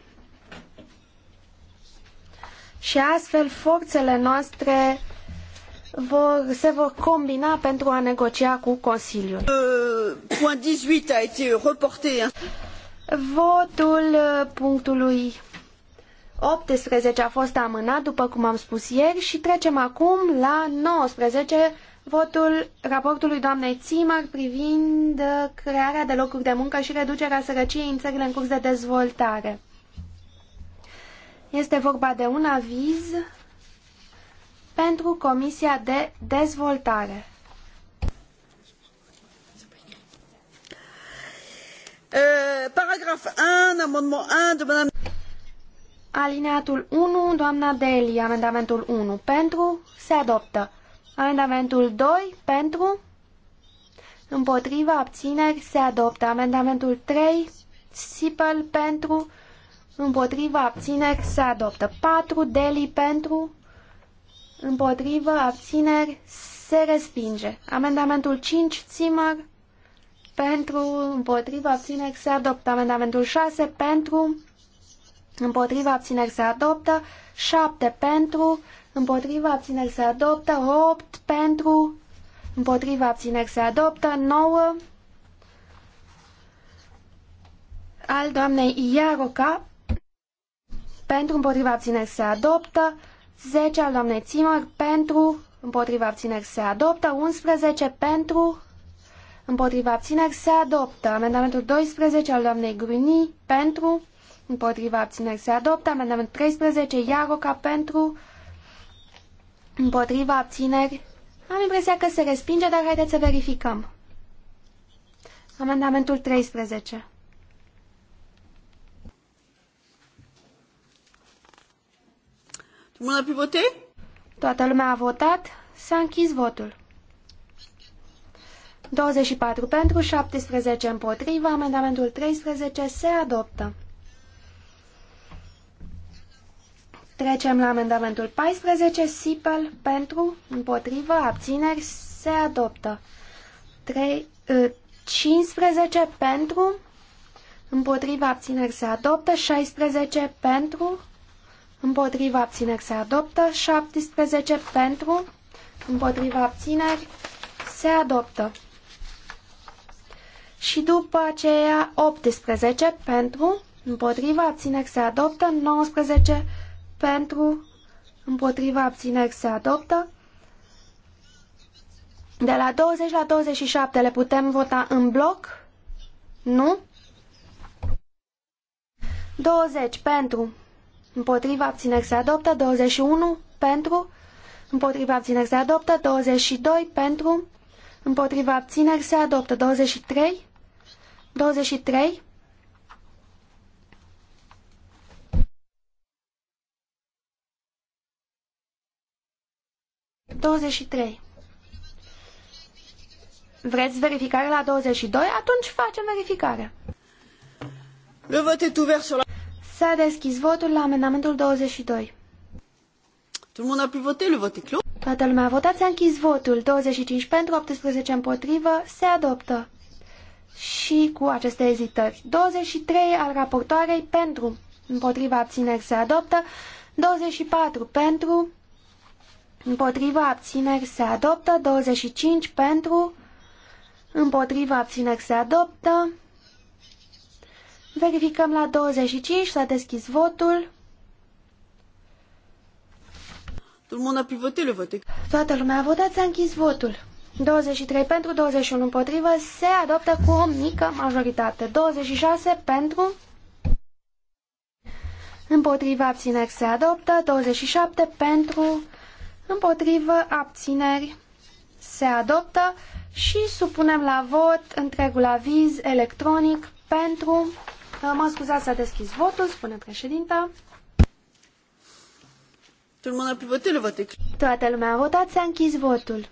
Și astfel forțele noastre vor, se vor combina pentru a negocia cu Consiliul. Uh, point 18 a été reporté. Votul uh, punctului 18 a fost amânat, după cum am spus ieri, și trecem acum la 19, votul raportului doamnei Țimar privind uh, crearea de locuri de muncă și reducerea sărăciei în țările în curs de dezvoltare. Este vorba de un aviz pentru Comisia de Dezvoltare. Euh, paragraf 1, amendament 1 de Madame... Alineatul 1, doamna Deli, amendamentul 1, pentru, se adoptă. Amendamentul 2, pentru, împotriva, abțineri, se adoptă. Amendamentul 3, sipăl, pentru, împotriva, abțineri, se adoptă. 4, Deli, pentru, Împotrivă, abțineri, se respinge. Amendamentul 5, țimăr, pentru, împotrivă, abțineri, se adoptă. Amendamentul 6, pentru, împotrivă, abțineri, se adoptă. 7, pentru, împotrivă, abțineri, se adoptă. 8, pentru, împotrivă, abțineri, se adoptă. 9, al doamnei Iaroca, pentru, împotrivă, abțineri, se adoptă. 10 al doamnei Țimăr pentru, împotriva abțineri se adoptă, 11 pentru, împotriva abțineri se adoptă, amendamentul 12 al doamnei Gruni pentru, împotriva abțineri se adoptă, amendamentul 13 Iaroca pentru, împotriva abțineri. Am impresia că se respinge, dar haideți să verificăm. Amendamentul 13. Mână pivote? Toată lumea a votat. S-a închis votul. 24 pentru, 17 împotriva, amendamentul 13 se adoptă. Trecem la amendamentul 14, Sipel, pentru, împotrivă, abțineri, se adoptă. 3, 15 ă, pentru, împotriva, abțineri, se adoptă, 16 pentru, Împotriva abțineri se adoptă. 17 pentru. Împotriva abțineri se adoptă. Și după aceea 18 pentru. Împotriva abțineri se adoptă. 19 pentru. Împotriva abțineri se adoptă. De la 20 la 27 le putem vota în bloc? Nu? 20 pentru împotriva abțineri se adoptă, 21 pentru, împotriva abțineri se adoptă, 22 pentru, împotriva abțineri se adoptă, 23, 23 23. Vreți verificare la 22? Atunci facem verificare. Le vote est ouvert sur la... S-a deschis votul la amendamentul 22. a le Toată lumea a votat, s-a închis votul. 25 pentru, 18 împotrivă, se adoptă. Și cu aceste ezitări. 23 al raportoarei pentru, împotriva abțineri se adoptă. 24 pentru, împotriva abțineri se adoptă. 25 pentru, împotriva abțineri se adoptă. Verificăm la 25, s-a deschis votul. Toată lumea a votat, s-a închis votul. 23 pentru, 21 împotrivă, se adoptă cu o mică majoritate. 26 pentru, împotriva abțineri se adoptă, 27 pentru, împotrivă abțineri se adoptă și supunem la vot întregul aviz electronic pentru Uh, mă scuzați, s-a deschis votul, spune președinta. Toată lumea a votat, s-a închis votul.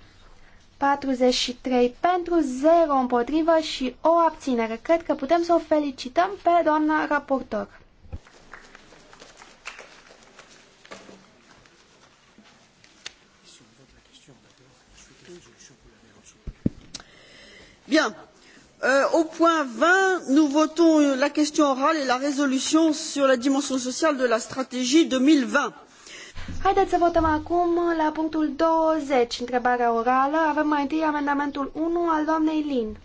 43 pentru, 0 împotrivă și o abținere. Cred că putem să o felicităm pe doamna raportor. Bine. Euh, au point vingt nous votons euh, la question orale et la résolution sur la dimension sociale de la stratégie. deux mille vingt Haideți să votăm acum la punctul 20, întrebarea orală. Avem mai întâi amendamentul 1 al doamnei Lin.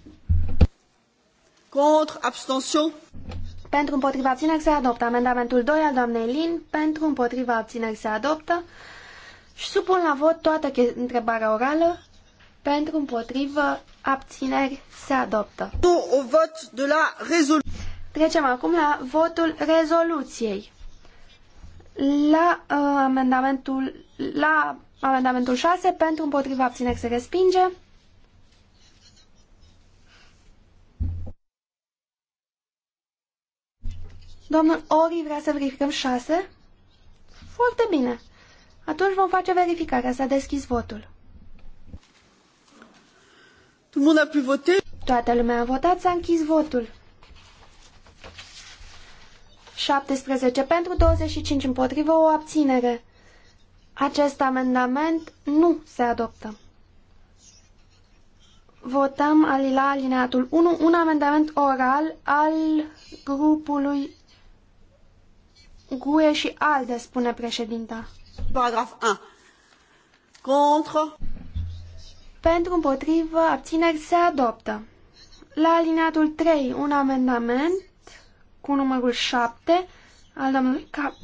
Contre, abstention. Pentru împotriva abțineri se adoptă. Amendamentul 2 al doamnei Lin. Pentru împotriva abțineri se adoptă. Și supun la vot toată întrebarea orală pentru împotrivă, abțineri se adoptă. O vot de la rezolu- Trecem acum la votul rezoluției. La uh, amendamentul la amendamentul 6 pentru împotriva abțineri se respinge. Domnul Ori vrea să verificăm 6? Foarte bine. Atunci vom face verificarea. S-a deschis votul. Tout le monde a pu voter. Toată lumea a votat, s-a închis votul. 17 pentru, 25 împotrivă, o abținere. Acest amendament nu se adoptă. Votăm al la alineatul 1, un amendament oral al grupului GUE și ALDE, spune președinta. Paragraf 1. Contra. Pentru împotrivă, abțineri se adoptă. La alineatul 3, un amendament cu numărul 7 al domnului, Cap...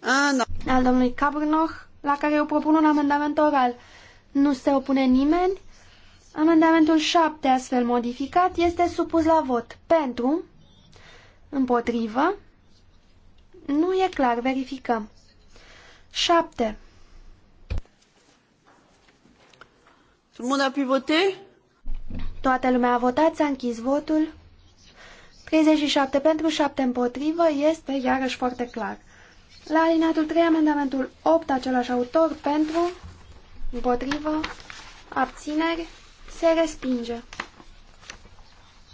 Ah, al domnului Cabrnoch, la care eu propun un amendament oral. Nu se opune nimeni? Amendamentul 7, astfel modificat, este supus la vot pentru, împotrivă, nu e clar, verificăm. 7. Tout le monde a pu voter? Toată lumea a votat, s-a închis votul. 37 pentru, 7 împotrivă, este iarăși foarte clar. La alineatul 3, amendamentul 8, același autor, pentru, împotrivă, abțineri, se respinge.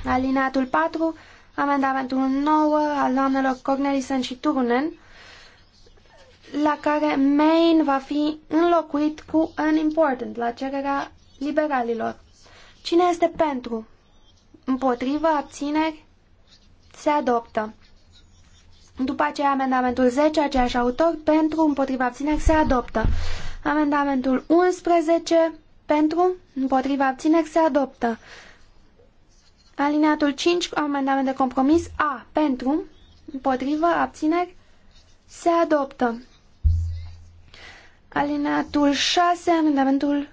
La alineatul 4, amendamentul 9 al doamnelor Cornelisen și Turunen, la care main va fi înlocuit cu unimportant, la cererea liberalilor. Cine este pentru? Împotrivă, abțineri, se adoptă. După aceea, amendamentul 10, aceeași autor, pentru, împotriva abțineri, se adoptă. Amendamentul 11, pentru, împotriva abțineri, se adoptă. Alineatul 5, amendament de compromis, A, pentru, împotriva abțineri, se adoptă. Alineatul 6, amendamentul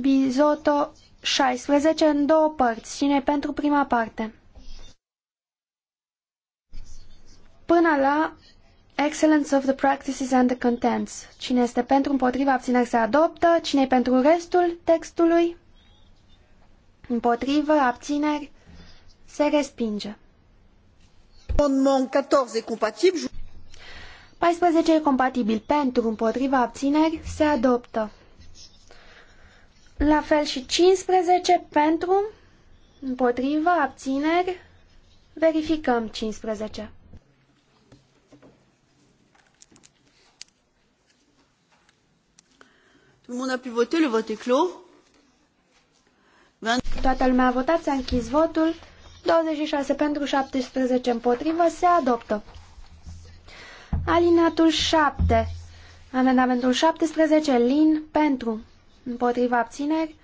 Bizoto 16 în două părți. Cine pentru prima parte? Până la Excellence of the Practices and the Contents. Cine este pentru, împotriva, abțineri se adoptă. Cine e pentru restul textului? Împotrivă, abțineri, se respinge. 14 e compatibil. 14 compatibil pentru, împotriva, abțineri, se adoptă. La fel și 15 pentru, împotrivă, abțineri. Verificăm 15. Toată lumea a votat, s-a închis votul. 26 pentru, 17 împotrivă, se adoptă. Alinatul 7. Amendamentul 17, lin pentru împotriva abțineri,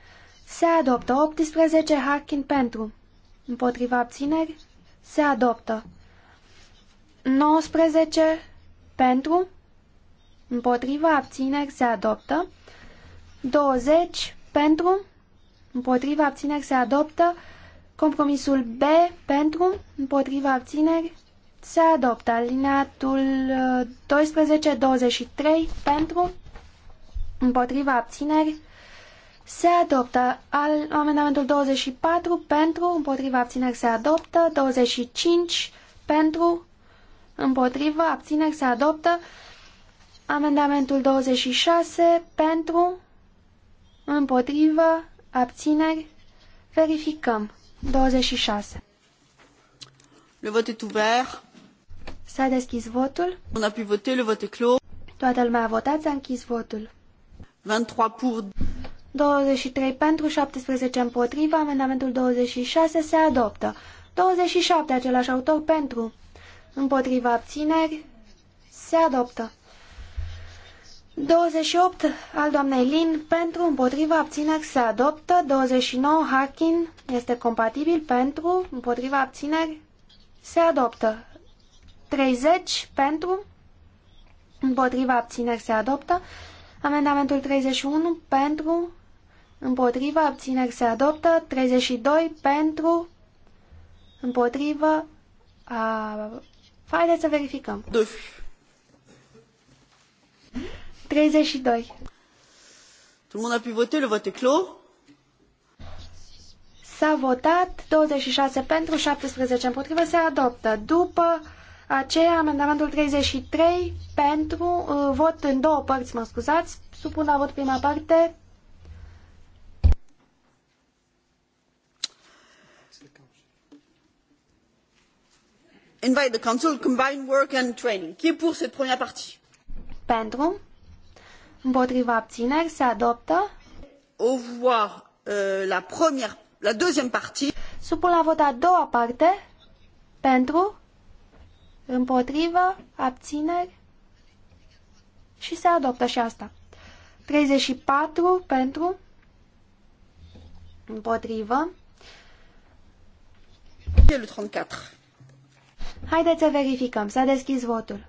se adoptă. 18 Harkin pentru, împotriva abțineri, se adoptă. 19 pentru, împotriva abțineri, se adoptă. 20 pentru, împotriva abțineri, se adoptă. Compromisul B pentru, împotriva abțineri, se adoptă. Alineatul 12-23 uh, pentru, împotriva abțineri, se adoptă al, amendamentul 24 pentru, împotriva abțineri se adoptă, 25 pentru, împotriva abțineri se adoptă, amendamentul 26 pentru, împotriva abțineri, verificăm, 26. Le vote est ouvert. S-a deschis votul. On a pu voter, le vote est clos. Toată lumea a votat, s-a închis votul. 23 pour... 23 pentru, 17 împotriva, amendamentul 26 se adoptă. 27 același autor pentru, împotriva abțineri, se adoptă. 28 al doamnei Lin pentru, împotriva abțineri, se adoptă. 29 Harkin este compatibil pentru, împotriva abțineri, se adoptă. 30 pentru, împotriva abțineri, se adoptă. Amendamentul 31 pentru, împotriva, abțineri se adoptă, 32 pentru, împotrivă, a... haideți să verificăm. 32. Tout le monde a pu voter, le vote est clos. S-a votat, 26 pentru, 17 împotrivă, se adoptă. După aceea, amendamentul 33 pentru, uh, vot în două părți, mă scuzați, supun la vot prima parte, invite the council to combine work and training. Qui est pour cette première partie? Pentru. Împotriva abțineri se adoptă. Au voir euh, la première, la deuxième partie. Supun la vot a doua parte. Pentru. Împotriva Abțineri. Și se adoptă și asta. 34 pentru. Împotrivă. Le 34. Haideți să verificăm. S-a deschis votul.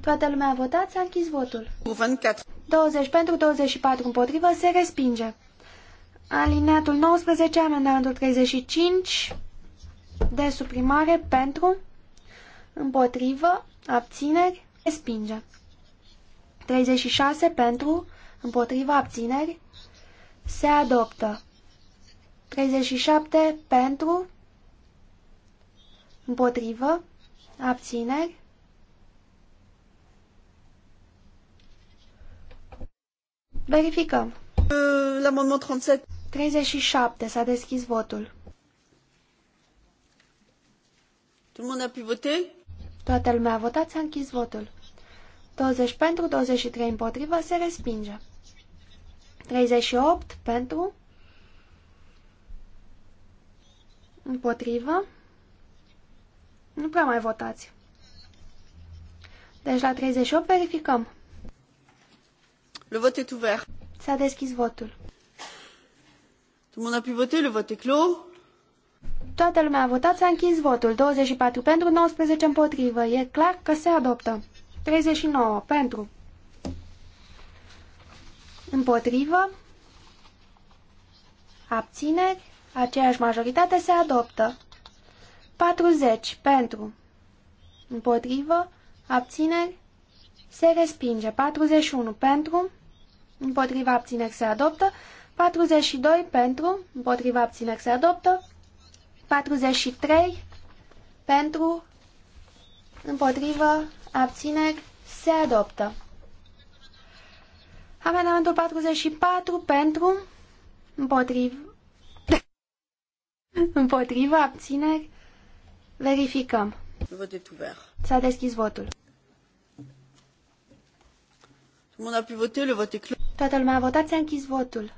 Toată lumea a votat, s-a închis votul. 20 pentru, 24 împotrivă, se respinge. Alineatul 19, amendamentul 35, de suprimare, pentru, împotrivă, abțineri, respinge. 36 pentru, împotriva abțineri, se adoptă. 37 pentru, împotrivă, abțineri. Verificăm. la 37. 37. S-a deschis votul. Tout le monde a pu voter? Toată lumea a votat, s-a închis votul. 20 pentru, 23 împotrivă, se respinge. 38 pentru, Împotrivă. Nu prea mai votați. Deci la 38 verificăm. Le vot est ouvert. S-a deschis votul. Tout le monde a pu voter, le vote est clos. Toată lumea a votat, s-a închis votul. 24 pentru, 19 împotrivă. E clar că se adoptă. 39 pentru. Împotrivă. Abțineri. Aceeași majoritate se adoptă. 40 pentru. Împotrivă. Abțineri. Se respinge. 41 pentru. Împotriva abțineri se adoptă. 42 pentru. Împotriva abțineri se adoptă. 43 pentru. Împotrivă. Abțineri se adoptă. Amendamentul 44 pentru. Împotrivă. Împotriva abțineri? Verificăm. Vot est ouvert. S-a deschis votul. Tout le a pu voter, le vote est clos. Toată lumea a votat, s-a închis votul.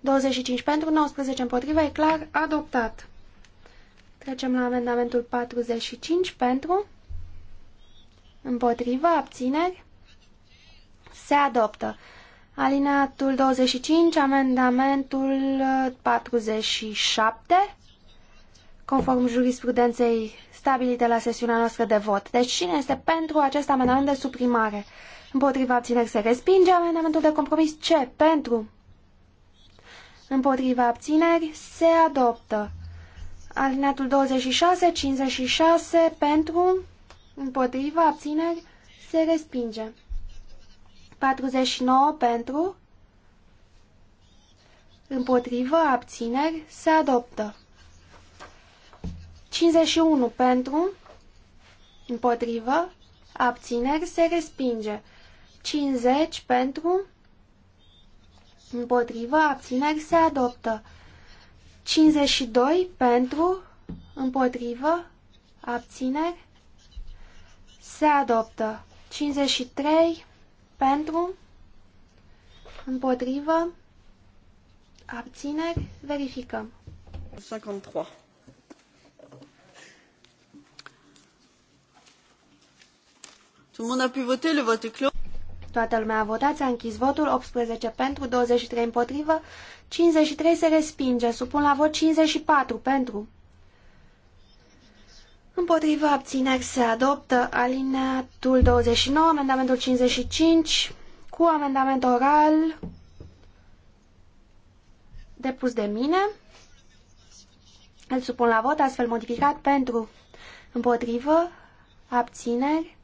25 pentru, 19 împotriva, e clar, adoptat. Trecem la amendamentul 45 pentru, împotriva, abțineri, se adoptă. Alineatul 25, amendamentul 47, uh, conform jurisprudenței stabilite la sesiunea noastră de vot. Deci cine este pentru acest amendament de suprimare? Împotriva abțineri se respinge amendamentul de compromis C. Pentru. Împotriva abțineri se adoptă. Alineatul 26, 56, pentru. Împotriva abțineri se respinge. 49 pentru, împotrivă, abțineri, se adoptă. 51 pentru, împotrivă, abțineri, se respinge. 50 pentru, împotrivă, abțineri, se adoptă. 52 pentru, împotrivă, abțineri, se adoptă. 53 pentru, împotrivă, abțineri, verificăm. 53. Toată lumea a votat, s-a închis votul, 18 pentru, 23 împotrivă, 53 se respinge, supun la vot 54 pentru, Împotrivă abțineri se adoptă alineatul 29, amendamentul 55 cu amendament oral depus de mine. Îl supun la vot astfel modificat pentru împotrivă abțineri.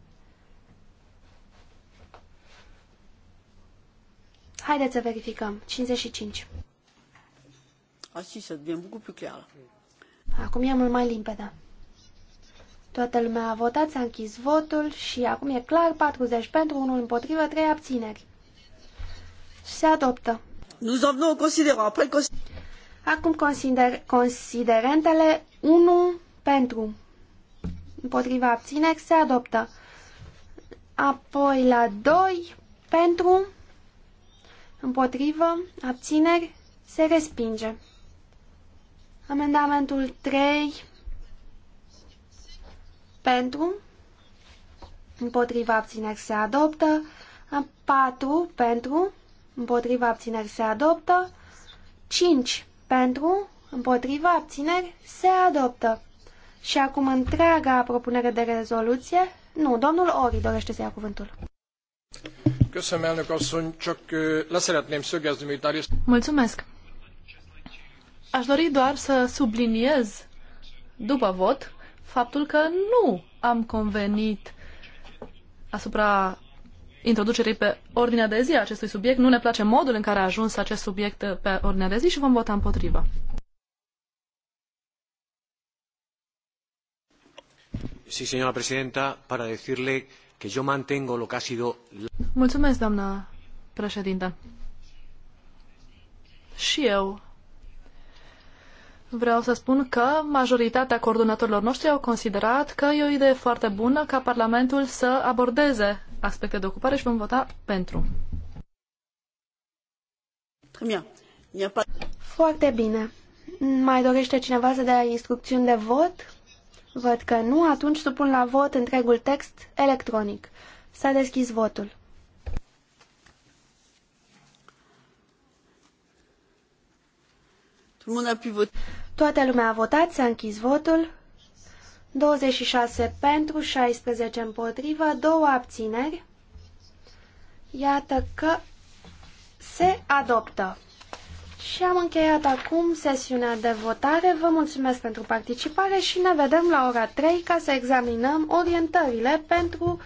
Haideți să verificăm. 55. Asta ah, si, ça devient beaucoup clar. Acum e mult mai limpede. Toată lumea a votat, s-a închis votul și acum e clar 40 pentru, 1 împotrivă, 3 abțineri. Se adoptă. Nous en venons considérant après Acum consider, considerentele 1 pentru. Împotriva abțineri se adoptă. Apoi la 2 pentru. Împotrivă abțineri se respinge. Amendamentul 3 pentru, împotriva abțineri se adoptă, 4 pentru, împotriva abțineri se adoptă, 5 pentru, împotriva abțineri se adoptă. Și acum întreaga propunere de rezoluție. Nu, domnul Ori dorește să ia cuvântul. Mulțumesc. Aș dori doar să subliniez după vot faptul că nu am convenit asupra introducerii pe ordinea de zi a acestui subiect. Nu ne place modul în care a ajuns acest subiect pe ordinea de zi și vom vota împotriva. Sí, señora presidenta, para decirle que yo mantengo lo que ha sido... Mulțumesc, doamna președintă. Și eu Vreau să spun că majoritatea coordonatorilor noștri au considerat că e o idee foarte bună ca Parlamentul să abordeze aspecte de ocupare și vom vota pentru. Foarte bine. Mai dorește cineva să dea instrucțiuni de vot? Văd că nu, atunci supun la vot întregul text electronic. S-a deschis votul. Tout le monde a pu voter. Toată lumea a votat, s-a închis votul. 26 pentru, 16 împotrivă, două abțineri. Iată că se adoptă. Și am încheiat acum sesiunea de votare. Vă mulțumesc pentru participare și ne vedem la ora 3 ca să examinăm orientările pentru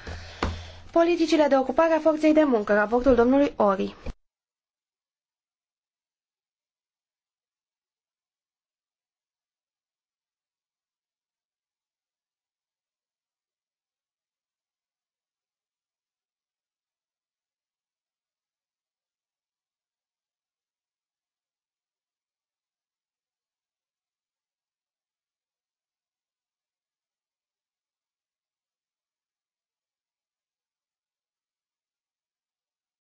politicile de ocupare a forței de muncă, raportul domnului Ori.